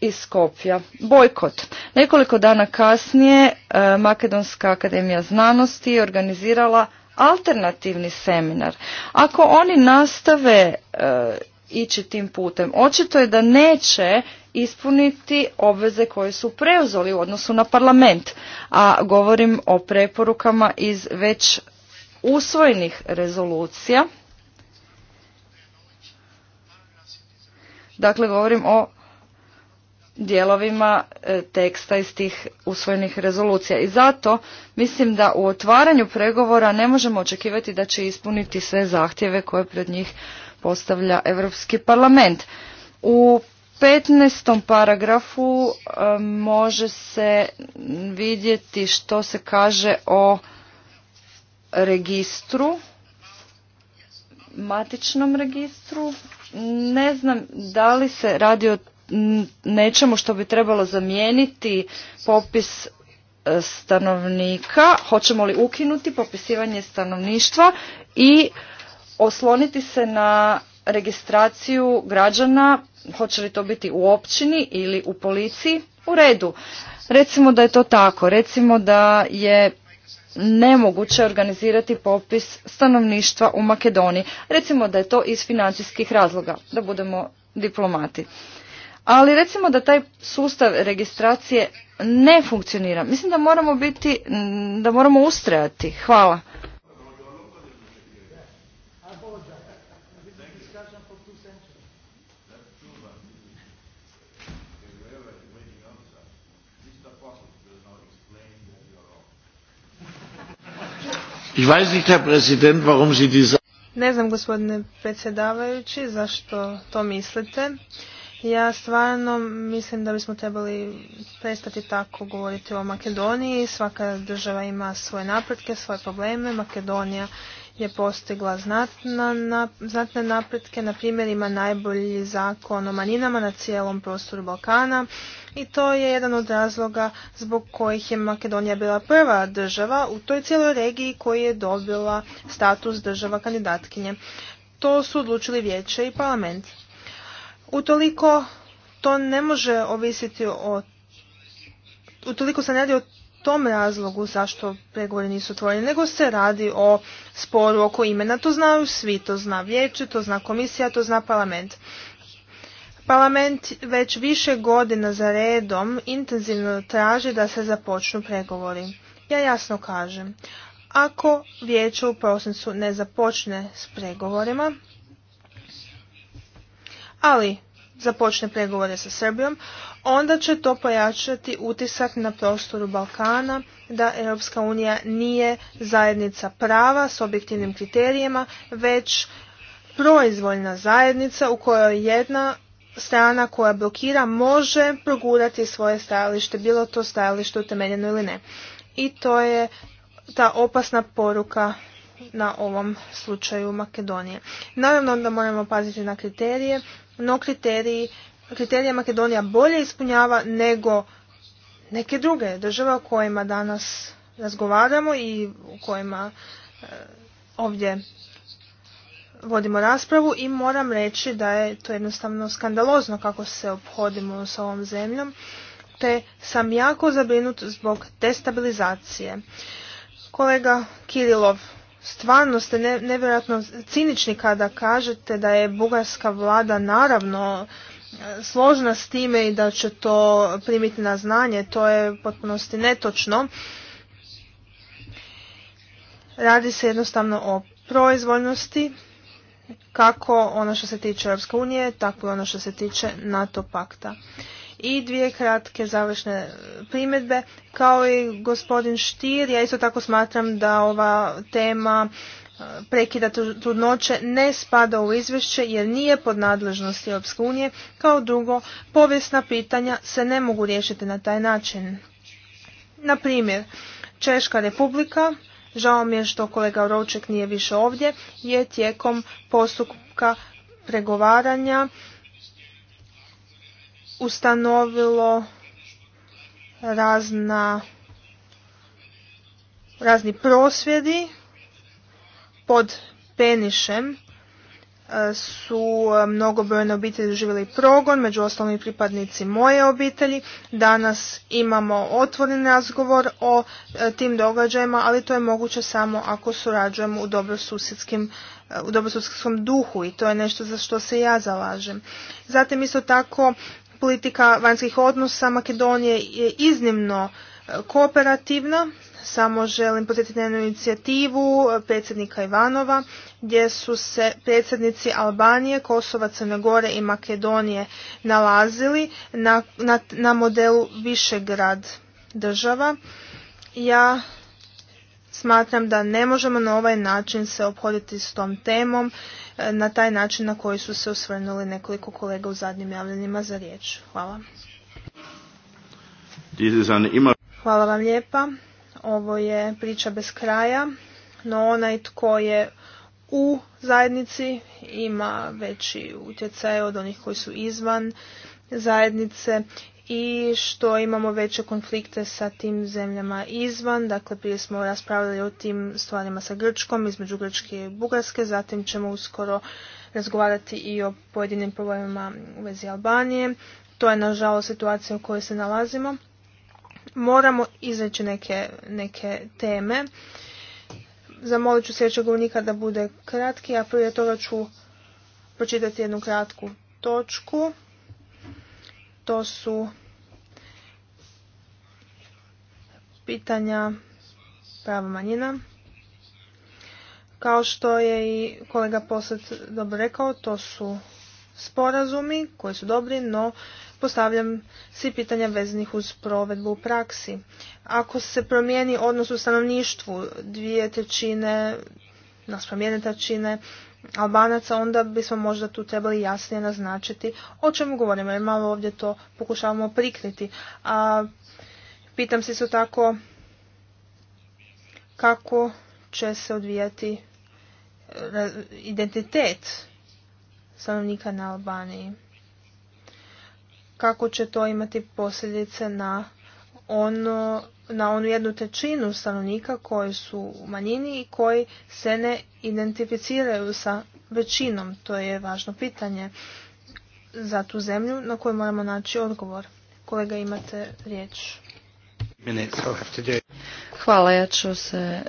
Speaker 5: iz Skopja? Bojkot. Nekoliko dana kasnije e, Makedonska akademija znanosti je organizirala alternativni seminar. Ako oni nastave e, ići tim putem, očito je da neće ispuniti obveze koje su preuzeli u odnosu na parlament, a govorim o preporukama iz već usvojenih rezolucija. Dakle, govorim o dijelovima e, teksta iz tih usvojenih rezolucija. I zato mislim da u otvaranju pregovora ne možemo očekivati da će ispuniti sve zahtjeve koje pred njih postavlja Europski parlament. U 15. paragrafu e, može se vidjeti što se kaže o registru, matičnom registru. Ne znam da li se radi o nečemu što bi trebalo zamijeniti popis e, stanovnika, hoćemo li ukinuti popisivanje stanovništva i osloniti se na registraciju građana hoće li to biti u općini ili u policiji, u redu. Recimo da je to tako, recimo da je nemoguće organizirati popis stanovništva u Makedoniji. Recimo da je to iz financijskih razloga, da budemo diplomati. Ali recimo da taj sustav registracije ne funkcionira. Mislim da moramo biti, da moramo ustrajati. Hvala.
Speaker 2: Ne znam gospodine predsjedavajući zašto to mislite. Ja stvarno mislim da bismo trebali prestati tako govoriti o Makedoniji. Svaka država ima svoje napretke, svoje probleme. Makedonija je postigla znatne napretke, na primjer ima najbolji zakon o manjinama na cijelom prostoru Balkana i to je jedan od razloga zbog kojih je Makedonija bila prva država u toj cijeloj regiji koji je dobila status država kandidatkinje. To su odlučili vijeće i parlament. Utoliko to ne može ovisiti o Utoliko se ne radi o tom razlogu zašto pregovori nisu otvoreni, nego se radi o sporu oko imena. To znaju svi, to zna vijeće, to zna komisija, to zna parlament. Parlament već više godina za redom intenzivno traži da se započnu pregovori. Ja jasno kažem, ako vijeće u prosincu ne započne s pregovorima, ali započne pregovore sa Srbijom, onda će to pojačati utisak na prostoru Balkana da Europska unija nije zajednica prava s objektivnim kriterijima, već proizvoljna zajednica u kojoj jedna strana koja blokira može progurati svoje stajalište, bilo to stajalište utemeljeno ili ne. I to je ta opasna poruka na ovom slučaju Makedonije. Naravno da moramo paziti na kriterije, no kriteriji kriterije Makedonija bolje ispunjava nego neke druge države o kojima danas razgovaramo i u kojima e, ovdje vodimo raspravu i moram reći da je to jednostavno skandalozno kako se obhodimo s ovom zemljom, te sam jako zabrinut zbog destabilizacije. Kolega Kirilov, stvarno ste nevjerojatno cinični kada kažete da je bugarska vlada naravno složna s time i da će to primiti na znanje, to je potpunosti netočno. Radi se jednostavno o proizvoljnosti, kako ono što se tiče Europske unije, tako i ono što se tiče NATO pakta. I dvije kratke završne primjedbe. Kao i gospodin Štir, ja isto tako smatram da ova tema prekida trudnoće ne spada u izvješće jer nije pod nadležnosti Europske unije, kao drugo, povijesna pitanja se ne mogu riješiti na taj način. Na primjer, Češka republika, žao mi je što kolega Rovček nije više ovdje, je tijekom postupka pregovaranja ustanovilo razna razni prosvjedi pod penišem e, su e, mnogobrojne obitelji doživjeli progon, među ostalim i pripadnici moje obitelji. Danas imamo otvoren razgovor o e, tim događajima, ali to je moguće samo ako surađujemo u dobrosusjedskim u dobrosudskom duhu i to je nešto za što se ja zalažem. Zatim isto tako politika vanjskih odnosa Makedonije je iznimno kooperativna samo želim podsjetiti na jednu inicijativu predsjednika Ivanova gdje su se predsjednici Albanije, Kosova, Crne Gore i Makedonije nalazili na, na, na modelu višegrad država. Ja smatram da ne možemo na ovaj način se obhoditi s tom temom, e, na taj način na koji su se osvrnuli nekoliko kolega u zadnjim javljenima za riječ. Hvala. Hvala vam lijepa. Ovo je priča bez kraja, no onaj tko je u zajednici ima veći utjecaj od onih koji su izvan zajednice i što imamo veće konflikte sa tim zemljama izvan. Dakle, prije smo raspravljali o tim stvarima sa Grčkom, između Grčke i Bugarske, zatim ćemo uskoro razgovarati i o pojedinim problemima u vezi Albanije. To je, nažalost, situacija u kojoj se nalazimo moramo izreći neke, neke teme. Zamolit ću sljedećeg govornika da bude kratki, a prije toga ću pročitati jednu kratku točku. To su pitanja prava manjina. Kao što je i kolega Posad dobro rekao, to su sporazumi koji su dobri, no postavljam svi pitanja vezanih uz provedbu u praksi. Ako se promijeni odnos u stanovništvu dvije trećine, nas promijene trećine, Albanaca, onda bismo možda tu trebali jasnije naznačiti o čemu govorimo, jer malo ovdje to pokušavamo prikriti. A, pitam se isto tako kako će se odvijati e, identitet stanovnika na Albaniji kako će to imati posljedice na ono, na onu jednu trećinu stanovnika koji su u manjini i koji se ne identificiraju sa većinom. To je važno pitanje za tu zemlju na koju moramo naći odgovor. Kolega imate riječ.
Speaker 5: Hvala, ja ću se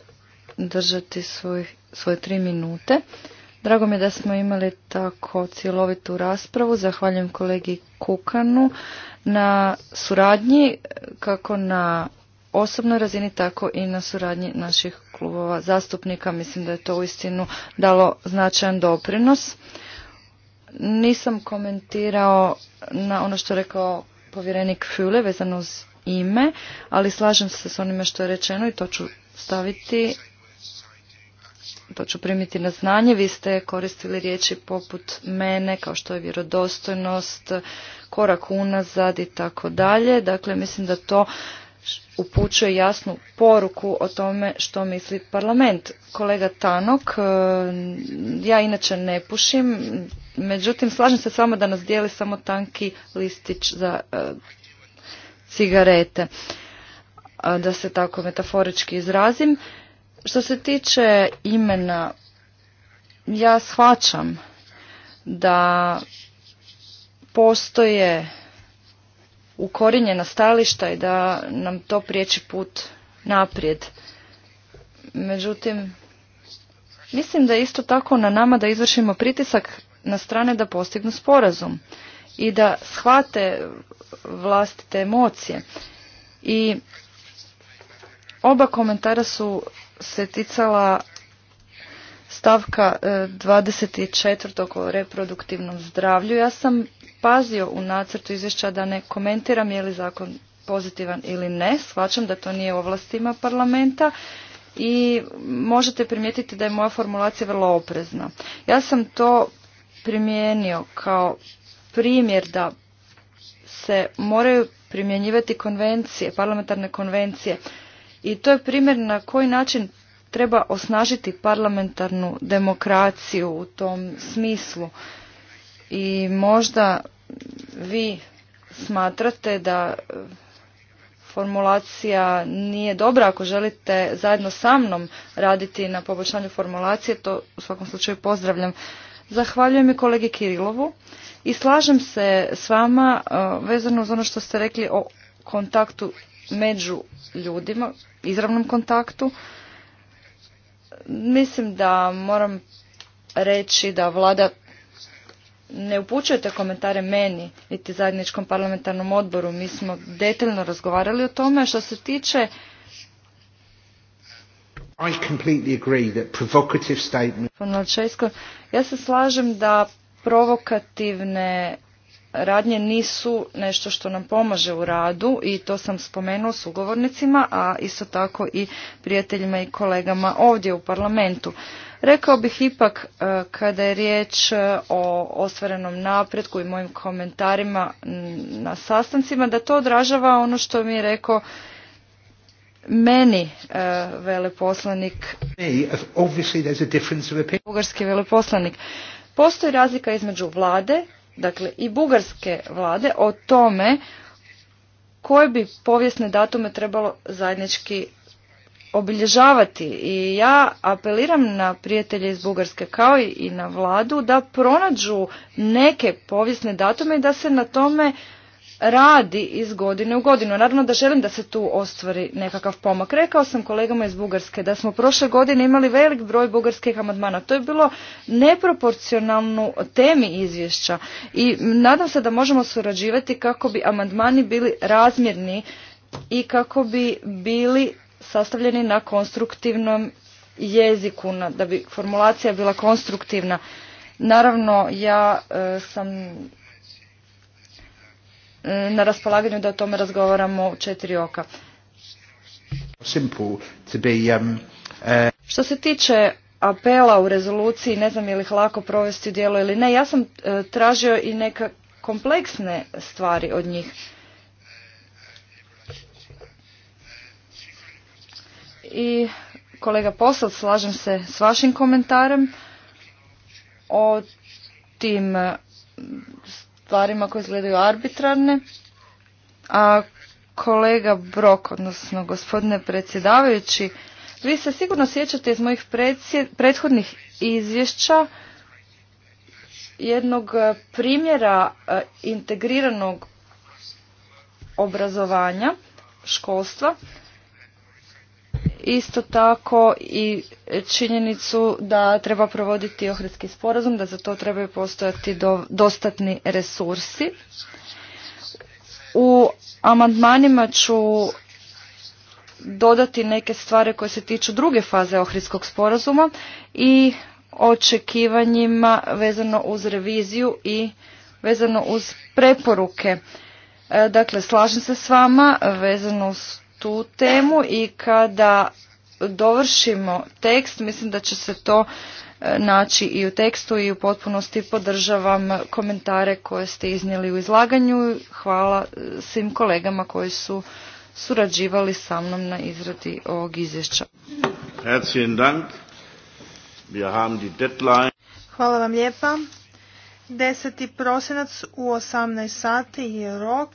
Speaker 5: držati svoje tri minute. Drago mi je da smo imali tako cjelovitu raspravu. Zahvaljujem kolegi Kukanu na suradnji kako na osobnoj razini tako i na suradnji naših klubova zastupnika. Mislim da je to uistinu dalo značajan doprinos. Nisam komentirao na ono što je rekao povjerenik Fule vezano uz ime, ali slažem se s onime što je rečeno i to ću staviti to ću primiti na znanje. Vi ste koristili riječi poput mene, kao što je vjerodostojnost, korak unazad i tako dalje. Dakle, mislim da to upućuje jasnu poruku o tome što misli parlament. Kolega Tanok, e, ja inače ne pušim, međutim slažem se s vama da nas dijeli samo tanki listić za e, cigarete, da se tako metaforički izrazim. Što se tiče imena, ja shvaćam da postoje ukorinjena stajališta i da nam to priječi put naprijed. Međutim, mislim da je isto tako na nama da izvršimo pritisak na strane da postignu sporazum i da shvate vlastite emocije. I oba komentara su se ticala stavka 24. E, o reproduktivnom zdravlju. Ja sam pazio u nacrtu izvješća da ne komentiram je li zakon pozitivan ili ne. Shvaćam da to nije ovlastima parlamenta i možete primijetiti da je moja formulacija vrlo oprezna. Ja sam to primijenio kao primjer da se moraju primjenjivati konvencije, parlamentarne konvencije i to je primjer na koji način treba osnažiti parlamentarnu demokraciju u tom smislu. I možda vi smatrate da e, formulacija nije dobra. Ako želite zajedno sa mnom raditi na poboljšanju formulacije, to u svakom slučaju pozdravljam. Zahvaljujem i kolegi Kirilovu i slažem se s vama e, vezano uz ono što ste rekli o kontaktu među ljudima izravnom kontaktu. Mislim da moram reći da vlada ne upućujete komentare meni niti zajedničkom parlamentarnom odboru. Mi smo detaljno razgovarali o tome. Što se tiče Ja se slažem da provokativne radnje nisu nešto što nam pomaže u radu i to sam spomenuo s ugovornicima, a isto tako i prijateljima i kolegama ovdje u parlamentu. Rekao bih ipak e, kada je riječ e, o ostvarenom napretku i mojim komentarima na sastancima da to odražava ono što mi je rekao meni e, veleposlanik, bugarski veleposlanik. Postoji razlika između vlade dakle i bugarske vlade o tome koje bi povijesne datume trebalo zajednički obilježavati i ja apeliram na prijatelje iz Bugarske kao i na vladu da pronađu neke povijesne datume i da se na tome radi iz godine u godinu. Naravno da želim da se tu ostvari nekakav pomak. Rekao sam kolegama iz Bugarske da smo prošle godine imali velik broj bugarskih amandmana. To je bilo neproporcionalno temi izvješća i nadam se da možemo surađivati kako bi amandmani bili razmjerni i kako bi bili sastavljeni na konstruktivnom jeziku, da bi formulacija bila konstruktivna. Naravno, ja e, sam Eh, na raspolaganju da o tome razgovaramo u četiri oka.
Speaker 3: Um, eh,
Speaker 5: Što se tiče apela u rezoluciji, ne znam je li ih lako provesti u djelo ili ne, ja sam eh, tražio i neke kompleksne stvari od njih. I kolega Posad, slažem se s vašim komentarem o tim stvarima koje izgledaju arbitrarne, a kolega Brok, odnosno gospodine predsjedavajući, vi se sigurno sjećate iz mojih prethodnih izvješća jednog e, primjera e, integriranog obrazovanja, školstva, isto tako i činjenicu da treba provoditi ohridski sporazum, da za to trebaju postojati do, dostatni resursi. U amandmanima ću dodati neke stvari koje se tiču druge faze ohridskog sporazuma i očekivanjima vezano uz reviziju i vezano uz preporuke. E, dakle, slažem se s vama vezano uz tu temu i kada dovršimo tekst, mislim da će se to e, naći i u tekstu i u potpunosti podržavam komentare koje ste iznijeli u izlaganju. Hvala e, svim kolegama koji su surađivali sa mnom na izradi ovog izvješća.
Speaker 2: Hvala vam lijepa. 10. prosinac u 18 sati je rok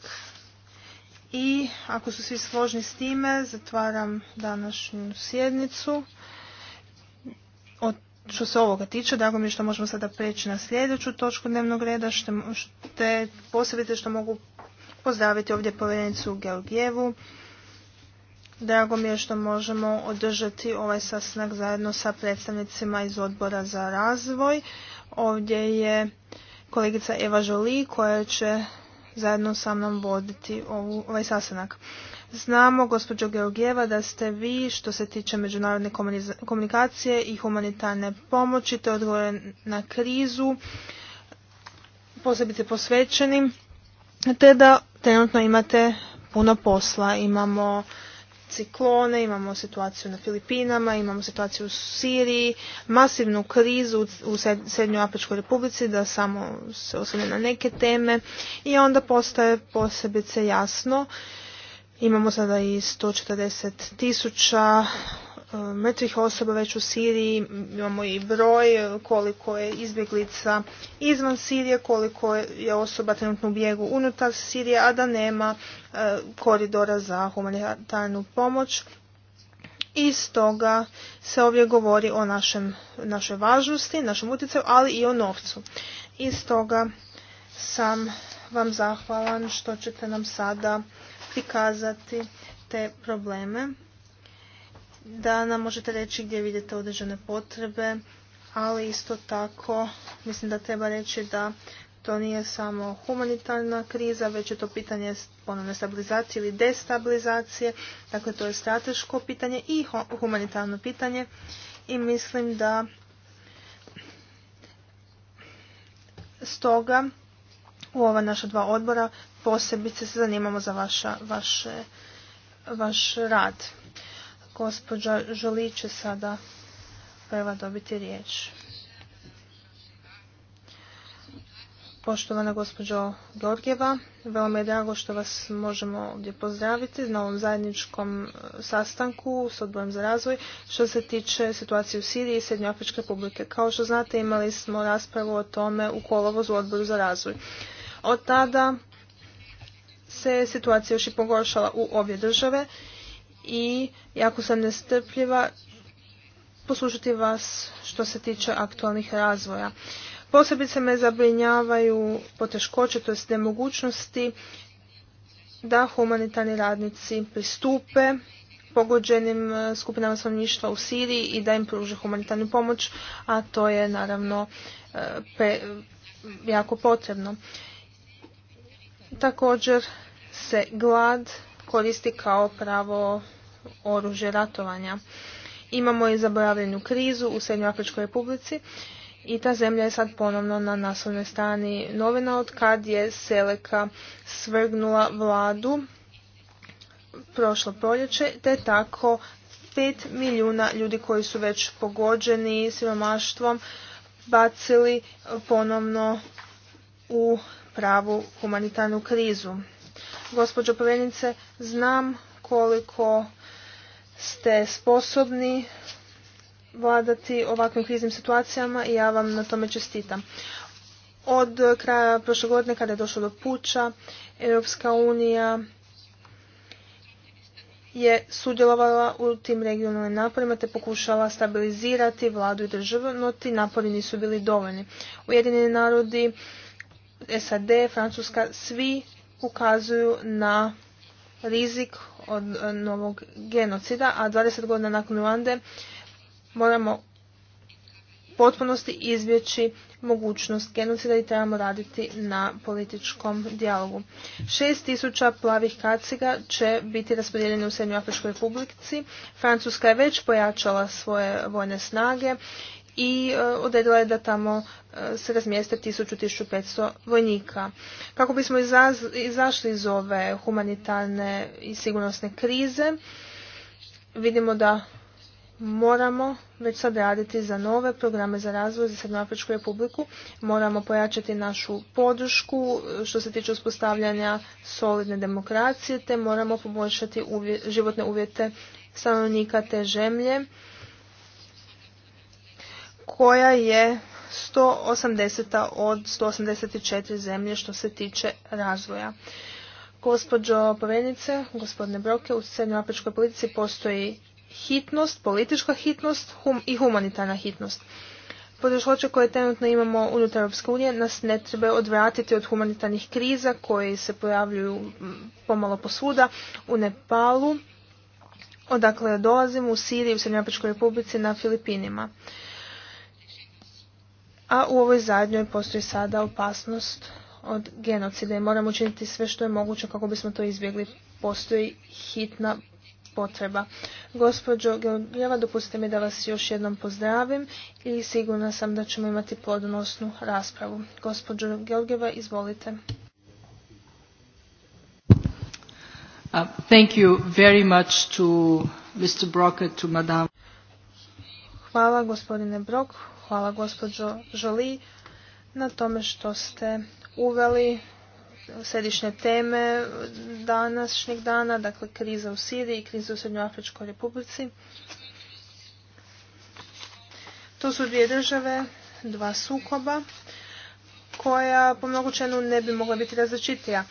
Speaker 2: i ako su svi složni s time, zatvaram današnju sjednicu. što se ovoga tiče, drago mi je što možemo sada preći na sljedeću točku dnevnog reda, što, te posebite što mogu pozdraviti ovdje povjerenicu Georgijevu. Drago mi je što možemo održati ovaj sastanak zajedno sa predstavnicima iz odbora za razvoj. Ovdje je kolegica Eva Žoli koja će zajedno sa mnom voditi ovaj sastanak. Znamo, gospođo Georgijeva, da ste vi, što se tiče međunarodne komunikacije i humanitarne pomoći, te odgovore na krizu, posebice posvećeni, te da trenutno imate puno posla. Imamo ciklone, imamo situaciju na Filipinama, imamo situaciju u Siriji, masivnu krizu u Apečkoj republici, da samo se osvrne na neke teme i onda postaje posebice jasno Imamo sada i 140 tisuća E, mrtvih osoba već u Siriji, imamo i broj e, koliko je izbjeglica izvan Sirije, koliko je osoba trenutno u bijegu unutar Sirije, a da nema e, koridora za humanitarnu pomoć. I stoga se ovdje govori o našem, našoj važnosti, našem utjecaju, ali i o novcu. I stoga sam vam zahvalan što ćete nam sada prikazati te probleme da nam možete reći gdje vidite određene potrebe, ali isto tako mislim da treba reći da to nije samo humanitarna kriza, već je to pitanje ponovne stabilizacije ili destabilizacije. Dakle, to je strateško pitanje i humanitarno pitanje i mislim da stoga u ova naša dva odbora posebice se zanimamo za vaš rad. Gospođa Žoli sada prva dobiti riječ. Poštovana gospođo Georgijeva, veoma je drago što vas možemo ovdje pozdraviti na ovom zajedničkom e, sastanku s odborom za razvoj što se tiče situacije u Siriji i Srednjoafričke republike. Kao što znate imali smo raspravu o tome u kolovozu u odboru za razvoj. Od tada se situacija još i pogoršala u obje države i jako sam nestrpljiva poslušati vas što se tiče aktualnih razvoja. Posebice me zabrinjavaju poteškoće, to jest nemogućnosti da humanitarni radnici pristupe pogođenim e, skupinama stanovništva u Siriji i da im pruže humanitarnu pomoć, a to je naravno e, jako potrebno. Također se glad koristi kao pravo oružje ratovanja. Imamo i zaboravljenu krizu u Afričkoj republici i ta zemlja je sad ponovno na naslovnoj strani novina od kad je Seleka svrgnula vladu prošlo proljeće, te tako 5 milijuna ljudi koji su već pogođeni siromaštvom bacili ponovno u pravu humanitarnu krizu. Gospođo povjednice, znam koliko ste sposobni vladati ovakvim kriznim situacijama i ja vam na tome čestitam. Od kraja prošle godine kada je došlo do puča, Europska unija je sudjelovala u tim regionalnim naporima te pokušala stabilizirati vladu i državu, no ti napori nisu bili dovoljni. Ujedinjeni narodi, SAD, Francuska, svi ukazuju na rizik od e, novog genocida, a 20 godina nakon Ruande moramo potpunosti izbjeći mogućnost genocida i trebamo raditi na političkom dijalogu. 6000 plavih kaciga će biti raspodijeljene u Srednjoj Afričkoj republici. Francuska je već pojačala svoje vojne snage i e, odredila je da tamo e, se razmijeste 1000-1500 vojnika. Kako bismo izašli iz ove humanitarne i sigurnosne krize, vidimo da moramo već sad raditi za nove programe za razvoj za Srednjoafričku republiku. Moramo pojačati našu podršku e, što se tiče uspostavljanja solidne demokracije, te moramo poboljšati životne uvjete stanovnika te žemlje koja je 180. od 184 zemlje što se tiče razvoja. Gospođo povenice, gospodine Broke, u apričkoj politici postoji hitnost, politička hitnost hum, i humanitarna hitnost. Podrešloče koje trenutno imamo unutar Europske unije nas ne treba odvratiti od humanitarnih kriza koji se pojavljuju pomalo posvuda u Nepalu, odakle dolazimo u Siriji, u apričkoj republici, na Filipinima a u ovoj zadnjoj postoji sada opasnost od genocida i moramo učiniti sve što je moguće kako bismo to izbjegli. Postoji hitna potreba. Gospođo Georgijeva, dopustite mi da vas još jednom pozdravim i sigurna sam da ćemo imati plodonosnu raspravu. Gospođo Georgijeva, izvolite.
Speaker 5: Uh,
Speaker 2: Hvala gospodine Brok, Hvala gospođo Žoli na tome što ste uveli središnje teme današnjeg dana, dakle kriza u Siriji i kriza u Srednjoafričkoj republici. To su dvije države, dva sukoba koja po mnogu čemu ne bi mogla biti različitija.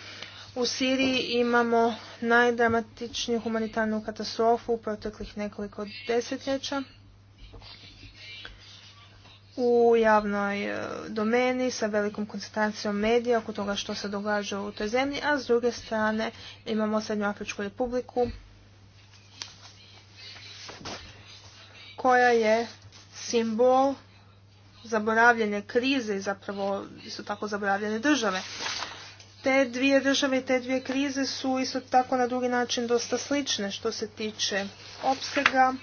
Speaker 2: U Siriji imamo najdramatičniju humanitarnu katastrofu u proteklih nekoliko desetljeća u javnoj e, domeni sa velikom koncentracijom medija oko toga što se događa u toj zemlji, a s druge strane imamo Srednju Afričku republiku koja je simbol zaboravljene krize i zapravo su tako zaboravljene države. Te dvije države i te dvije krize su isto tako na drugi način dosta slične što se tiče opsega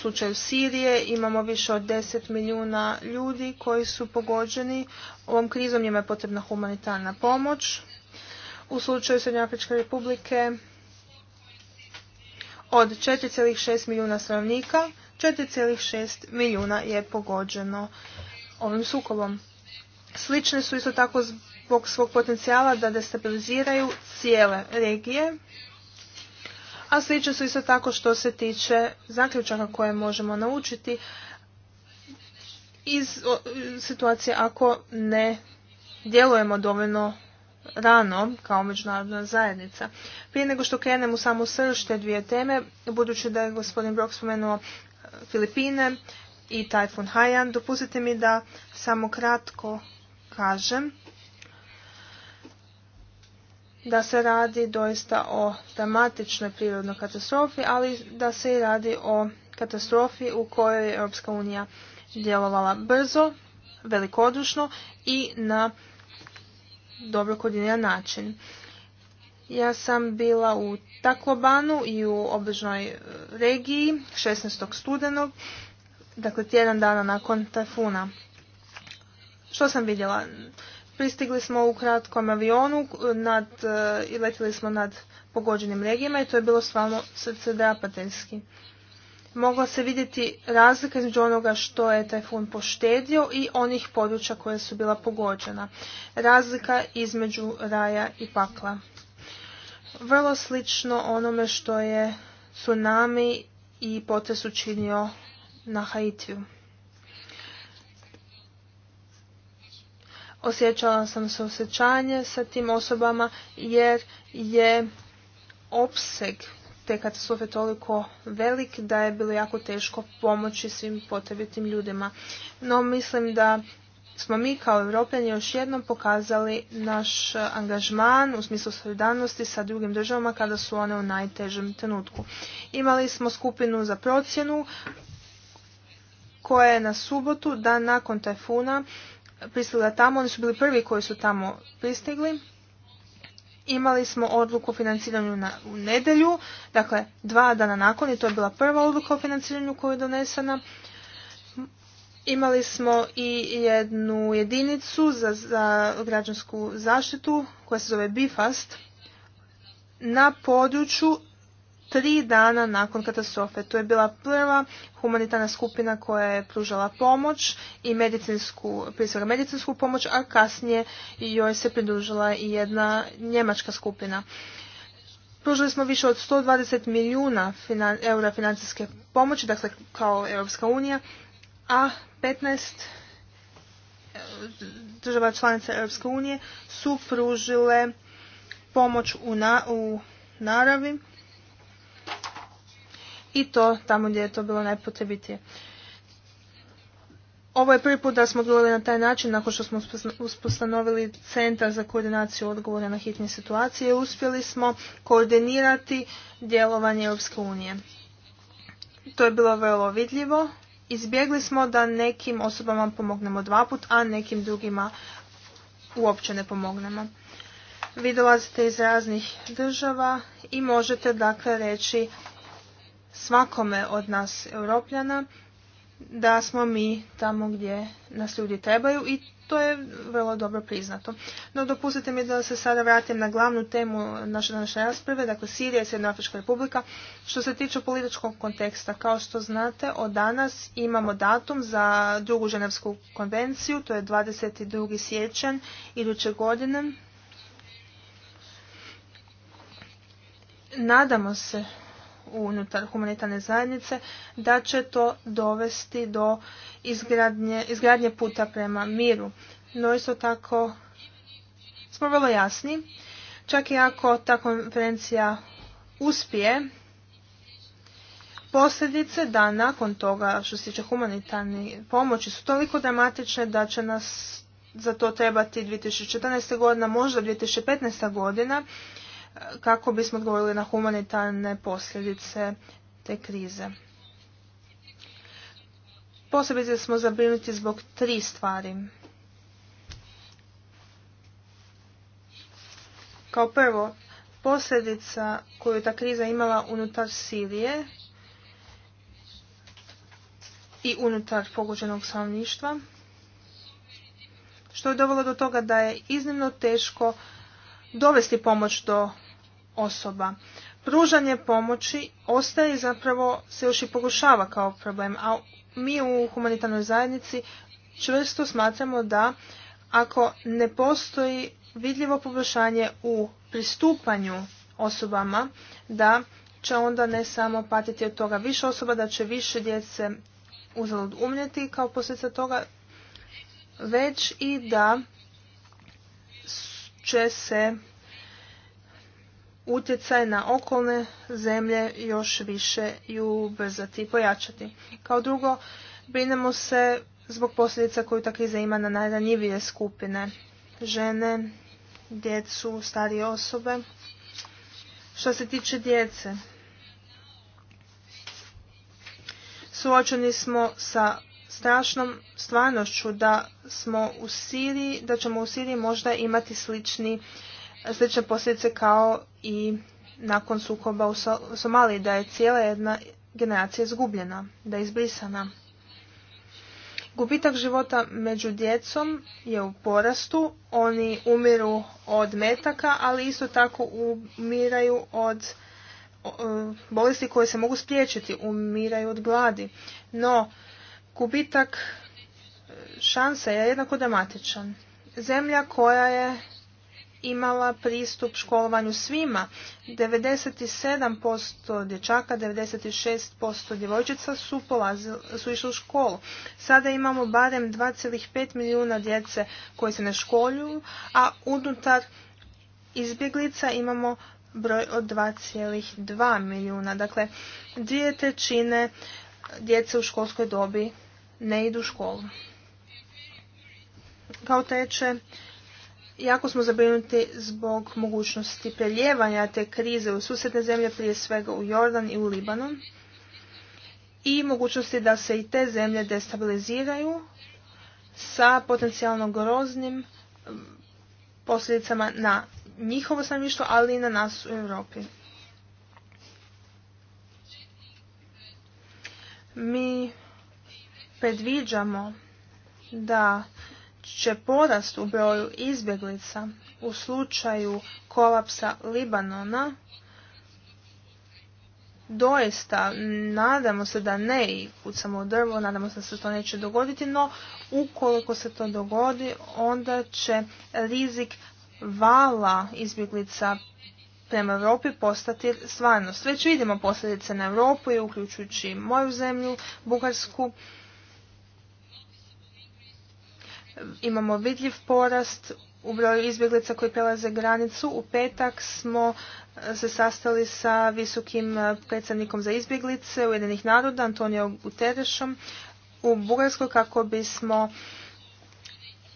Speaker 2: slučaju Sirije imamo više od 10 milijuna ljudi koji su pogođeni ovom krizom, njima je potrebna humanitarna pomoć. U slučaju Afričke republike od 4,6 milijuna stanovnika, 4,6 milijuna je pogođeno ovim sukobom. Slične su isto tako zbog svog potencijala da destabiliziraju cijele regije a slične su isto tako što se tiče zaključaka koje možemo naučiti iz situacije ako ne djelujemo dovoljno rano kao međunarodna zajednica. Prije nego što krenem u samu dvije teme, budući da je gospodin Brok spomenuo e, Filipine i Tajfun Haiyan, dopustite mi da samo kratko kažem da se radi doista o dramatičnoj prirodnoj katastrofi, ali da se i radi o katastrofi u kojoj je Europska unija djelovala brzo, velikodušno i na dobro koordiniran način. Ja sam bila u Taklobanu i u obližnoj e, regiji 16. studenog, dakle tjedan dana nakon tajfuna. Što sam vidjela? Pristigli smo u kratkom avionu, nad, e, i letili smo nad pogođenim regijama i to je bilo stvarno srce drapateljski. Mogla se vidjeti razlika između onoga što je tajfun poštedio i onih područja koja su bila pogođena. Razlika između raja i pakla. Vrlo slično onome što je tsunami i potres učinio na Haitiju. osjećala sam se osjećanje sa tim osobama jer je opseg te katastrofe toliko velik da je bilo jako teško pomoći svim potrebitim ljudima. No mislim da smo mi kao Europljani još jednom pokazali naš angažman u smislu solidarnosti sa drugim državama kada su one u najtežem trenutku. Imali smo skupinu za procjenu koja je na subotu, dan nakon tajfuna, pristigla tamo, oni su bili prvi koji su tamo pristigli. Imali smo odluku o financiranju na, u nedelju, dakle dva dana nakon i to je bila prva odluka o financiranju koja je donesena. Imali smo i jednu jedinicu za, za građansku zaštitu koja se zove BIFAST na području tri dana nakon katastrofe. To je bila prva humanitarna skupina koja je pružala pomoć i medicinsku, prije svega medicinsku pomoć, a kasnije joj se pridružila i jedna njemačka skupina. Pružili smo više od 120 milijuna eura financijske pomoći, dakle kao Europska unija, a 15 e, država članica Europske unije su pružile pomoć u, na, u naravi i to tamo gdje je to bilo najpotrebitije. Ovo je prvi put da smo odgovorili na taj način nakon što smo uspostanovili centar za koordinaciju odgovora na hitne situacije. Uspjeli smo koordinirati djelovanje Europske unije. To je bilo vrlo vidljivo. Izbjegli smo da nekim osobama pomognemo dva put, a nekim drugima uopće ne pomognemo. Vi dolazite iz raznih država i možete dakle reći svakome od nas europljana da smo mi tamo gdje nas ljudi trebaju i to je vrlo dobro priznato. No dopustite mi da se sada vratim na glavnu temu naše današnje rasprave, dakle Sirija i Srednjoafrička republika. Što se tiče političkog konteksta, kao što znate, od danas imamo datum za drugu ženevsku konvenciju, to je 22. siječanj iduće godine. Nadamo se unutar humanitarne zajednice, da će to dovesti do izgradnje, izgradnje puta prema miru. No isto tako smo vrlo jasni. Čak i ako ta konferencija uspije, posljedice da nakon toga što se tiče pomoći su toliko dramatične da će nas za to trebati 2014. godina, možda 2015. godina kako bismo odgovorili na humanitarne posljedice te krize. Posebice smo zabrinuti zbog tri stvari. Kao prvo, posljedica koju ta kriza imala unutar Sirije i unutar pogođenog stanovništva, što je dovelo do toga da je iznimno teško dovesti pomoć do osoba. Pružanje pomoći ostaje zapravo se još i pogušava kao problem, a mi u humanitarnoj zajednici čvrsto smatramo da ako ne postoji vidljivo poboljšanje u pristupanju osobama, da će onda ne samo patiti od toga više osoba, da će više djece uzalud umljeti kao posljedica toga, već i da će se utjecaj na okolne zemlje još više i ubrzati i pojačati. Kao drugo, brinemo se zbog posljedica koju ta kriza ima na najranjivije skupine. Žene, djecu, starije osobe. Što se tiče djece, suočeni smo sa strašnom stvarnošću da smo u Siriji, da ćemo u Siriji možda imati slični slične posljedice kao i nakon sukoba u Somaliji, da je cijela jedna generacija izgubljena, da je izbrisana. Gubitak života među djecom je u porastu, oni umiru od metaka, ali isto tako umiraju od e, bolesti koje se mogu spriječiti, umiraju od gladi. No, gubitak e, šansa je jednako dramatičan. Zemlja koja je imala pristup školovanju svima. 97% dječaka, 96% djevojčica su, su išli u školu. Sada imamo barem 2,5 milijuna djece koji se ne školjuju, a unutar izbjeglica imamo broj od 2,2 milijuna. Dakle, dvije trećine djece u školskoj dobi ne idu u školu. Kao teče jako smo zabrinuti zbog mogućnosti preljevanja te krize u susjedne zemlje, prije svega u Jordan i u Libanon, i mogućnosti da se i te zemlje destabiliziraju sa potencijalno groznim posljedicama na njihovo stanovništvo, ali i na nas u Europi. Mi predviđamo da će porast u broju izbjeglica u slučaju kolapsa Libanona doista, nadamo se da ne i samo u drvo, nadamo se da se to neće dogoditi, no ukoliko se to dogodi, onda će rizik vala izbjeglica prema Europi postati stvarnost. Već vidimo posljedice na Europu i uključujući moju zemlju, Bugarsku, imamo vidljiv porast u broju izbjeglica koji prelaze granicu. U petak smo e, se sastali sa visokim e, predsjednikom za izbjeglice Ujedinih naroda, Antonio Guterresom, u Bugarskoj kako bismo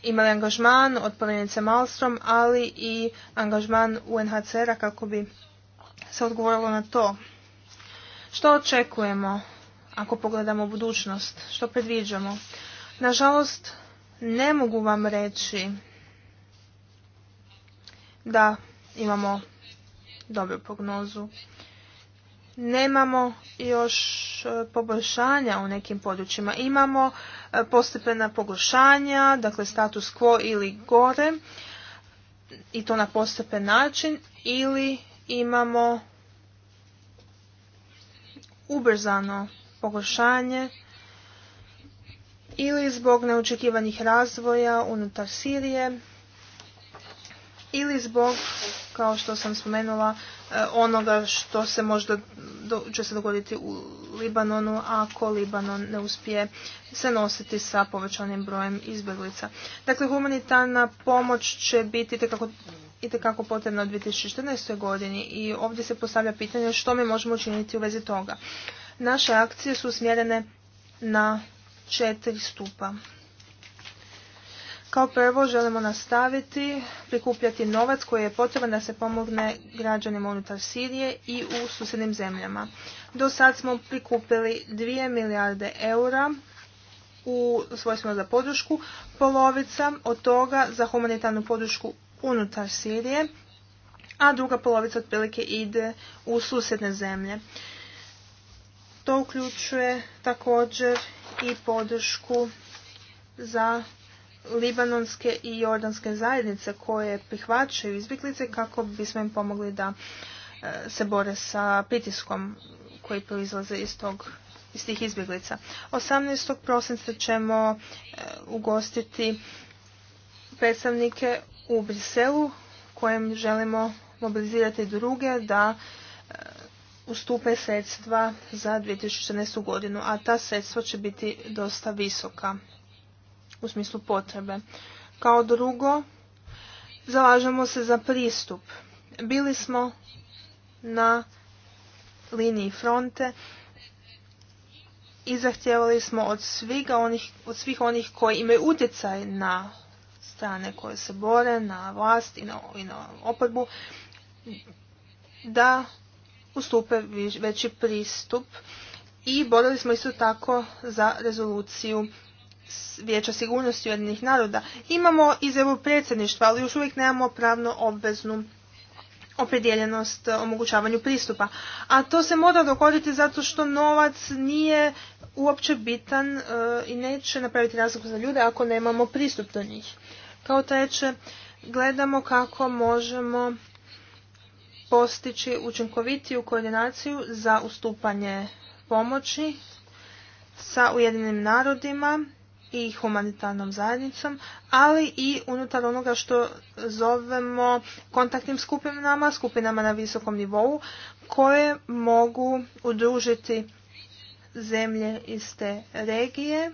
Speaker 2: imali angažman od Malstrom, ali i angažman UNHCR-a kako bi se odgovorilo na to. Što očekujemo ako pogledamo budućnost? Što predviđamo? Nažalost, ne mogu vam reći da imamo dobru prognozu. Nemamo još e, poboljšanja u nekim područjima. Imamo e, postepena pogoršanja, dakle status quo ili gore i to na postepen način ili imamo ubrzano pogoršanje ili zbog neočekivanih razvoja unutar Sirije ili zbog, kao što sam spomenula, e, onoga što se možda će se dogoditi u Libanonu ako Libanon ne uspije se nositi sa povećanim brojem izbjeglica. Dakle, humanitarna pomoć će biti itekako potrebna u 2014. godini i ovdje se postavlja pitanje što mi možemo učiniti u vezi toga. Naše akcije su usmjerene na četiri stupa. Kao prvo želimo nastaviti prikupljati novac koji je potreban da se pomogne građanima unutar Sirije i u susjednim zemljama. Do sad smo prikupili 2 milijarde eura u svojstvima za podršku, polovica od toga za humanitarnu podršku unutar Sirije, a druga polovica otprilike ide u susjedne zemlje. To uključuje također i podršku za libanonske i jordanske zajednice koje prihvaćaju izbjeglice kako bismo im pomogli da e, se bore sa pritiskom koji proizlaze iz tog iz tih izbjeglica. 18. prosinca ćemo e, ugostiti predstavnike u Briselu kojem želimo mobilizirati druge da stupe sredstva za 2014. godinu, a ta sredstva će biti dosta visoka u smislu potrebe. Kao drugo, zalažemo se za pristup. Bili smo na liniji fronte i zahtjevali smo od, onih, od svih onih koji imaju utjecaj na strane koje se bore, na vlast i na, i na oporbu, da ustupe veći pristup i borili smo isto tako za rezoluciju Vijeća sigurnosti Ujedinih naroda. Imamo izjavu predsjedništva, ali još uvijek nemamo pravno obveznu opredjeljenost eh, omogućavanju pristupa. A to se mora dogoditi zato što novac nije uopće bitan eh, i neće napraviti razliku za ljude ako nemamo pristup do njih. Kao treće, gledamo kako možemo postići učinkovitiju koordinaciju za ustupanje pomoći sa Ujedinim narodima i humanitarnom zajednicom, ali i unutar onoga što zovemo kontaktnim skupinama, skupinama na visokom nivou, koje mogu udružiti zemlje iz te regije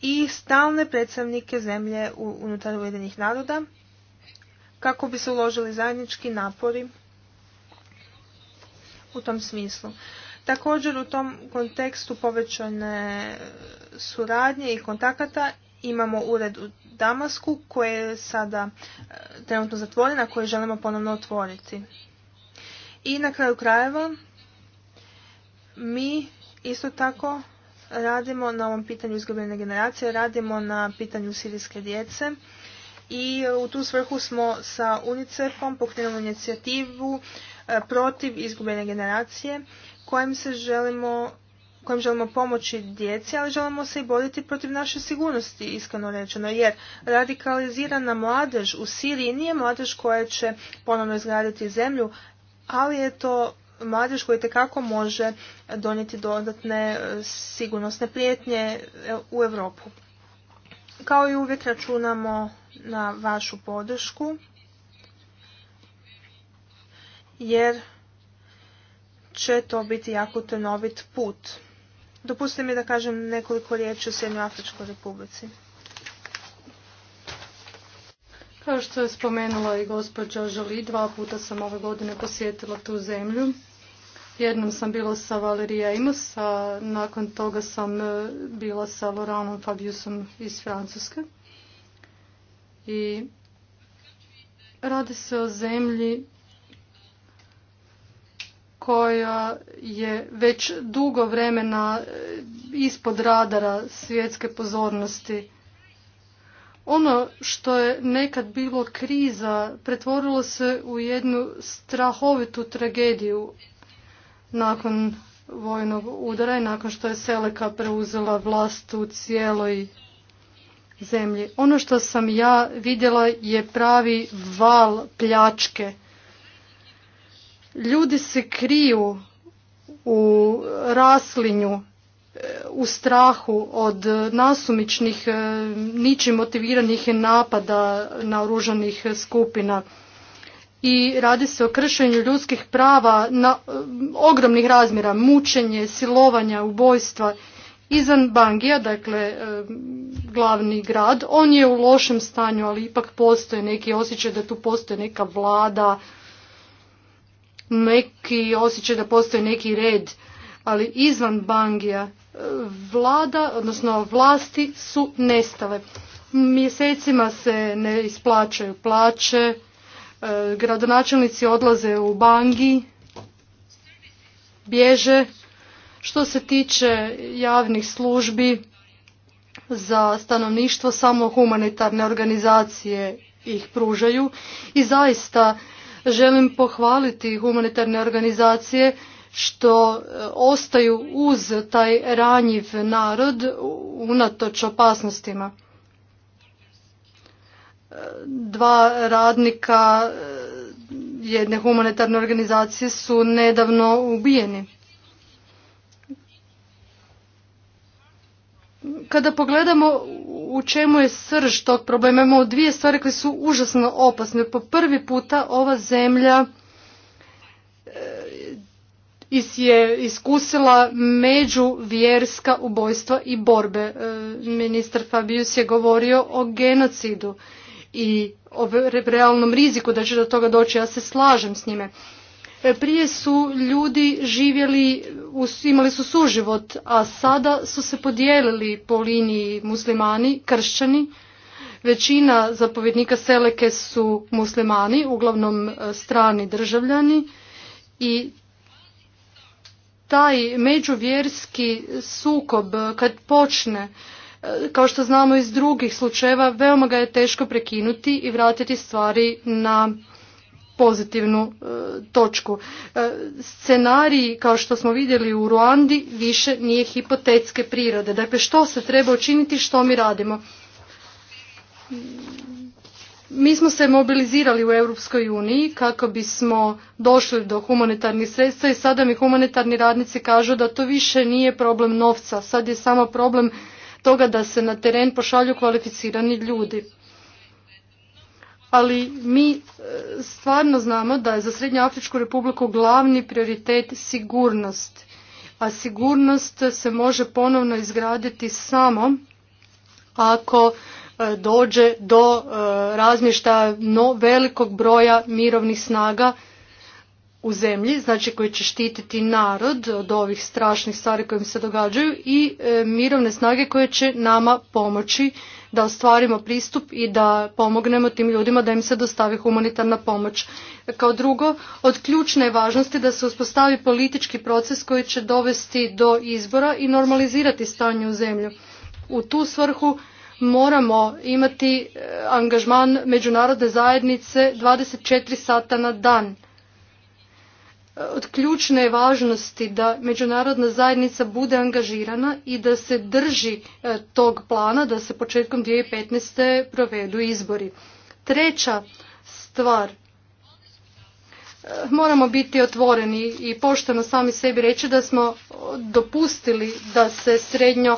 Speaker 2: i stalne predstavnike zemlje unutar Ujedinih naroda kako bi se uložili zajednički napori u tom smislu. Također u tom kontekstu povećane suradnje i kontakata imamo ured u Damasku koja je sada e, trenutno zatvoren, a koji želimo ponovno otvoriti. I na kraju krajeva mi isto tako radimo na ovom pitanju izgubljene generacije, radimo na pitanju sirijske djece i e, u tu svrhu smo sa UNICEF-om pokrenuli inicijativu e, protiv izgubljene generacije kojim se želimo kojim želimo pomoći djeci, ali želimo se i boriti protiv naše sigurnosti, iskreno rečeno, jer radikalizirana mladež u Siriji nije mladež koja će ponovno izgraditi zemlju, ali je to mladež koji tekako može donijeti dodatne e, sigurnosne prijetnje u Europu. Kao i uvijek računamo na vašu podršku jer će to biti jako tenovit put. Dopustite mi da kažem nekoliko riječi o Afričkoj republici.
Speaker 4: Kao što je spomenula i gospođa Žali, dva puta sam ove godine posjetila tu zemlju Jednom sam bila sa Valerija Imus, a nakon toga sam e, bila sa Laurentom Fabiusom iz Francuske. I radi se o zemlji koja je već dugo vremena e, ispod radara svjetske pozornosti. Ono što je nekad bilo kriza pretvorilo se u jednu strahovitu tragediju nakon vojnog udara i nakon što je Seleka preuzela vlast u cijeloj zemlji. Ono što sam ja vidjela je pravi val pljačke. Ljudi se kriju u raslinju, e, u strahu od nasumičnih, e, ničim motiviranih napada na oružanih skupina i radi se o kršenju ljudskih prava na e, ogromnih razmjera, mučenje, silovanja, ubojstva. Izan Bangija, dakle e, glavni grad, on je u lošem stanju, ali ipak postoje neki osjećaj da tu postoje neka vlada, neki osjećaj da postoji neki red, ali izvan Bangija e, vlada, odnosno vlasti su nestale. Mjesecima se ne isplaćaju plaće, E, gradonačelnici odlaze u bangi, bježe. Što se tiče javnih službi za stanovništvo, samo humanitarne organizacije ih pružaju i zaista želim pohvaliti humanitarne organizacije što e, ostaju uz taj ranjiv narod unatoč opasnostima dva radnika e, jedne humanitarne organizacije su nedavno ubijeni. Kada pogledamo u čemu je srž tog problema, imamo dvije stvari koje su užasno opasne. Po prvi puta ova zemlja e, je iskusila međuvjerska ubojstva i borbe. E, ministar Fabius je govorio o genocidu i o realnom riziku da će do toga doći, ja se slažem s njime. E, prije su ljudi živjeli, imali su suživot, a sada su se podijelili po liniji muslimani, kršćani. Većina zapovjednika Seleke su muslimani, uglavnom e, strani državljani i taj međuvjerski sukob kad počne kao što znamo iz drugih slučajeva, veoma ga je teško prekinuti i vratiti stvari na pozitivnu e, točku. E, scenarij, kao što smo vidjeli u Ruandi, više nije hipotetske prirode. Dakle, što se treba učiniti, što mi radimo? Mi smo se mobilizirali u Europskoj uniji kako bismo došli do humanitarnih sredstva i sada mi humanitarni radnici kažu da to više nije problem novca, sad je samo problem toga da se na teren pošalju kvalificirani ljudi. Ali mi e, stvarno znamo da je za Srednjoafričku republiku glavni prioritet sigurnost. A sigurnost se može ponovno izgraditi samo ako e, dođe do e, razmještaja velikog broja mirovnih snaga u zemlji, znači koji će štititi narod od ovih strašnih stvari kojim se događaju i e, mirovne snage koje će nama pomoći da ostvarimo pristup i da pomognemo tim ljudima da im se dostavi humanitarna pomoć. Kao drugo, od ključne važnosti da se uspostavi politički proces koji će dovesti do izbora i normalizirati stanje u zemlju. U tu svrhu moramo imati e, angažman međunarodne zajednice 24 sata na dan od ključne je važnosti da međunarodna zajednica bude angažirana i da se drži e, tog plana da se početkom 2015. provedu izbori. Treća stvar, e, moramo biti otvoreni i pošteno sami sebi reći da smo dopustili da se srednjo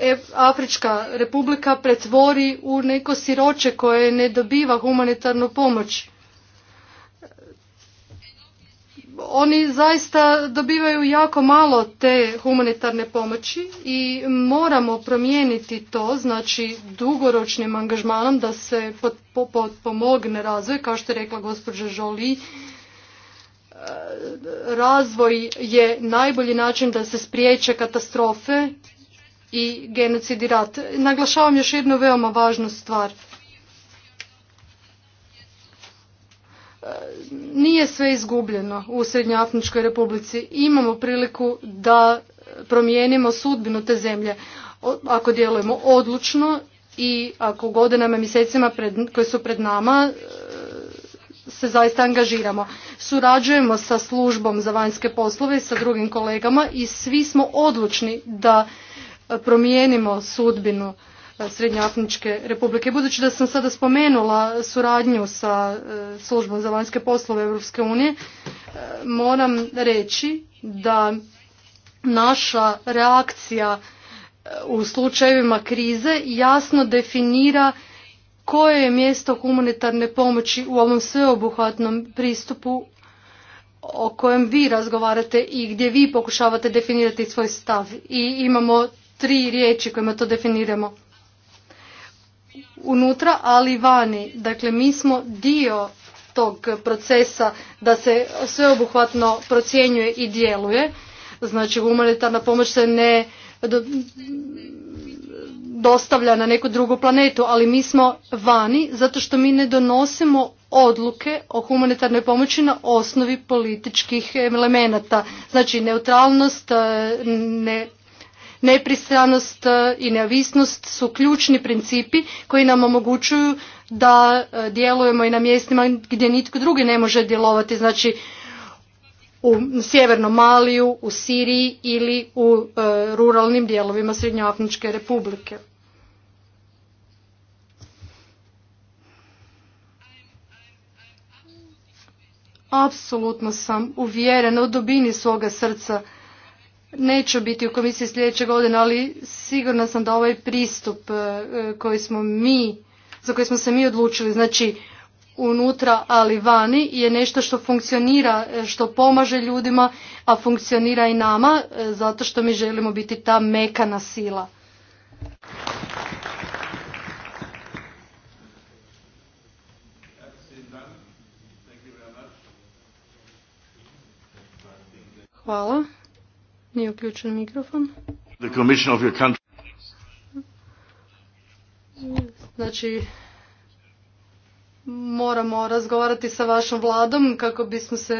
Speaker 4: e, Afrička republika pretvori u neko siroče koje ne dobiva humanitarnu pomoć oni zaista dobivaju jako malo te humanitarne pomoći i moramo promijeniti to, znači dugoročnim angažmanom da se pomogne razvoj, kao što je rekla gospođa Žoli, e, razvoj je najbolji način da se spriječe katastrofe i genocidi rat. Naglašavam još jednu veoma važnu stvar – nije sve izgubljeno u Srednjoafničkoj republici. Imamo priliku da promijenimo sudbinu te zemlje. Ako djelujemo odlučno i ako godinama i mjesecima pred, koje su pred nama e, se zaista angažiramo. Surađujemo sa službom za vanjske poslove i sa drugim kolegama i svi smo odlučni da promijenimo sudbinu Srednjoafničke republike. Budući da sam sada spomenula suradnju sa e, službom za vanjske poslove Europske unije, e, moram reći da naša reakcija e, u slučajevima krize jasno definira koje je mjesto humanitarne pomoći u ovom sveobuhvatnom pristupu o kojem vi razgovarate i gdje vi pokušavate definirati svoj stav. I imamo tri riječi kojima to definiramo unutra, ali i vani. Dakle, mi smo dio tog procesa da se sveobuhvatno procjenjuje i djeluje. Znači, humanitarna pomoć se ne dostavlja na neku drugu planetu, ali mi smo vani zato što mi ne donosimo odluke o humanitarnoj pomoći na osnovi političkih elemenata. Znači neutralnost, e, ne, Nepristranost e, i neovisnost su ključni principi koji nam omogućuju da e, djelujemo i na mjestima gdje nitko drugi ne može djelovati, znači u Sjevernom Maliju, u Siriji ili u e, ruralnim dijelovima Srednjoafničke republike. Apsolutno sam uvjeren u dubini svoga srca neću biti u komisiji sljedeće godine, ali sigurna sam da ovaj pristup e, koji smo mi, za koji smo se mi odlučili, znači unutra ali vani je nešto što funkcionira, e, što pomaže ljudima, a funkcionira i nama e, zato što mi želimo biti ta mekana sila. Hvala. Nije uključen mikrofon.
Speaker 3: The of your country.
Speaker 4: Znači, moramo razgovarati sa vašom vladom kako bismo se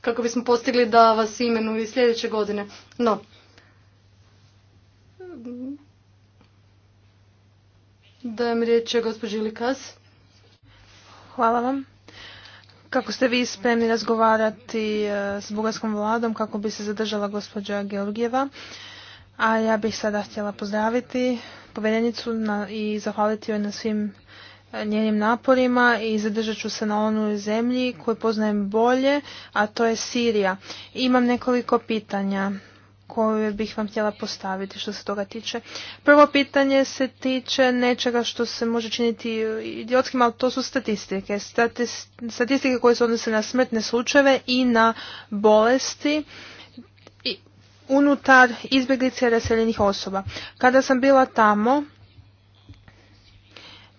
Speaker 4: kako bismo postigli da vas imenu i sljedeće godine. No. Dajem riječ
Speaker 2: gospođi Likas. Hvala vam. Kako ste vi spremni razgovarati e, s bugarskom vladom kako bi se zadržala gospođa Georgijeva? A ja bih sada htjela pozdraviti povjerenicu i zahvaliti joj na svim e, njenim naporima i zadržat ću se na onoj zemlji koju poznajem bolje, a to je Sirija. Imam nekoliko pitanja koju bih vam htjela postaviti što se toga tiče. Prvo pitanje se tiče nečega što se može činiti idiotskim, ali to su statistike. statistike koje se odnose na smrtne slučajeve i na bolesti unutar izbjeglice raseljenih osoba. Kada sam bila tamo,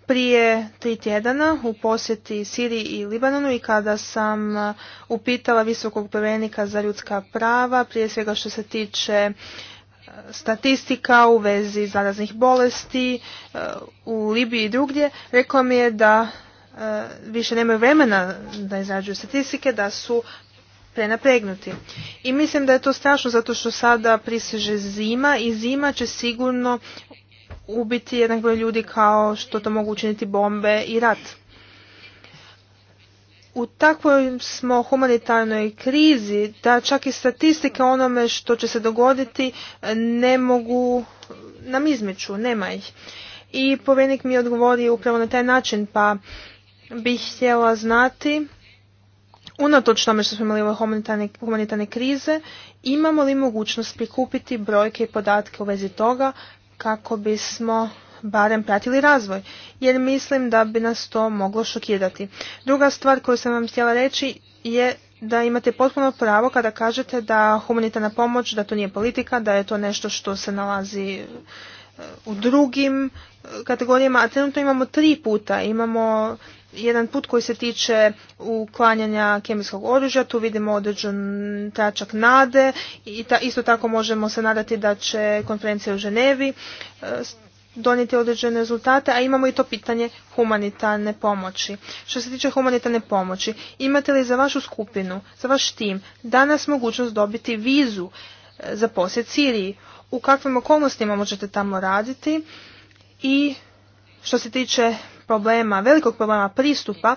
Speaker 2: prije tri tjedana u posjeti Siriji i Libanonu i kada sam e, upitala visokog povjerenika za ljudska prava, prije svega što se tiče e, statistika u vezi zaraznih bolesti e, u Libiji i drugdje, rekao mi je da više nemaju vremena da izrađuju statistike, da su prenapregnuti. I mislim da je to strašno zato što sada priseže zima i zima će sigurno ubiti jednak broj ljudi kao što to mogu učiniti bombe i rat. U takvoj smo humanitarnoj krizi da čak i statistike onome što će se dogoditi eh, ne mogu eh, nam izmiču, nema ih. I povjednik mi odgovori upravo na taj način, pa bih htjela znati, unatoč tome što smo imali ove humanitarne, humanitarne krize, imamo li mogućnost prikupiti brojke i podatke u vezi toga kako bismo barem pratili razvoj, jer mislim da bi nas to moglo šokirati. Druga stvar koju sam vam htjela reći je da imate potpuno pravo kada kažete da humanitarna pomoć, da to nije politika, da je to nešto što se nalazi e, u drugim e, kategorijama, a trenutno imamo tri puta. Imamo jedan put koji se tiče uklanjanja kemijskog oružja, tu vidimo određen tračak nade i isto tako možemo se nadati da će konferencija u Ženevi e, donijeti određene rezultate, a imamo i to pitanje humanitarne pomoći. Što se tiče humanitarne pomoći, imate li za vašu skupinu, za vaš tim, danas mogućnost dobiti vizu e, za posjet Siriji? U kakvim okolnostima možete tamo raditi? I što se tiče problema, velikog problema pristupa,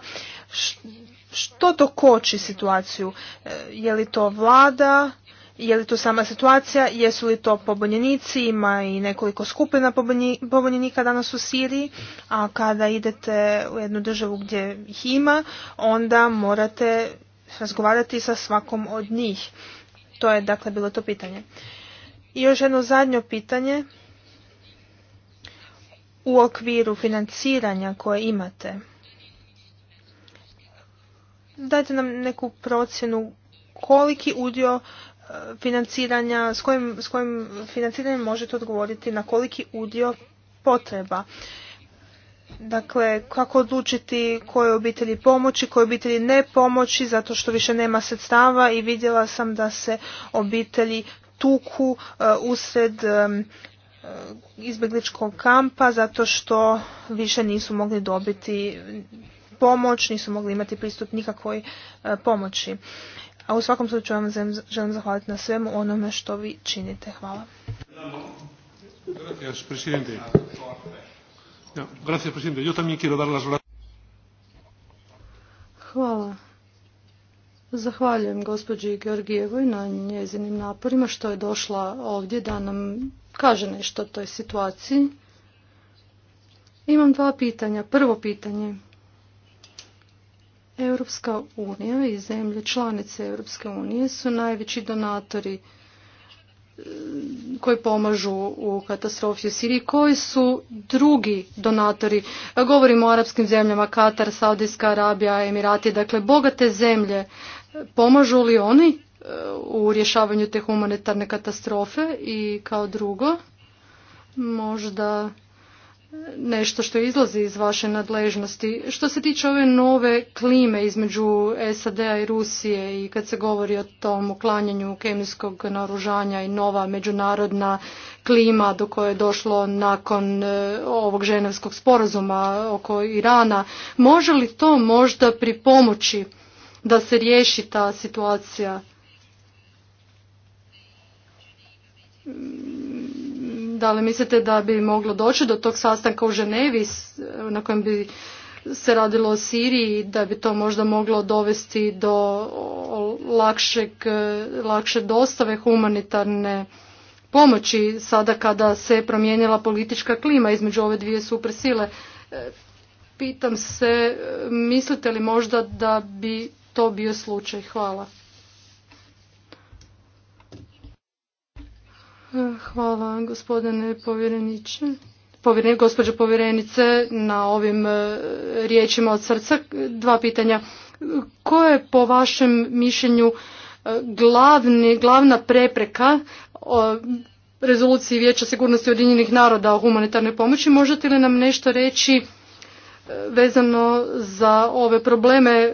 Speaker 2: što to koči situaciju? E, je li to vlada? Je li to sama situacija? Jesu li to pobunjenici? Ima i nekoliko skupina pobunjenika danas u Siriji, a kada idete u jednu državu gdje ih ima, onda morate razgovarati sa svakom od njih. To je dakle bilo to pitanje. I još jedno zadnje pitanje u okviru financiranja koje imate. Dajte nam neku procjenu koliki udio e, financiranja, s kojim, s kojim financiranjem možete odgovoriti na koliki udio potreba. Dakle, kako odlučiti koje obitelji pomoći, koje obitelji ne pomoći, zato što više nema sredstava i vidjela sam da se obitelji tuku uh, usred izbjegličkog kampa zato što više nisu mogli dobiti pomoć, nisu mogli imati pristup nikakvoj e, pomoći. A u svakom slučaju vam želim zahvaliti na svemu onome što vi činite. Hvala.
Speaker 1: Gracias, gracias, presidente. Yo también quiero dar las
Speaker 4: Zahvaljujem gospođi Georgijevoj na njezinim naporima što je došla ovdje da nam kaže nešto o toj situaciji. Imam dva pitanja. Prvo pitanje. Europska unija i zemlje članice Europske unije su najveći donatori e, koji pomažu u katastrofi u Siriji, koji su drugi donatori. Govorimo o arapskim zemljama, Katar, Saudijska Arabija, Emirati, dakle bogate zemlje Pomažu li oni e, u rješavanju te humanitarne katastrofe i kao drugo, možda nešto što izlazi iz vaše nadležnosti. Što se tiče ove nove klime između SAD-a i Rusije i kad se govori o tom uklanjanju kemijskog naoružanja i nova međunarodna klima do koje je došlo nakon e, ovog ženevskog sporazuma oko Irana, može li to možda pripomoći da se riješi ta situacija. Da li mislite da bi moglo doći do tog sastanka u Ženevi na kojem bi se radilo o Siriji da bi to možda moglo dovesti do lakšeg, lakše dostave humanitarne pomoći sada kada se promijenila politička klima između ove dvije supersile. E, pitam se, mislite li možda da bi to bio slučaj. Hvala. Hvala gospodine povjereniče. Povjeren, gospođo povjerenice na ovim e, riječima od srca. Dva pitanja. Koje je po vašem mišljenju e, glavna prepreka rezoluciji Vijeća sigurnosti Ujedinjenih naroda o humanitarnoj pomoći? Možete li nam nešto reći e, vezano za ove probleme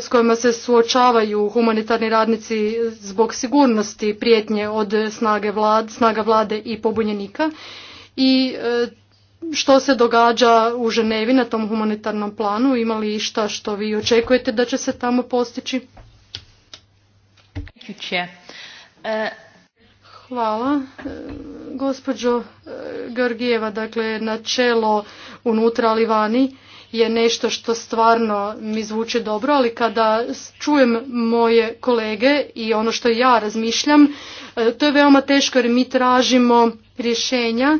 Speaker 4: s kojima se suočavaju humanitarni radnici zbog sigurnosti prijetnje od snage vlad, snaga vlade i pobunjenika i e, što se događa u Ženevi na tom humanitarnom planu, ima li išta što vi očekujete da će se tamo postići? E, Hvala. E, gospođo Georgijeva, dakle, načelo unutra ali vani je nešto što stvarno mi zvuče dobro, ali kada čujem moje kolege i ono što ja razmišljam, e, to je veoma teško jer mi tražimo rješenja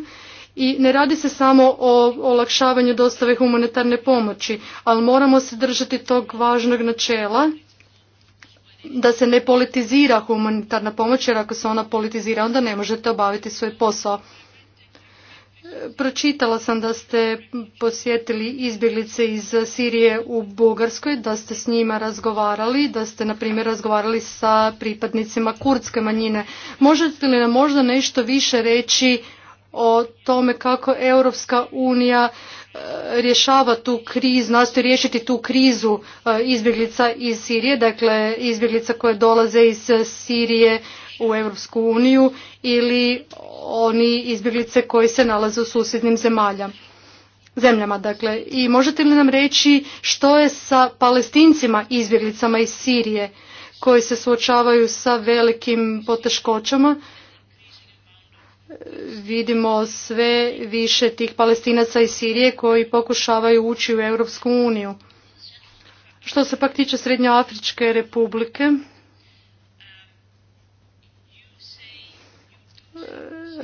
Speaker 4: i ne radi se samo o olakšavanju dostave humanitarne pomoći, ali moramo se držati tog važnog načela da se ne politizira humanitarna pomoć jer ako se ona politizira onda ne možete obaviti svoj posao. Pročitala sam da ste posjetili izbjeglice iz Sirije u Bugarskoj, da ste s njima razgovarali, da ste na primjer razgovarali sa pripadnicima kurdske manjine. Možete li nam možda nešto više reći o tome kako Europska unija e, rješava tu krizu, nastoji riješiti tu krizu e, izbjeglica iz Sirije, dakle izbjeglica koje dolaze iz Sirije u Europsku uniju ili oni izbjeglice koji se nalaze u susjednim zemalja, zemljama. Dakle, i možete li nam reći što je sa palestincima izbjeglicama iz Sirije koji se suočavaju sa velikim poteškoćama? Vidimo sve više tih palestinaca iz Sirije koji pokušavaju ući u Europsku uniju. Što se pak tiče Srednjoafričke republike,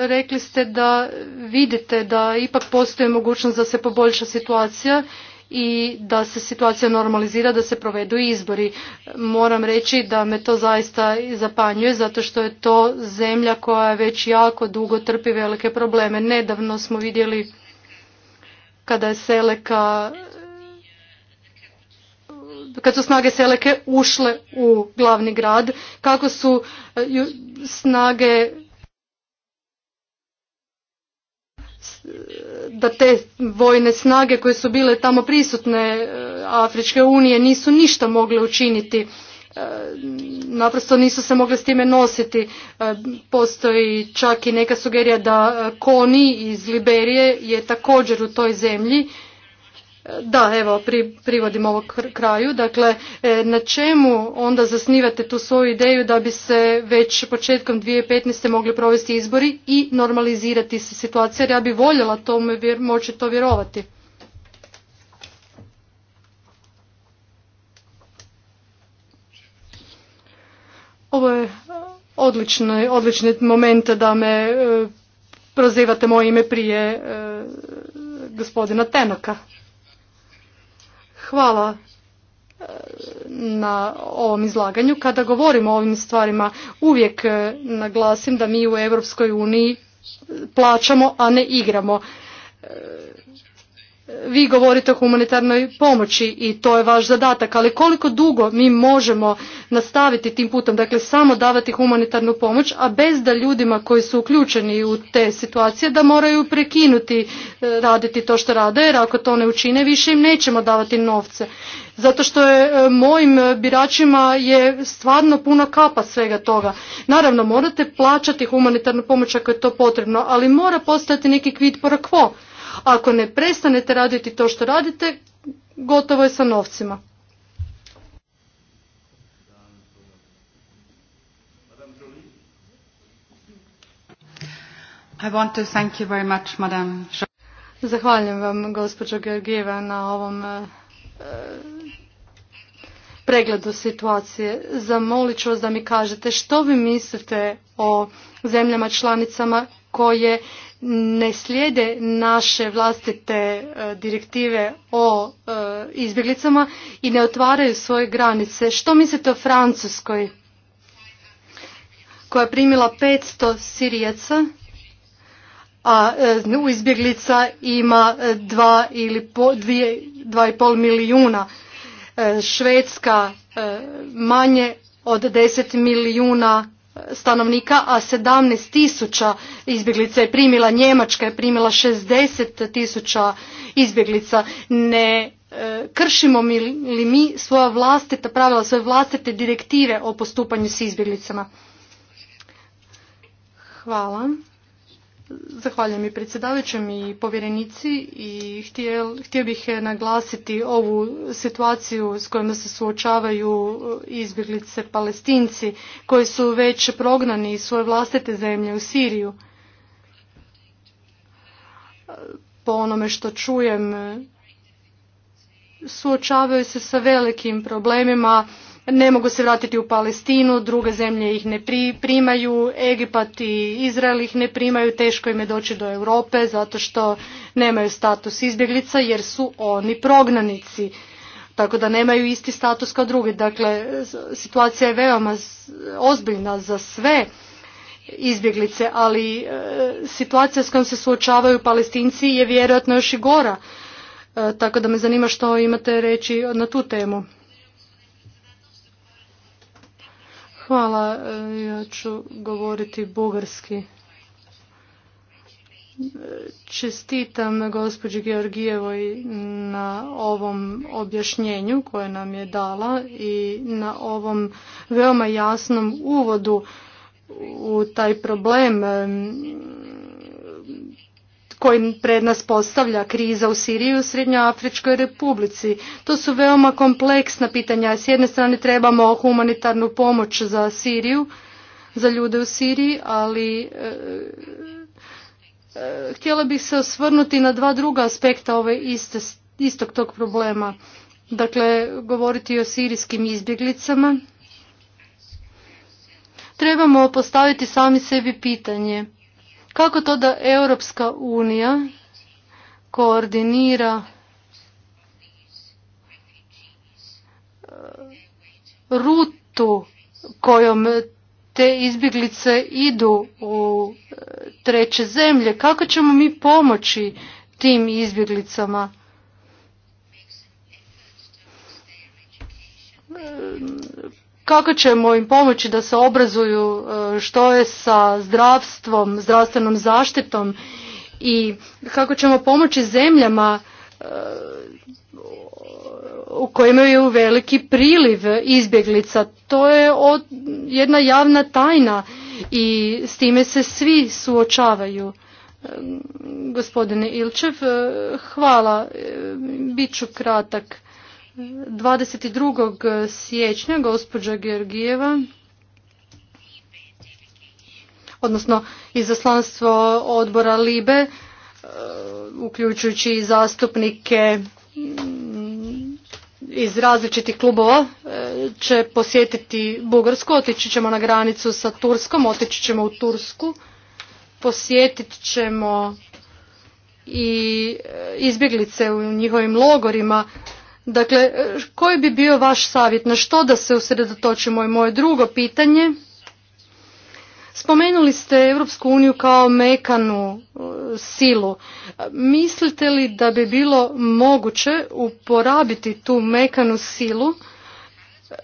Speaker 4: rekli ste da vidite da ipak postoji mogućnost da se poboljša situacija i da se situacija normalizira, da se provedu izbori. Moram reći da me to zaista zapanjuje zato što je to zemlja koja već jako dugo trpi velike probleme. Nedavno smo vidjeli kada je Seleka kad su snage Seleke ušle u glavni grad, kako su snage da te vojne snage koje su bile tamo prisutne e, Afričke unije nisu ništa mogle učiniti e, naprosto nisu se mogle s time nositi. E, postoji čak i neka sugerija da Koni iz Liberije je također u toj zemlji da, evo, pri, privodim ovog kraju. Dakle, e, na čemu onda zasnivate tu svoju ideju da bi se već početkom 2015. mogli provesti izbori i normalizirati se situacija? Jer ja bi voljela tome moći to vjerovati. Ovo je e, odlični, odlični moment da me e, prozivate moje ime prije gospodina Tenoka. Hvala e, na ovom izlaganju. Kada govorimo o ovim stvarima, uvijek e, naglasim da mi u Europskoj uniji plaćamo, a ne igramo. E, vi govorite o humanitarnoj pomoći i to je vaš zadatak, ali koliko dugo mi možemo nastaviti tim putem, dakle samo davati humanitarnu pomoć, a bez da ljudima koji su uključeni u te situacije da moraju prekinuti e, raditi to što rade, jer ako to ne učine više im nećemo davati novce. Zato što je e, mojim biračima je stvarno puno kapa svega toga. Naravno, morate plaćati humanitarnu pomoć ako je to potrebno, ali mora postati neki kvit porakvo. Ako ne prestanete raditi to što radite, gotovo je sa novcima. I want to thank you very much, Zahvaljujem vam, gospođo Georgijeva, na ovom e, e, pregledu situacije. Zamolit ću vas da mi kažete što vi mislite o zemljama članicama koje ne slijede naše vlastite e, direktive o e, izbjeglicama i ne otvaraju svoje granice. Što mislite o Francuskoj koja je primila 500 Sirijaca, a e, u izbjeglica ima 2 ili milijuna. Švedska manje od 10 milijuna stanovnika, a 17 tisuća izbjeglica je primila Njemačka, je primila 60 tisuća izbjeglica. Ne e, kršimo li mi svoja vlastita pravila, svoje vlastite direktive o postupanju s izbjeglicama? Hvala. Zahvaljujem i predsjedavajućem i povjerenici i htio, bih eh, naglasiti ovu situaciju s kojima se suočavaju eh, izbjeglice palestinci koji su već prognani iz svoje vlastite zemlje u Siriju. Eh, po onome što čujem, suočavaju se sa velikim problemima ne mogu se vratiti u Palestinu, druge zemlje ih ne primaju, Egipat i Izrael ih ne primaju, teško im je doći do Europe zato što nemaju status izbjeglica jer su oni prognanici. Tako da nemaju isti status kao drugi. Dakle, situacija je veoma ozbiljna za sve izbjeglice, ali e, situacija s kojom se suočavaju palestinci je vjerojatno još i gora. E, tako da me zanima što imate reći na tu temu. Hvala, e, ja ću govoriti bugarski. Čestitam gospođi Georgijevoj na ovom objašnjenju koje nam je dala i na ovom veoma jasnom uvodu u taj problem kojim pred nas postavlja kriza u Siriji i u Srednjoafričkoj republici. To su veoma kompleksna pitanja. S jedne strane trebamo humanitarnu pomoć za Siriju, za ljude u Siriji, ali e, e, htjela bih se osvrnuti na dva druga aspekta ove istog tog problema. Dakle, govoriti o sirijskim izbjeglicama. Trebamo postaviti sami sebi pitanje kako to da Europska unija koordinira e, rutu kojom te izbjeglice idu u e, treće zemlje. Kako ćemo mi pomoći tim izbjeglicama? kako ćemo im pomoći da se obrazuju e, što je sa zdravstvom, zdravstvenom zaštitom i kako ćemo pomoći zemljama e, u kojima je veliki priliv izbjeglica. To je jedna javna tajna i s time se svi suočavaju. E, gospodine Ilčev, hvala, bit ću kratak. 22. siječnja gospođa Georgijeva odnosno izaslanstvo odbora Libe e, uključujući i zastupnike mm, iz različitih klubova e, će posjetiti Bugarsku, otići ćemo na granicu sa Turskom, otići ćemo u Tursku, posjetit ćemo i e, izbjeglice u njihovim logorima Dakle, e, koji bi bio vaš savjet? Na što da se usredotočimo? I moje drugo pitanje. Spomenuli ste Europsku uniju kao mekanu e, silu. Mislite li da bi bilo moguće uporabiti tu mekanu silu e,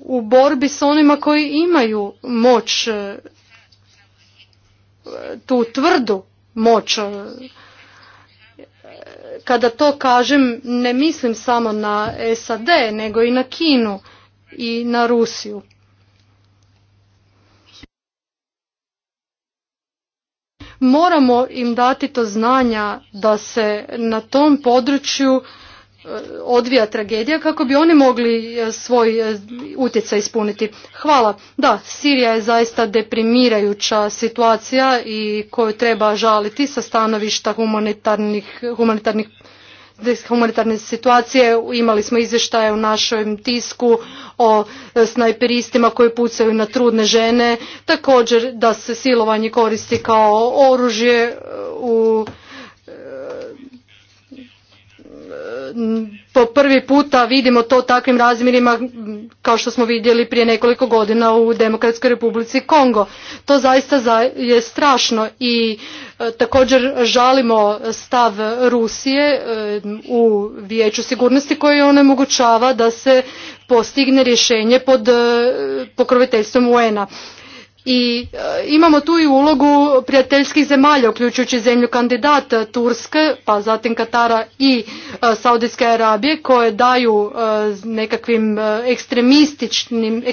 Speaker 4: u borbi s onima koji imaju moć, tu tvrdu moć kada to kažem ne mislim samo na SAD nego i na Kinu i na Rusiju. Moramo im dati to znanja da se na tom području odvija tragedija kako bi oni mogli e, svoj e, utjecaj ispuniti. Hvala. Da, Sirija je zaista deprimirajuća situacija i koju treba žaliti sa stanovišta humanitarnih, humanitarnih humanitarne situacije. Imali smo izvještaje u našem tisku o e, snajperistima koji pucaju na trudne žene. Također da se silovanje koristi kao oružje u po prvi puta vidimo to takvim razmjerima kao što smo vidjeli prije nekoliko godina u Demokratskoj Republici Kongo. To zaista je strašno i e, također žalimo stav Rusije e, u Vijeću sigurnosti koji onemogućava da se postigne rješenje pod e, pokroviteljstvom UN-a. I e, imamo tu i ulogu prijateljskih zemalja, uključujući zemlju kandidata e, Turske, pa zatim Katara i e, Saudijske Arabije, koje daju nekakvim ekstremističnim,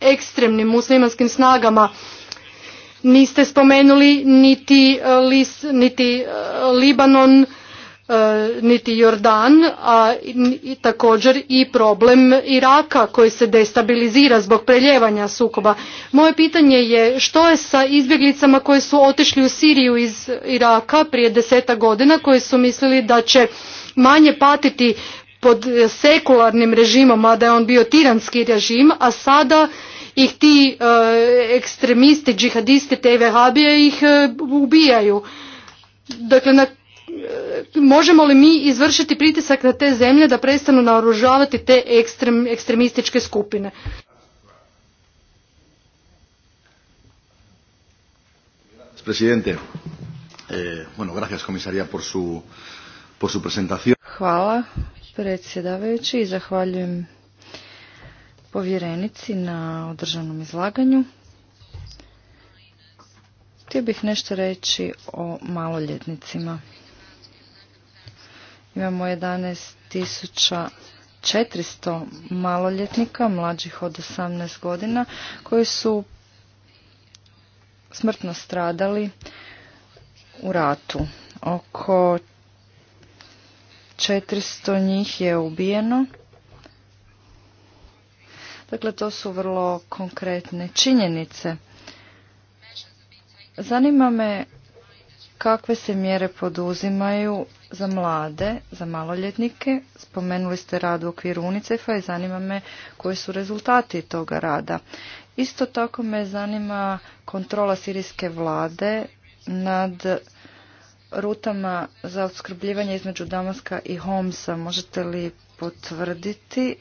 Speaker 4: ekstremnim muslimanskim snagama niste spomenuli niti, Lis, niti Libanon E, niti Jordan, a također i problem Iraka koji se destabilizira zbog preljevanja sukoba. Moje pitanje je što je sa izbjeglicama koje su otišli u Siriju iz Iraka prije deseta godina koji su mislili da će manje patiti pod sekularnim režimom, a da je on bio tiranski režim, a sada ih ti e, ekstremisti, džihadisti, te vehabije ih e, ubijaju. Dakle, na možemo li mi izvršiti pritisak na te zemlje da prestanu naoružavati te ekstrem, ekstremističke skupine?
Speaker 3: Presidente, eh, bueno, gracias komisarija por su, por su presentación.
Speaker 5: Hvala predsjedavajući i zahvaljujem povjerenici na održanom izlaganju. Htio bih nešto reći o maloljetnicima. Imamo 11.400 maloljetnika, mlađih od 18 godina, koji su smrtno stradali u ratu. Oko 400 njih je ubijeno. Dakle, to su vrlo konkretne činjenice. Zanima me kakve se mjere poduzimaju za mlade, za maloljetnike. Spomenuli ste rad u okviru UNICEF-a i zanima me koji su rezultati toga rada. Isto tako me zanima kontrola sirijske vlade nad rutama za opskrbljivanje između Damaska i Homsa. Možete li potvrditi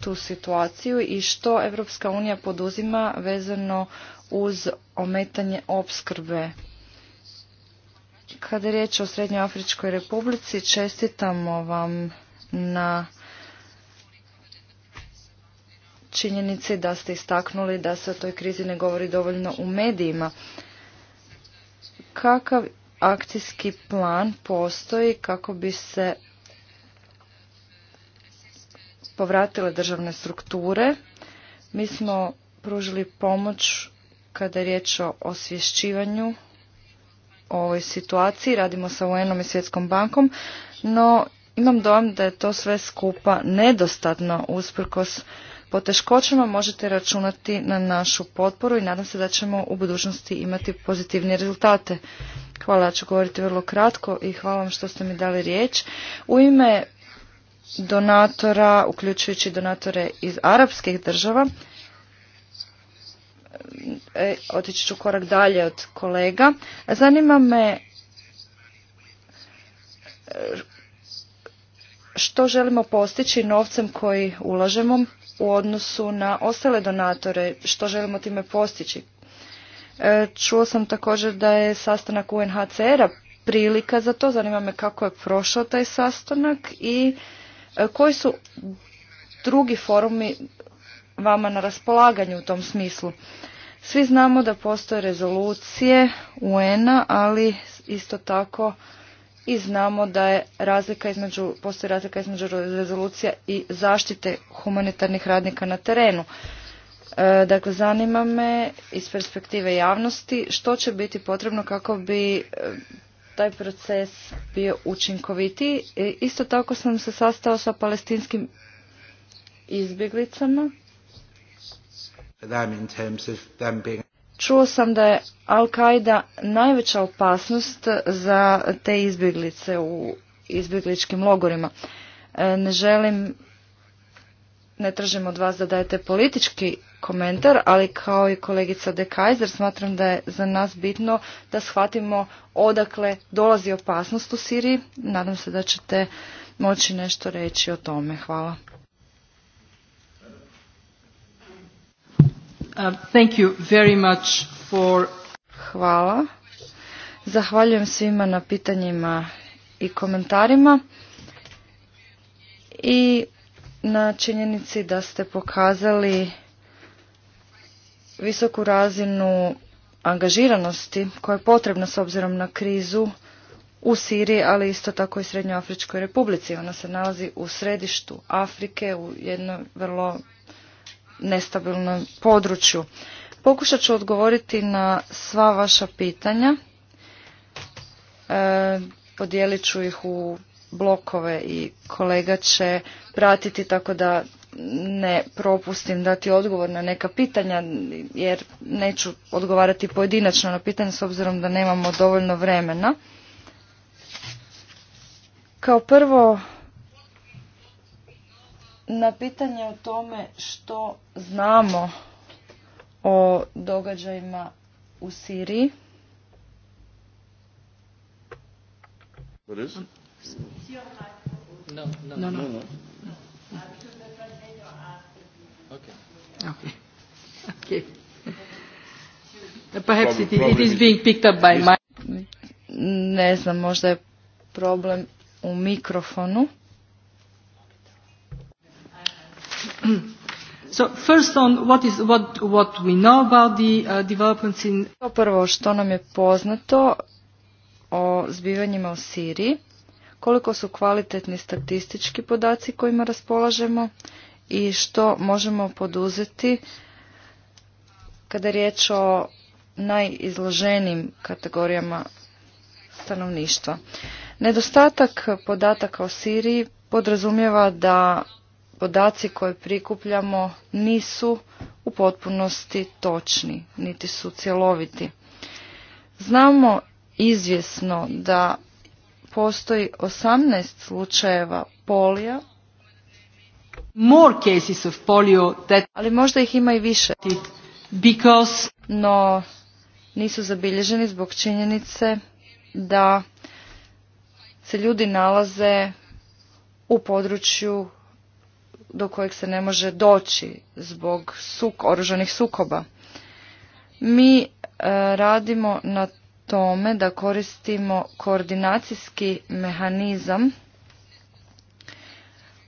Speaker 5: tu situaciju i što Evropska unija poduzima vezano uz ometanje opskrbe kada je riječ o Srednjoafričkoj republici, čestitamo vam na činjenici da ste istaknuli da se o toj krizi ne govori dovoljno u medijima. Kakav akcijski plan postoji kako bi se povratile državne strukture? Mi smo pružili pomoć kada je riječ o osvješćivanju ovoj situaciji, radimo sa UN-om i Svjetskom bankom, no imam dojam da je to sve skupa nedostatno usprkos poteškoćama možete računati na našu potporu i nadam se da ćemo u budućnosti imati pozitivne rezultate. Hvala, ja ću govoriti vrlo kratko i hvala vam što ste mi dali riječ. U ime donatora, uključujući donatore iz arapskih država, E, otići ću korak dalje od kolega. Zanima me e, što želimo postići novcem koji ulažemo u odnosu na ostale donatore, što želimo time postići. E, čuo sam također da je sastanak UNHCR-a prilika za to, zanima me kako je prošao taj sastanak i koji su drugi forumi vama na raspolaganju u tom smislu. Svi znamo da postoje rezolucije un ali isto tako i znamo da je razlika između, postoji razlika između rezolucija i zaštite humanitarnih radnika na terenu. E, dakle, zanima me iz perspektive javnosti što će biti potrebno kako bi e, taj proces bio učinkovitiji. E, isto tako sam se sastao sa palestinskim izbjeglicama Čuo sam da je Al-Qaida najveća opasnost za te izbjeglice u izbjegličkim logorima. E, ne želim, ne tražim od vas da dajete politički komentar, ali kao i kolegica De Kaiser smatram da je za nas bitno da shvatimo odakle dolazi opasnost u Siriji. Nadam se da ćete moći nešto reći o tome. Hvala. Uh, Hvala. Zahvaljujem svima na pitanjima i komentarima i na činjenici da ste pokazali visoku razinu angažiranosti koja je potrebna s obzirom na krizu u Siriji, ali isto tako i Srednjoafričkoj republici. Ona se nalazi u središtu Afrike, u jednoj vrlo nestabilnom području. Pokušat ću odgovoriti na sva vaša pitanja. E, podijelit ću ih u blokove i kolega će pratiti tako da ne propustim dati odgovor na neka pitanja jer neću odgovarati pojedinačno na pitanje s obzirom da nemamo dovoljno vremena. Kao prvo na pitanje o tome što znamo o događajima u Siriji. Ne znam, možda je problem u mikrofonu. Prvo što nam je poznato o zbivanjima u Siriji, koliko su kvalitetni statistički podaci kojima raspolažemo i što možemo poduzeti kada je riječ o najizloženim kategorijama stanovništva. Nedostatak podataka o Siriji podrazumijeva da podaci koje prikupljamo nisu u potpunosti točni, niti su cjeloviti. Znamo izvjesno da postoji 18 slučajeva polija, ali možda ih ima i više, because... no nisu zabilježeni zbog činjenice da se ljudi nalaze u području do kojeg se ne može doći zbog suk, oružanih sukoba. Mi e, radimo na tome da koristimo koordinacijski mehanizam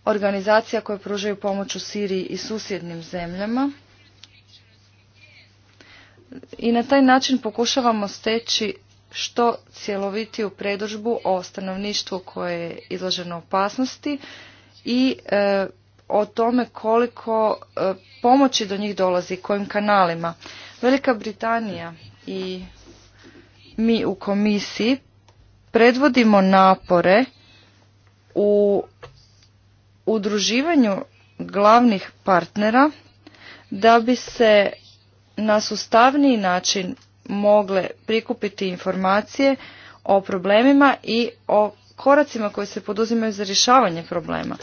Speaker 5: organizacija koje pružaju pomoć u Siriji i susjednim zemljama i na taj način pokušavamo steći što cjelovitiju predužbu o stanovništvu koje je izloženo opasnosti i e, o tome koliko e, pomoći do njih dolazi, kojim kanalima. Velika Britanija i mi u komisiji predvodimo napore u udruživanju glavnih partnera da bi se na sustavniji način mogle prikupiti informacije o problemima i o koracima koji se poduzimaju za rješavanje problema.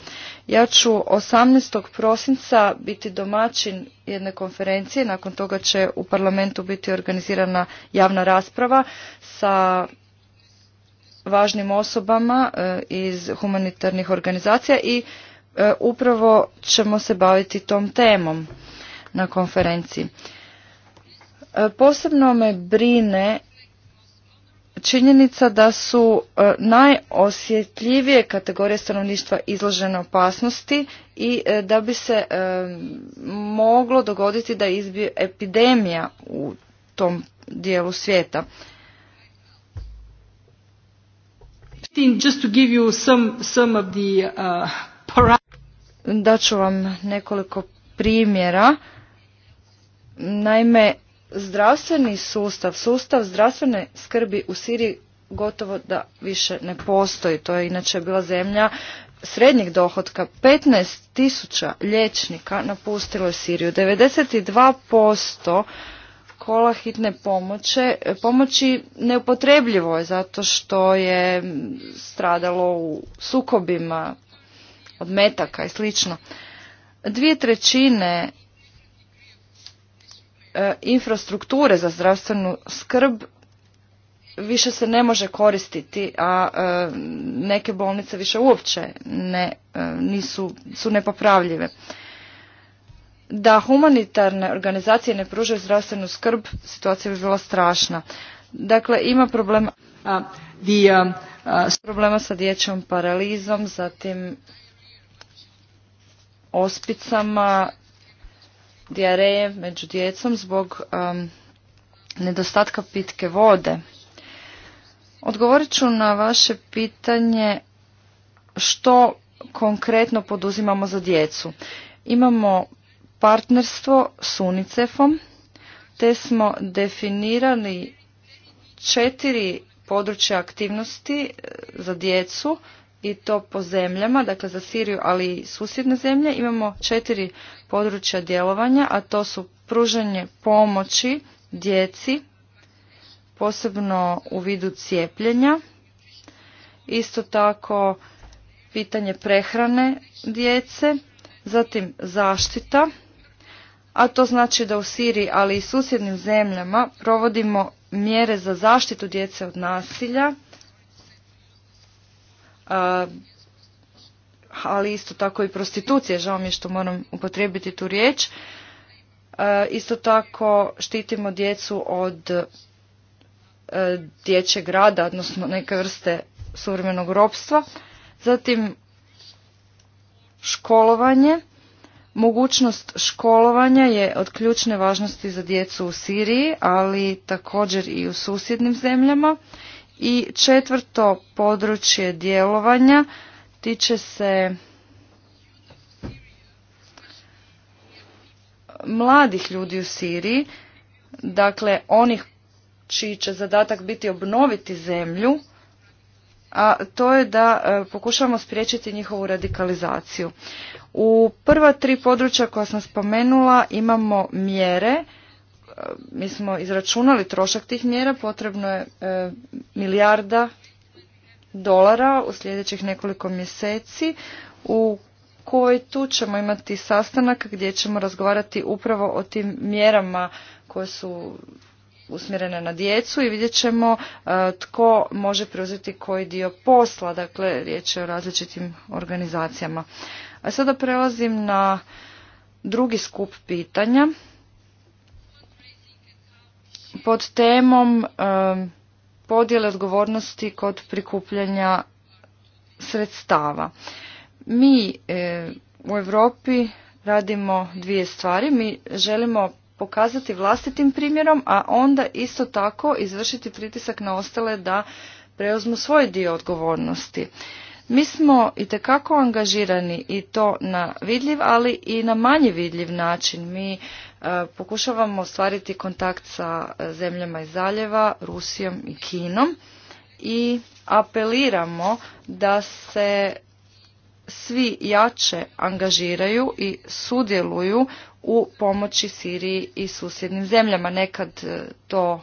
Speaker 5: Ja ću 18. prosinca biti domaćin jedne konferencije, nakon toga će u parlamentu biti organizirana javna rasprava sa važnim osobama e, iz humanitarnih organizacija i e, upravo ćemo se baviti tom temom na konferenciji. E, posebno me brine činjenica da su e, najosjetljivije kategorije stanovništva izložene opasnosti i e, da bi se e, moglo dogoditi da izbije epidemija u tom dijelu svijeta. Just to vam nekoliko primjera. Naime, zdravstveni sustav, sustav zdravstvene skrbi u Siriji gotovo da više ne postoji. To je inače bila zemlja srednjeg dohotka. 15 tisuća liječnika napustilo je Siriju. 92% kola hitne pomoće, pomoći neupotrebljivo je zato što je stradalo u sukobima od metaka i slično. Dvije trećine E, infrastrukture za zdravstvenu skrb više se ne može koristiti, a e, neke bolnice više uopće ne, e, nisu, su nepopravljive. Da humanitarne organizacije ne pružaju zdravstvenu skrb, situacija bi bila strašna. Dakle, ima problema, a, problema sa dječjom paralizom, zatim ospicama, dijareje među djecom zbog um, nedostatka pitke vode. Odgovorit ću na vaše pitanje što konkretno poduzimamo za djecu. Imamo partnerstvo s UNICEF-om, te smo definirali četiri područja aktivnosti eh, za djecu i to po zemljama, dakle za Siriju, ali i susjedne zemlje. Imamo četiri područja djelovanja, a to su pružanje pomoći djeci, posebno u vidu cijepljenja, isto tako pitanje prehrane djece, zatim zaštita, a to znači da u Siriji, ali i susjednim zemljama provodimo mjere za zaštitu djece od nasilja, Eh, ali isto tako i prostitucije, žao mi je što moram upotrijebiti tu riječ. Eh, isto tako štitimo djecu od eh, dječjeg rada, odnosno neke vrste suvremenog ropstva. Zatim školovanje. Mogućnost školovanja je od ključne važnosti za djecu u Siriji, ali također i u susjednim zemljama. I četvrto područje djelovanja tiče se mladih ljudi u Siriji, dakle onih čiji će zadatak biti obnoviti zemlju, a to je da e, pokušamo spriječiti njihovu radikalizaciju. U prva tri područja koja sam spomenula imamo mjere mi smo izračunali trošak tih mjera, potrebno je e, milijarda dolara u sljedećih nekoliko mjeseci u koji tu ćemo imati sastanak gdje ćemo razgovarati upravo o tim mjerama koje su usmjerene na djecu i vidjet ćemo e, tko može preuzeti koji dio posla, dakle riječ je o različitim organizacijama. A sada prelazim na drugi skup pitanja pod temom podjele odgovornosti kod prikupljanja sredstava. Mi e, u Europi radimo dvije stvari. Mi želimo pokazati vlastitim primjerom, a onda isto tako izvršiti pritisak na ostale da preuzmu svoj dio odgovornosti. Mi smo i tekako angažirani i to na vidljiv, ali i na manje vidljiv način. Mi E, pokušavamo ostvariti kontakt sa e, zemljama iz zaljeva, Rusijom i Kinom i apeliramo da se svi jače angažiraju i sudjeluju u pomoći Siriji i susjednim zemljama. Nekad e, to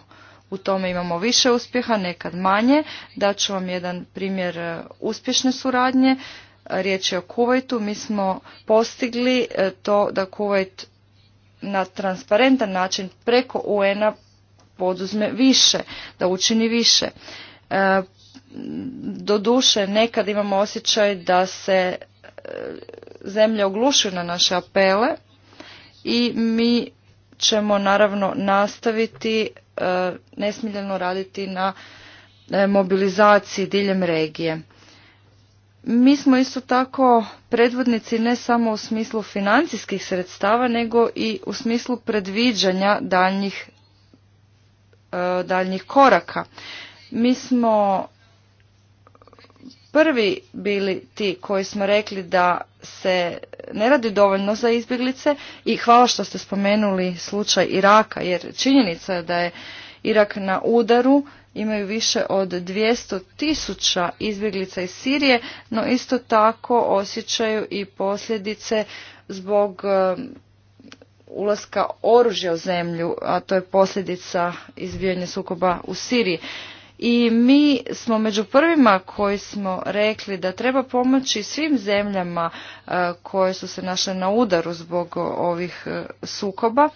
Speaker 5: u tome imamo više uspjeha, nekad manje. Daću vam jedan primjer uspješne suradnje. Riječ je o Kuvajtu. Mi smo postigli to da Kuvajt na transparentan način preko UN-a poduzme više, da učini više. E, doduše, nekad imamo osjećaj da se e, zemlje oglušuju na naše apele i mi ćemo naravno nastaviti e, nesmiljeno raditi na e, mobilizaciji diljem regije. Mi smo isto tako predvodnici ne samo u smislu financijskih sredstava, nego i u smislu predviđanja daljnjih, e, daljnjih koraka. Mi smo prvi bili ti koji smo rekli da se ne radi dovoljno za izbjeglice i hvala što ste spomenuli slučaj Iraka jer činjenica je da je Irak na udaru imaju više od 200 tisuća izbjeglica iz Sirije, no isto tako osjećaju i posljedice zbog e, ulaska oružja u zemlju, a to je posljedica izbijanja sukoba u Siriji. I mi smo među prvima koji smo rekli da treba pomoći svim zemljama e, koje su se našle na udaru zbog ovih e, sukoba.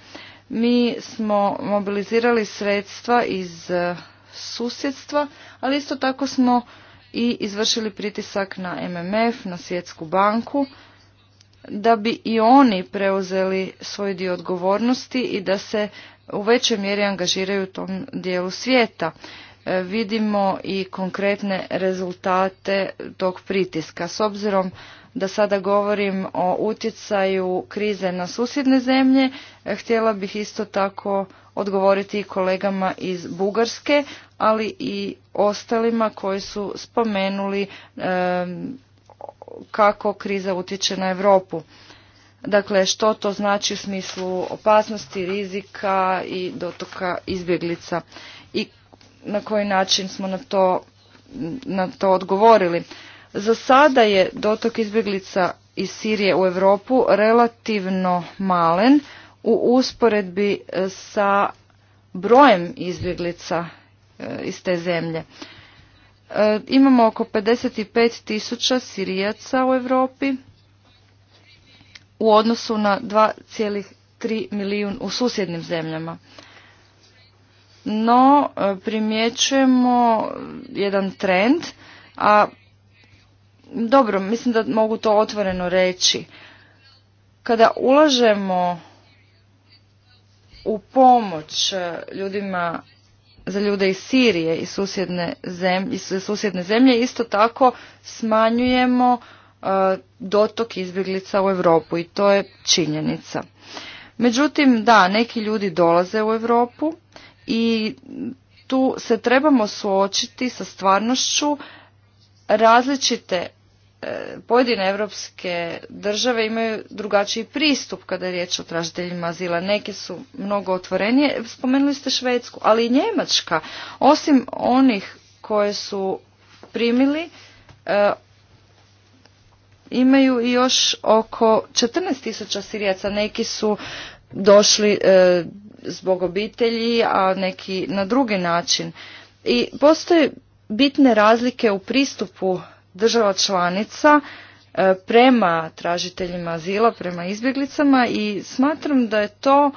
Speaker 5: Mi smo mobilizirali sredstva iz susjedstva, ali isto tako smo i izvršili pritisak na MMF, na Svjetsku banku, da bi i oni preuzeli svoj dio odgovornosti i da se u većoj mjeri angažiraju u tom dijelu svijeta. E, vidimo i konkretne rezultate tog pritiska. S obzirom da sada govorim o utjecaju krize na susjedne zemlje. E, htjela bih isto tako odgovoriti i kolegama iz Bugarske, ali i ostalima koji su spomenuli kako kriza utječe na Europu. Dakle, što to znači u smislu opasnosti, rizika i dotoka izbjeglica i na koji način smo na to, na to odgovorili. Za sada je dotok izbjeglica iz Sirije u Europu relativno malen u usporedbi e, sa brojem izbjeglica e, iz te zemlje. E, imamo oko 55 tisuća Sirijaca u Europi u odnosu na 2,3 milijun u susjednim zemljama. No, primjećujemo jedan trend, a dobro, mislim da mogu to otvoreno reći. Kada ulažemo u pomoć e, ljudima za ljude iz Sirije i susjedne zemlje, susjedne zemlje isto tako smanjujemo e, dotok izbjeglica u Europu i to je činjenica. Međutim, da, neki ljudi dolaze u Europu i tu se trebamo suočiti sa stvarnošću različite E, pojedine europske države imaju drugačiji pristup kada je riječ o tražiteljima azila. Neke su mnogo otvorenije. Spomenuli ste Švedsku, ali i Njemačka. Osim onih koje su primili, e, imaju i još oko 14.000 sirijaca. Neki su došli e, zbog obitelji, a neki na drugi način. I postoje bitne razlike u pristupu država članica e, prema tražiteljima azila, prema izbjeglicama i smatram da je to,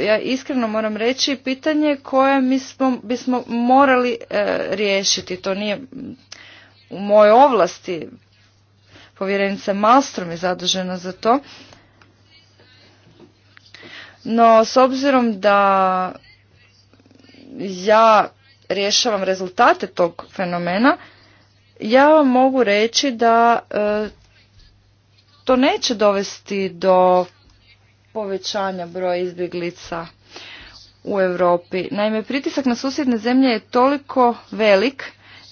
Speaker 5: e, ja iskreno moram reći, pitanje koje mi smo, bismo morali e, riješiti. To nije u mojoj ovlasti. Povjerenica Malstrom je zadužena za to. No, s obzirom da ja rješavam rezultate tog fenomena, ja vam mogu reći da e, to neće dovesti do povećanja broja izbjeglica u Europi. Naime, pritisak na susjedne zemlje je toliko velik,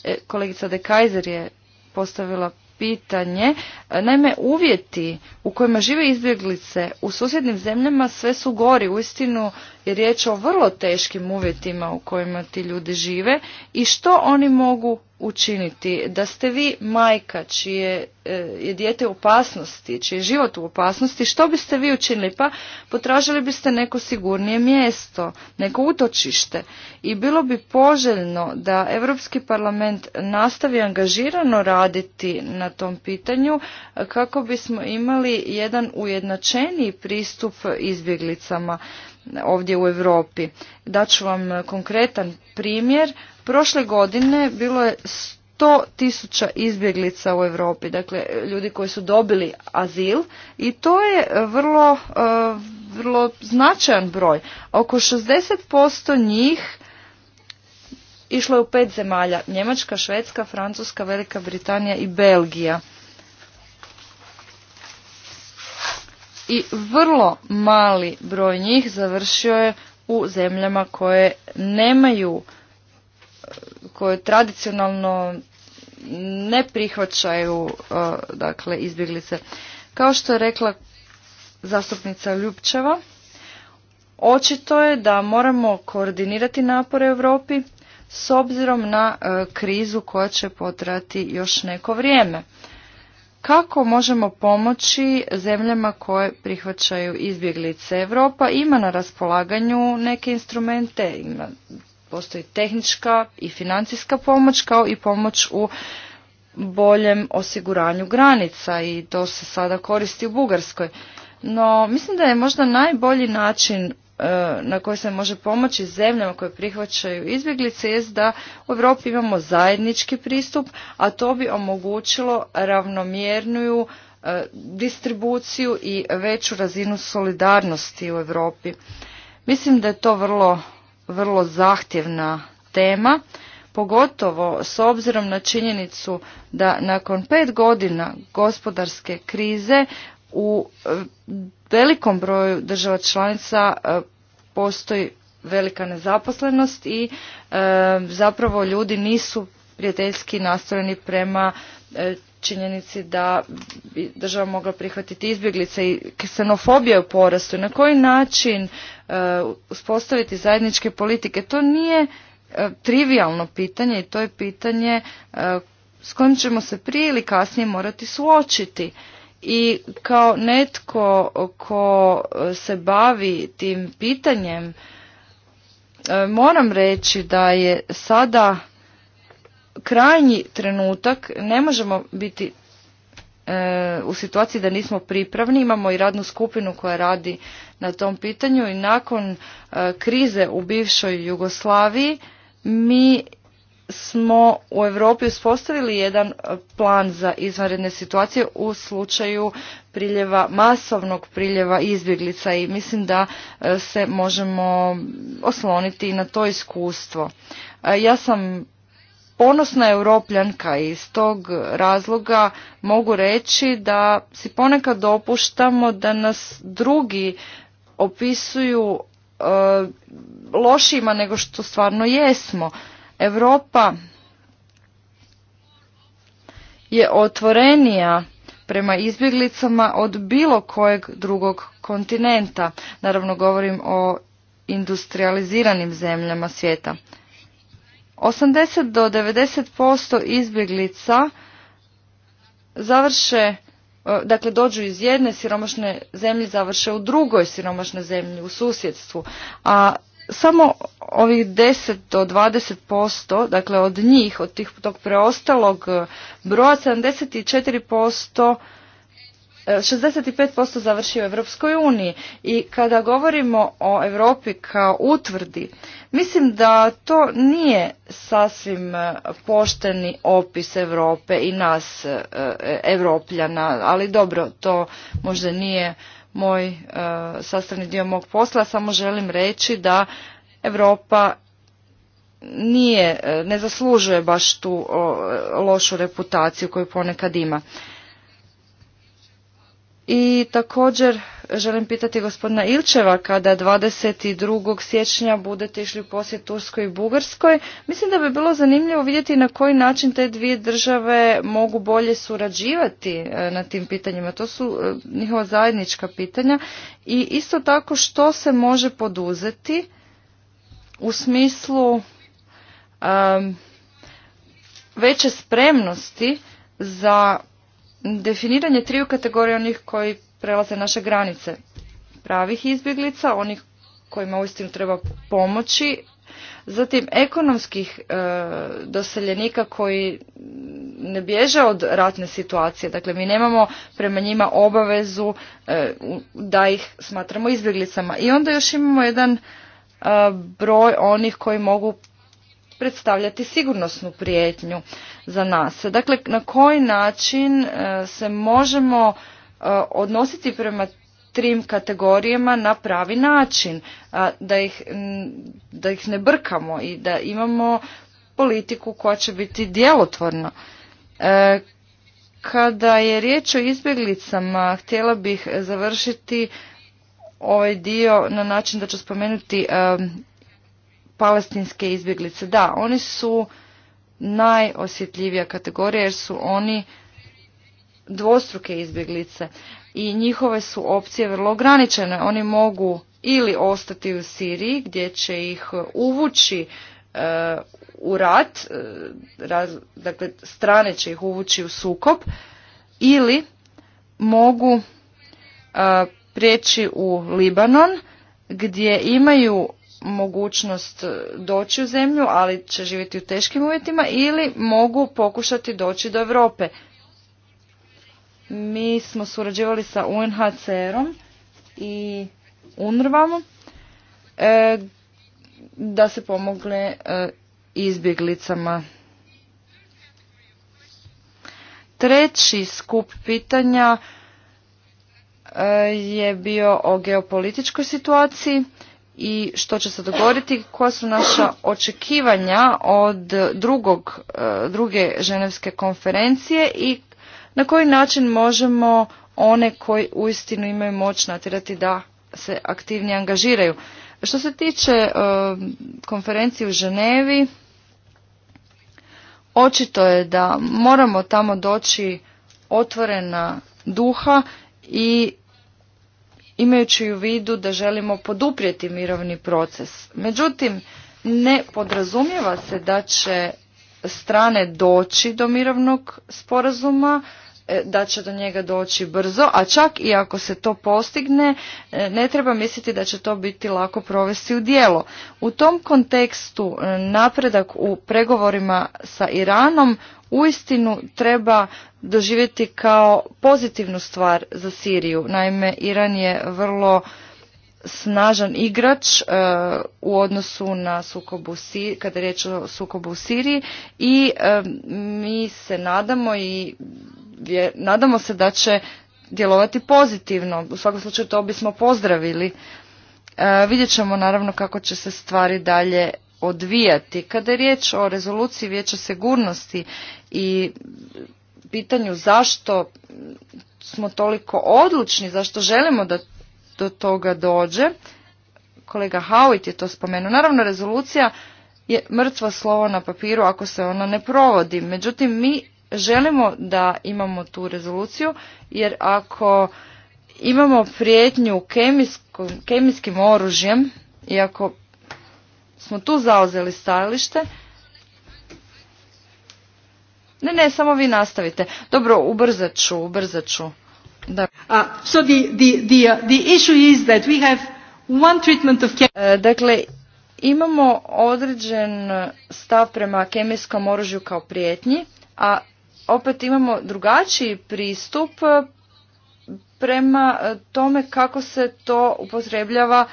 Speaker 5: e, kolegica De Kaiser je postavila pitanje, e, naime uvjeti u kojima žive izbjeglice u susjednim zemljama sve su gori, uistinu je riječ o vrlo teškim uvjetima u kojima ti ljudi žive i što oni mogu učiniti? Da ste vi majka čije e, je dijete u opasnosti, čiji je život u opasnosti, što biste vi učinili? Pa potražili biste neko sigurnije mjesto, neko utočište i bilo bi poželjno da Europski parlament nastavi angažirano raditi na tom pitanju kako bismo imali jedan ujednačeniji pristup izbjeglicama ovdje u Europi. Daću vam konkretan primjer Prošle godine bilo je 100 tisuća izbjeglica u Europi, dakle ljudi koji su dobili azil i to je vrlo, e, vrlo značajan broj. Oko 60% njih išlo je u pet zemalja, Njemačka, Švedska, Francuska, Velika Britanija i Belgija. I vrlo mali broj njih završio je u zemljama koje nemaju koje tradicionalno ne prihvaćaju e, dakle izbjeglice. Kao što je rekla zastupnica Ljubčeva, očito je da moramo koordinirati napore u Europi s obzirom na e, krizu koja će potrati još neko vrijeme. Kako možemo pomoći zemljama koje prihvaćaju izbjeglice? Europa ima na raspolaganju neke instrumente, ima postoji tehnička i financijska pomoć kao i pomoć u boljem osiguranju granica i to se sada koristi u Bugarskoj. No, mislim da je možda najbolji način e, na koji se može pomoći zemljama koje prihvaćaju izbjeglice je da u Europi imamo zajednički pristup, a to bi omogućilo ravnomjerniju e, distribuciju i veću razinu solidarnosti u Europi. Mislim da je to vrlo vrlo zahtjevna tema, pogotovo s obzirom na činjenicu da nakon pet godina gospodarske krize u e, velikom broju država članica e, postoji velika nezaposlenost i e, zapravo ljudi nisu prijateljski nastrojeni prema činjenici da bi država mogla prihvatiti izbjeglice i ksenofobija u porastu na koji način e, uspostaviti zajedničke politike. To nije uh, e, trivialno pitanje i to je pitanje e, s kojim ćemo se prije ili kasnije morati suočiti. I kao netko ko se bavi tim pitanjem, moram reći da je sada krajnji trenutak ne možemo biti e, u situaciji da nismo pripravni. Imamo i radnu skupinu koja radi na tom pitanju i nakon e, krize u bivšoj Jugoslaviji mi smo u Europi uspostavili jedan plan za izvanredne situacije u slučaju priljeva, masovnog priljeva izbjeglica i mislim da e, se možemo osloniti na to iskustvo. Ja sam ponosna europljanka i iz tog razloga mogu reći da si ponekad dopuštamo da nas drugi opisuju e, lošima nego što stvarno jesmo. Europa je otvorenija prema izbjeglicama od bilo kojeg drugog kontinenta. Naravno govorim o industrializiranim zemljama svijeta. 80 do 90% izbjeglica završe e, dakle dođu iz jedne siromašne zemlje završe u drugoj siromašnoj zemlji u susjedstvu a samo ovih 10 do 20% dakle od njih od tih tog preostalog broja 74% 65% završi u Europskoj uniji i kada govorimo o Europi kao utvrdi, mislim da to nije sasvim e, pošteni opis Europe i nas Europljana, e, ali dobro, to možda nije moj e, sastavni dio mog posla, samo želim reći da Europa nije, ne zaslužuje baš tu lošu reputaciju koju ponekad ima. I također želim pitati gospodina Ilčeva kada 22. siječnja budete išli u posjet Turskoj i Bugarskoj. Mislim da bi bilo zanimljivo vidjeti na koji način te dvije države mogu bolje surađivati e, na tim pitanjima. To su e, njihova zajednička pitanja. I isto tako što se može poduzeti u smislu um, veće spremnosti za definiranje triju kategorija onih koji prelaze naše granice. Pravih izbjeglica, onih kojima uistinu treba pomoći, zatim ekonomskih e, doseljenika koji ne bježe od ratne situacije. Dakle, mi nemamo prema njima obavezu e, da ih smatramo izbjeglicama. I onda još imamo jedan e, broj onih koji mogu predstavljati sigurnosnu prijetnju za nas. Dakle, na koji način e, se možemo e, odnositi prema trim kategorijama na pravi način, da ih, da ih ne brkamo i da imamo politiku koja će biti djelotvorna. E, kada je riječ o izbjeglicama, htjela bih završiti ovaj dio na način da ću spomenuti palestinske izbjeglice. Da, oni su najosjetljivija kategorija jer su oni dvostruke izbjeglice i njihove su opcije vrlo ograničene. Oni mogu ili ostati u Siriji gdje će ih uvući e, u rat, e, dakle strane će ih uvući u sukob ili mogu e, prijeći u Libanon gdje imaju mogućnost doći u zemlju, ali će živjeti u teškim uvjetima ili mogu pokušati doći do Europe. Mi smo surađivali sa UNHCR-om i UNRVAM e, da se pomogle e, izbjeglicama. Treći skup pitanja e, je bio o geopolitičkoj situaciji i što će se dogoditi, koja su naša očekivanja od drugog, e, druge ženevske konferencije i na koji način možemo one koji uistinu imaju moć natjerati da se aktivnije angažiraju. Što se tiče e, konferencije u Ženevi, očito je da moramo tamo doći otvorena duha i imajući u vidu da želimo poduprijeti mirovni proces. Međutim, ne podrazumijeva se da će strane doći do mirovnog sporazuma E, da će do njega doći brzo, a čak i ako se to postigne, e, ne treba misliti da će to biti lako provesti u djelo. U tom kontekstu e, napredak u pregovorima sa Iranom uistinu treba doživjeti kao pozitivnu stvar za Siriju. Naime, Iran je vrlo snažan igrač u odnosu na sukobu kada je riječ o sukobu u Siriji i mi se nadamo i nadamo se da će djelovati pozitivno. U svakom slučaju to bismo pozdravili. E, vidjet ćemo naravno kako će se stvari dalje odvijati. Kada je riječ o rezoluciji vijeća sigurnosti i pitanju zašto smo toliko odlučni, zašto želimo da do toga dođe, kolega Howitt je to spomenuo. Naravno, rezolucija je mrtvo slovo na papiru ako se ona ne provodi. Međutim, mi želimo da imamo tu rezoluciju jer ako imamo prijetnju kemijskim oružjem i ako smo tu zauzeli stajalište ne ne samo vi nastavite dobro ubrzat ću ubrzat ću da. one treatment e, dakle imamo određen stav prema kemijskom oružju kao prijetnji a opet imamo drugačiji pristup e, prema e, tome kako se to upotrebljava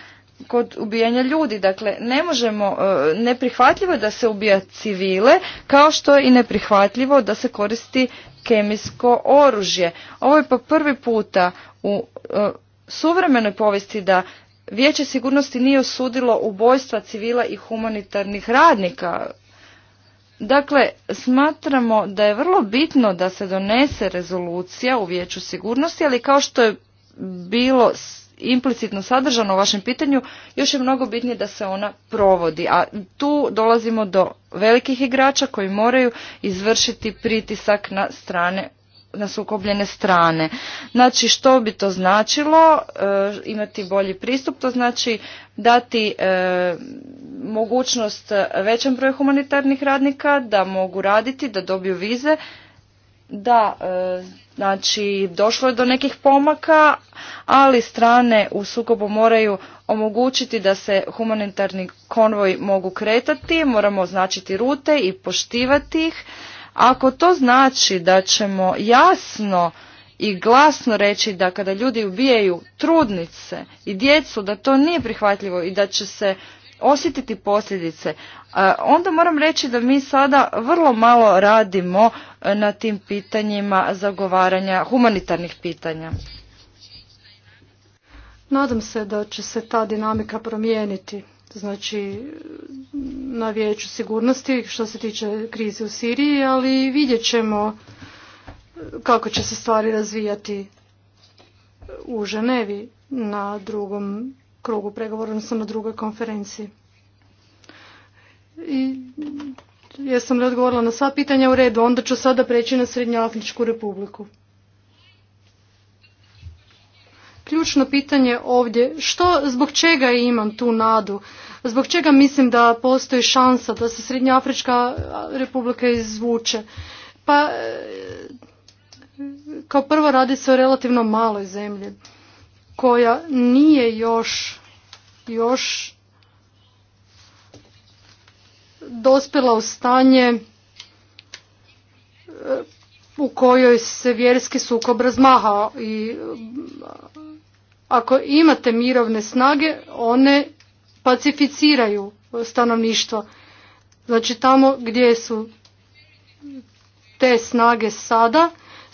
Speaker 5: kod ubijanja ljudi. Dakle, ne možemo, e, neprihvatljivo je da se ubija civile, kao što je i neprihvatljivo da se koristi kemijsko oružje. Ovo je pa prvi puta u suvremenoj povijesti da Vijeće sigurnosti nije osudilo ubojstva civila i humanitarnih radnika Dakle, smatramo da je vrlo bitno da se donese rezolucija u vijeću sigurnosti, ali kao što je bilo implicitno sadržano u vašem pitanju, još je mnogo bitnije da se ona provodi. A tu dolazimo do velikih igrača koji moraju izvršiti pritisak na strane na sukobljene strane. Znači što bi to značilo? E, imati bolji pristup, to znači dati e, mogućnost većem broju humanitarnih radnika da mogu raditi, da dobiju vize. Da, e, znači došlo je do nekih pomaka, ali strane u sukobu moraju omogućiti da se humanitarni konvoj mogu kretati, moramo označiti rute i poštivati ih. Ako to znači da ćemo jasno i glasno reći da kada ljudi ubijaju trudnice i djecu da to nije prihvatljivo i da će se osjetiti posljedice. E, onda moram reći da mi sada vrlo malo radimo e, na tim pitanjima zagovaranja humanitarnih pitanja.
Speaker 4: Nadam se da će se ta dinamika promijeniti. Znači, na vijeću sigurnosti što se tiče krize u Siriji, ali vidjet ćemo e, kako će se stvari razvijati u Ženevi na drugom krugu pregovora, odnosno na drugoj konferenciji. I jesam li odgovorila na sva pitanja u redu, onda ću sada preći na Srednjoafričku republiku. Ključno pitanje ovdje, što, zbog čega imam tu nadu? Zbog čega mislim da postoji šansa da se Srednjoafrička republika izvuče? Pa, e, kao prvo radi se o relativno maloj zemlji koja nije još još dospjela u stanje e, u kojoj se vjerski sukob razmahao i e, ako imate mirovne snage one pacificiraju stanovništvo znači tamo gdje su te snage sada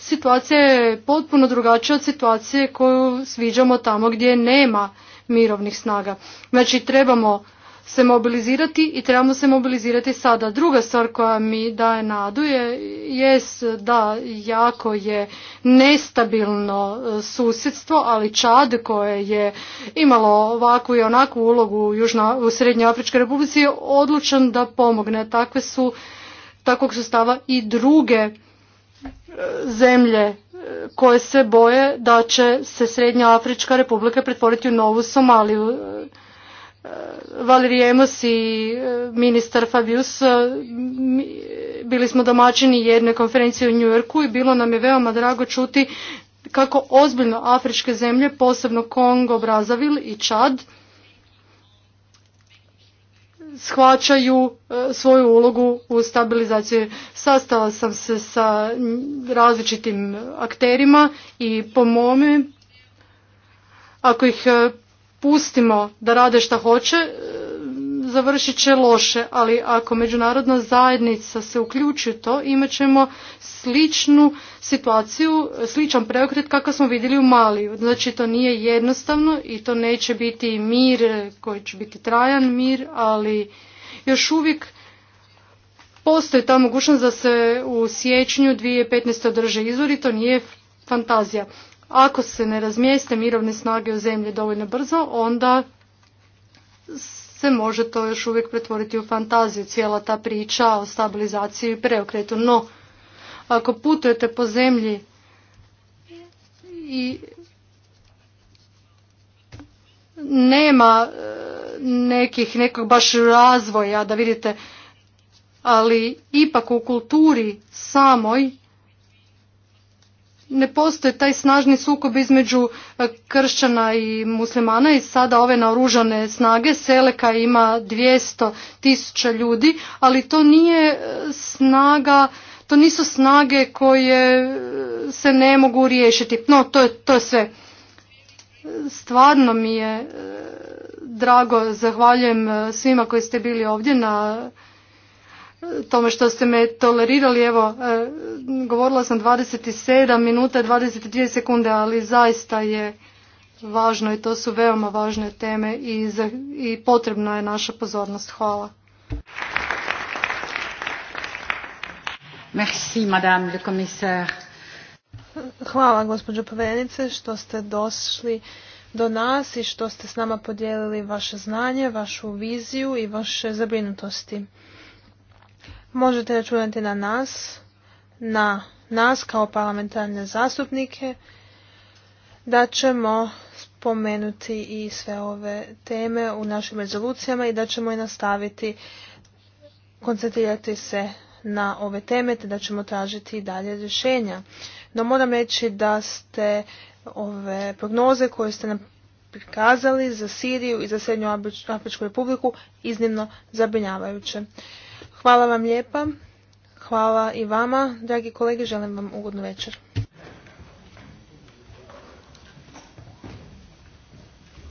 Speaker 4: situacija je potpuno drugačija od situacije koju sviđamo tamo gdje nema mirovnih snaga. Znači trebamo se mobilizirati i trebamo se mobilizirati sada. Druga stvar koja mi daje nadu je, jest da jako je nestabilno e, susjedstvo, ali Čad koje je imalo ovakvu i onakvu ulogu u, Južno, u Srednjoj Afričkoj Republici je odlučan da pomogne. Takve su, takvog sustava i druge zemlje e, koje se boje da će se Srednja Afrička republika pretvoriti u novu Somaliju. Emos i e, ministar Fabius e, bili smo domaćini jedne konferencije u Njujorku i bilo nam je veoma drago čuti kako ozbiljno afričke zemlje, posebno Kongo, Brazavil i Čad, shvaćaju e, svoju ulogu u stabilizaciji. Sastala sam se sa različitim akterima i po mome, ako ih e, pustimo da rade šta hoće, e, završit će loše, ali ako međunarodna zajednica se uključi u to, imat ćemo sličnu situaciju, sličan preokret kakav smo vidjeli u Maliju. Znači to nije jednostavno i to neće biti mir koji će biti trajan mir, ali još uvijek postoji ta mogućnost da se u siječnju 2015. održe izvori, to nije fantazija. Ako se ne razmijeste mirovne snage u zemlji dovoljno brzo, onda se može to još uvijek pretvoriti u fantaziju, cijela ta priča o stabilizaciji i preokretu. No, ako putujete po zemlji i nema e, nekih, nekog baš razvoja da vidite, ali ipak u kulturi samoj ne postoji taj snažni sukob između e, kršćana i muslimana i sada ove naoružane snage Seleka ima 200 tisuća ljudi, ali to nije e, snaga to nisu snage koje e, se ne mogu riješiti. No, to je, to sve. Stvarno mi je e, drago, zahvaljujem e, svima koji ste bili ovdje na tome što ste me tolerirali. Evo, govorila sam 27 minuta i 22 sekunde, ali zaista je važno i to su veoma važne teme i, i potrebna je naša pozornost. Hvala.
Speaker 2: Hvala, gospođo povjerenice, što ste došli do nas i što ste s nama podijelili vaše znanje, vašu viziju i vaše zabrinutosti. Možete računati na nas, na nas kao parlamentarne zastupnike, da ćemo spomenuti i sve ove teme u našim rezolucijama i da ćemo i nastaviti koncentrirati se na ove teme te da ćemo tražiti dalje rješenja. No moram reći da ste ove prognoze koje ste nam prikazali za Siriju i za Srednju Afričku republiku iznimno zabrinjavajuće. Hvala vam lijepa. Hvala i vama, dragi kolege, želim vam ugodnu večer.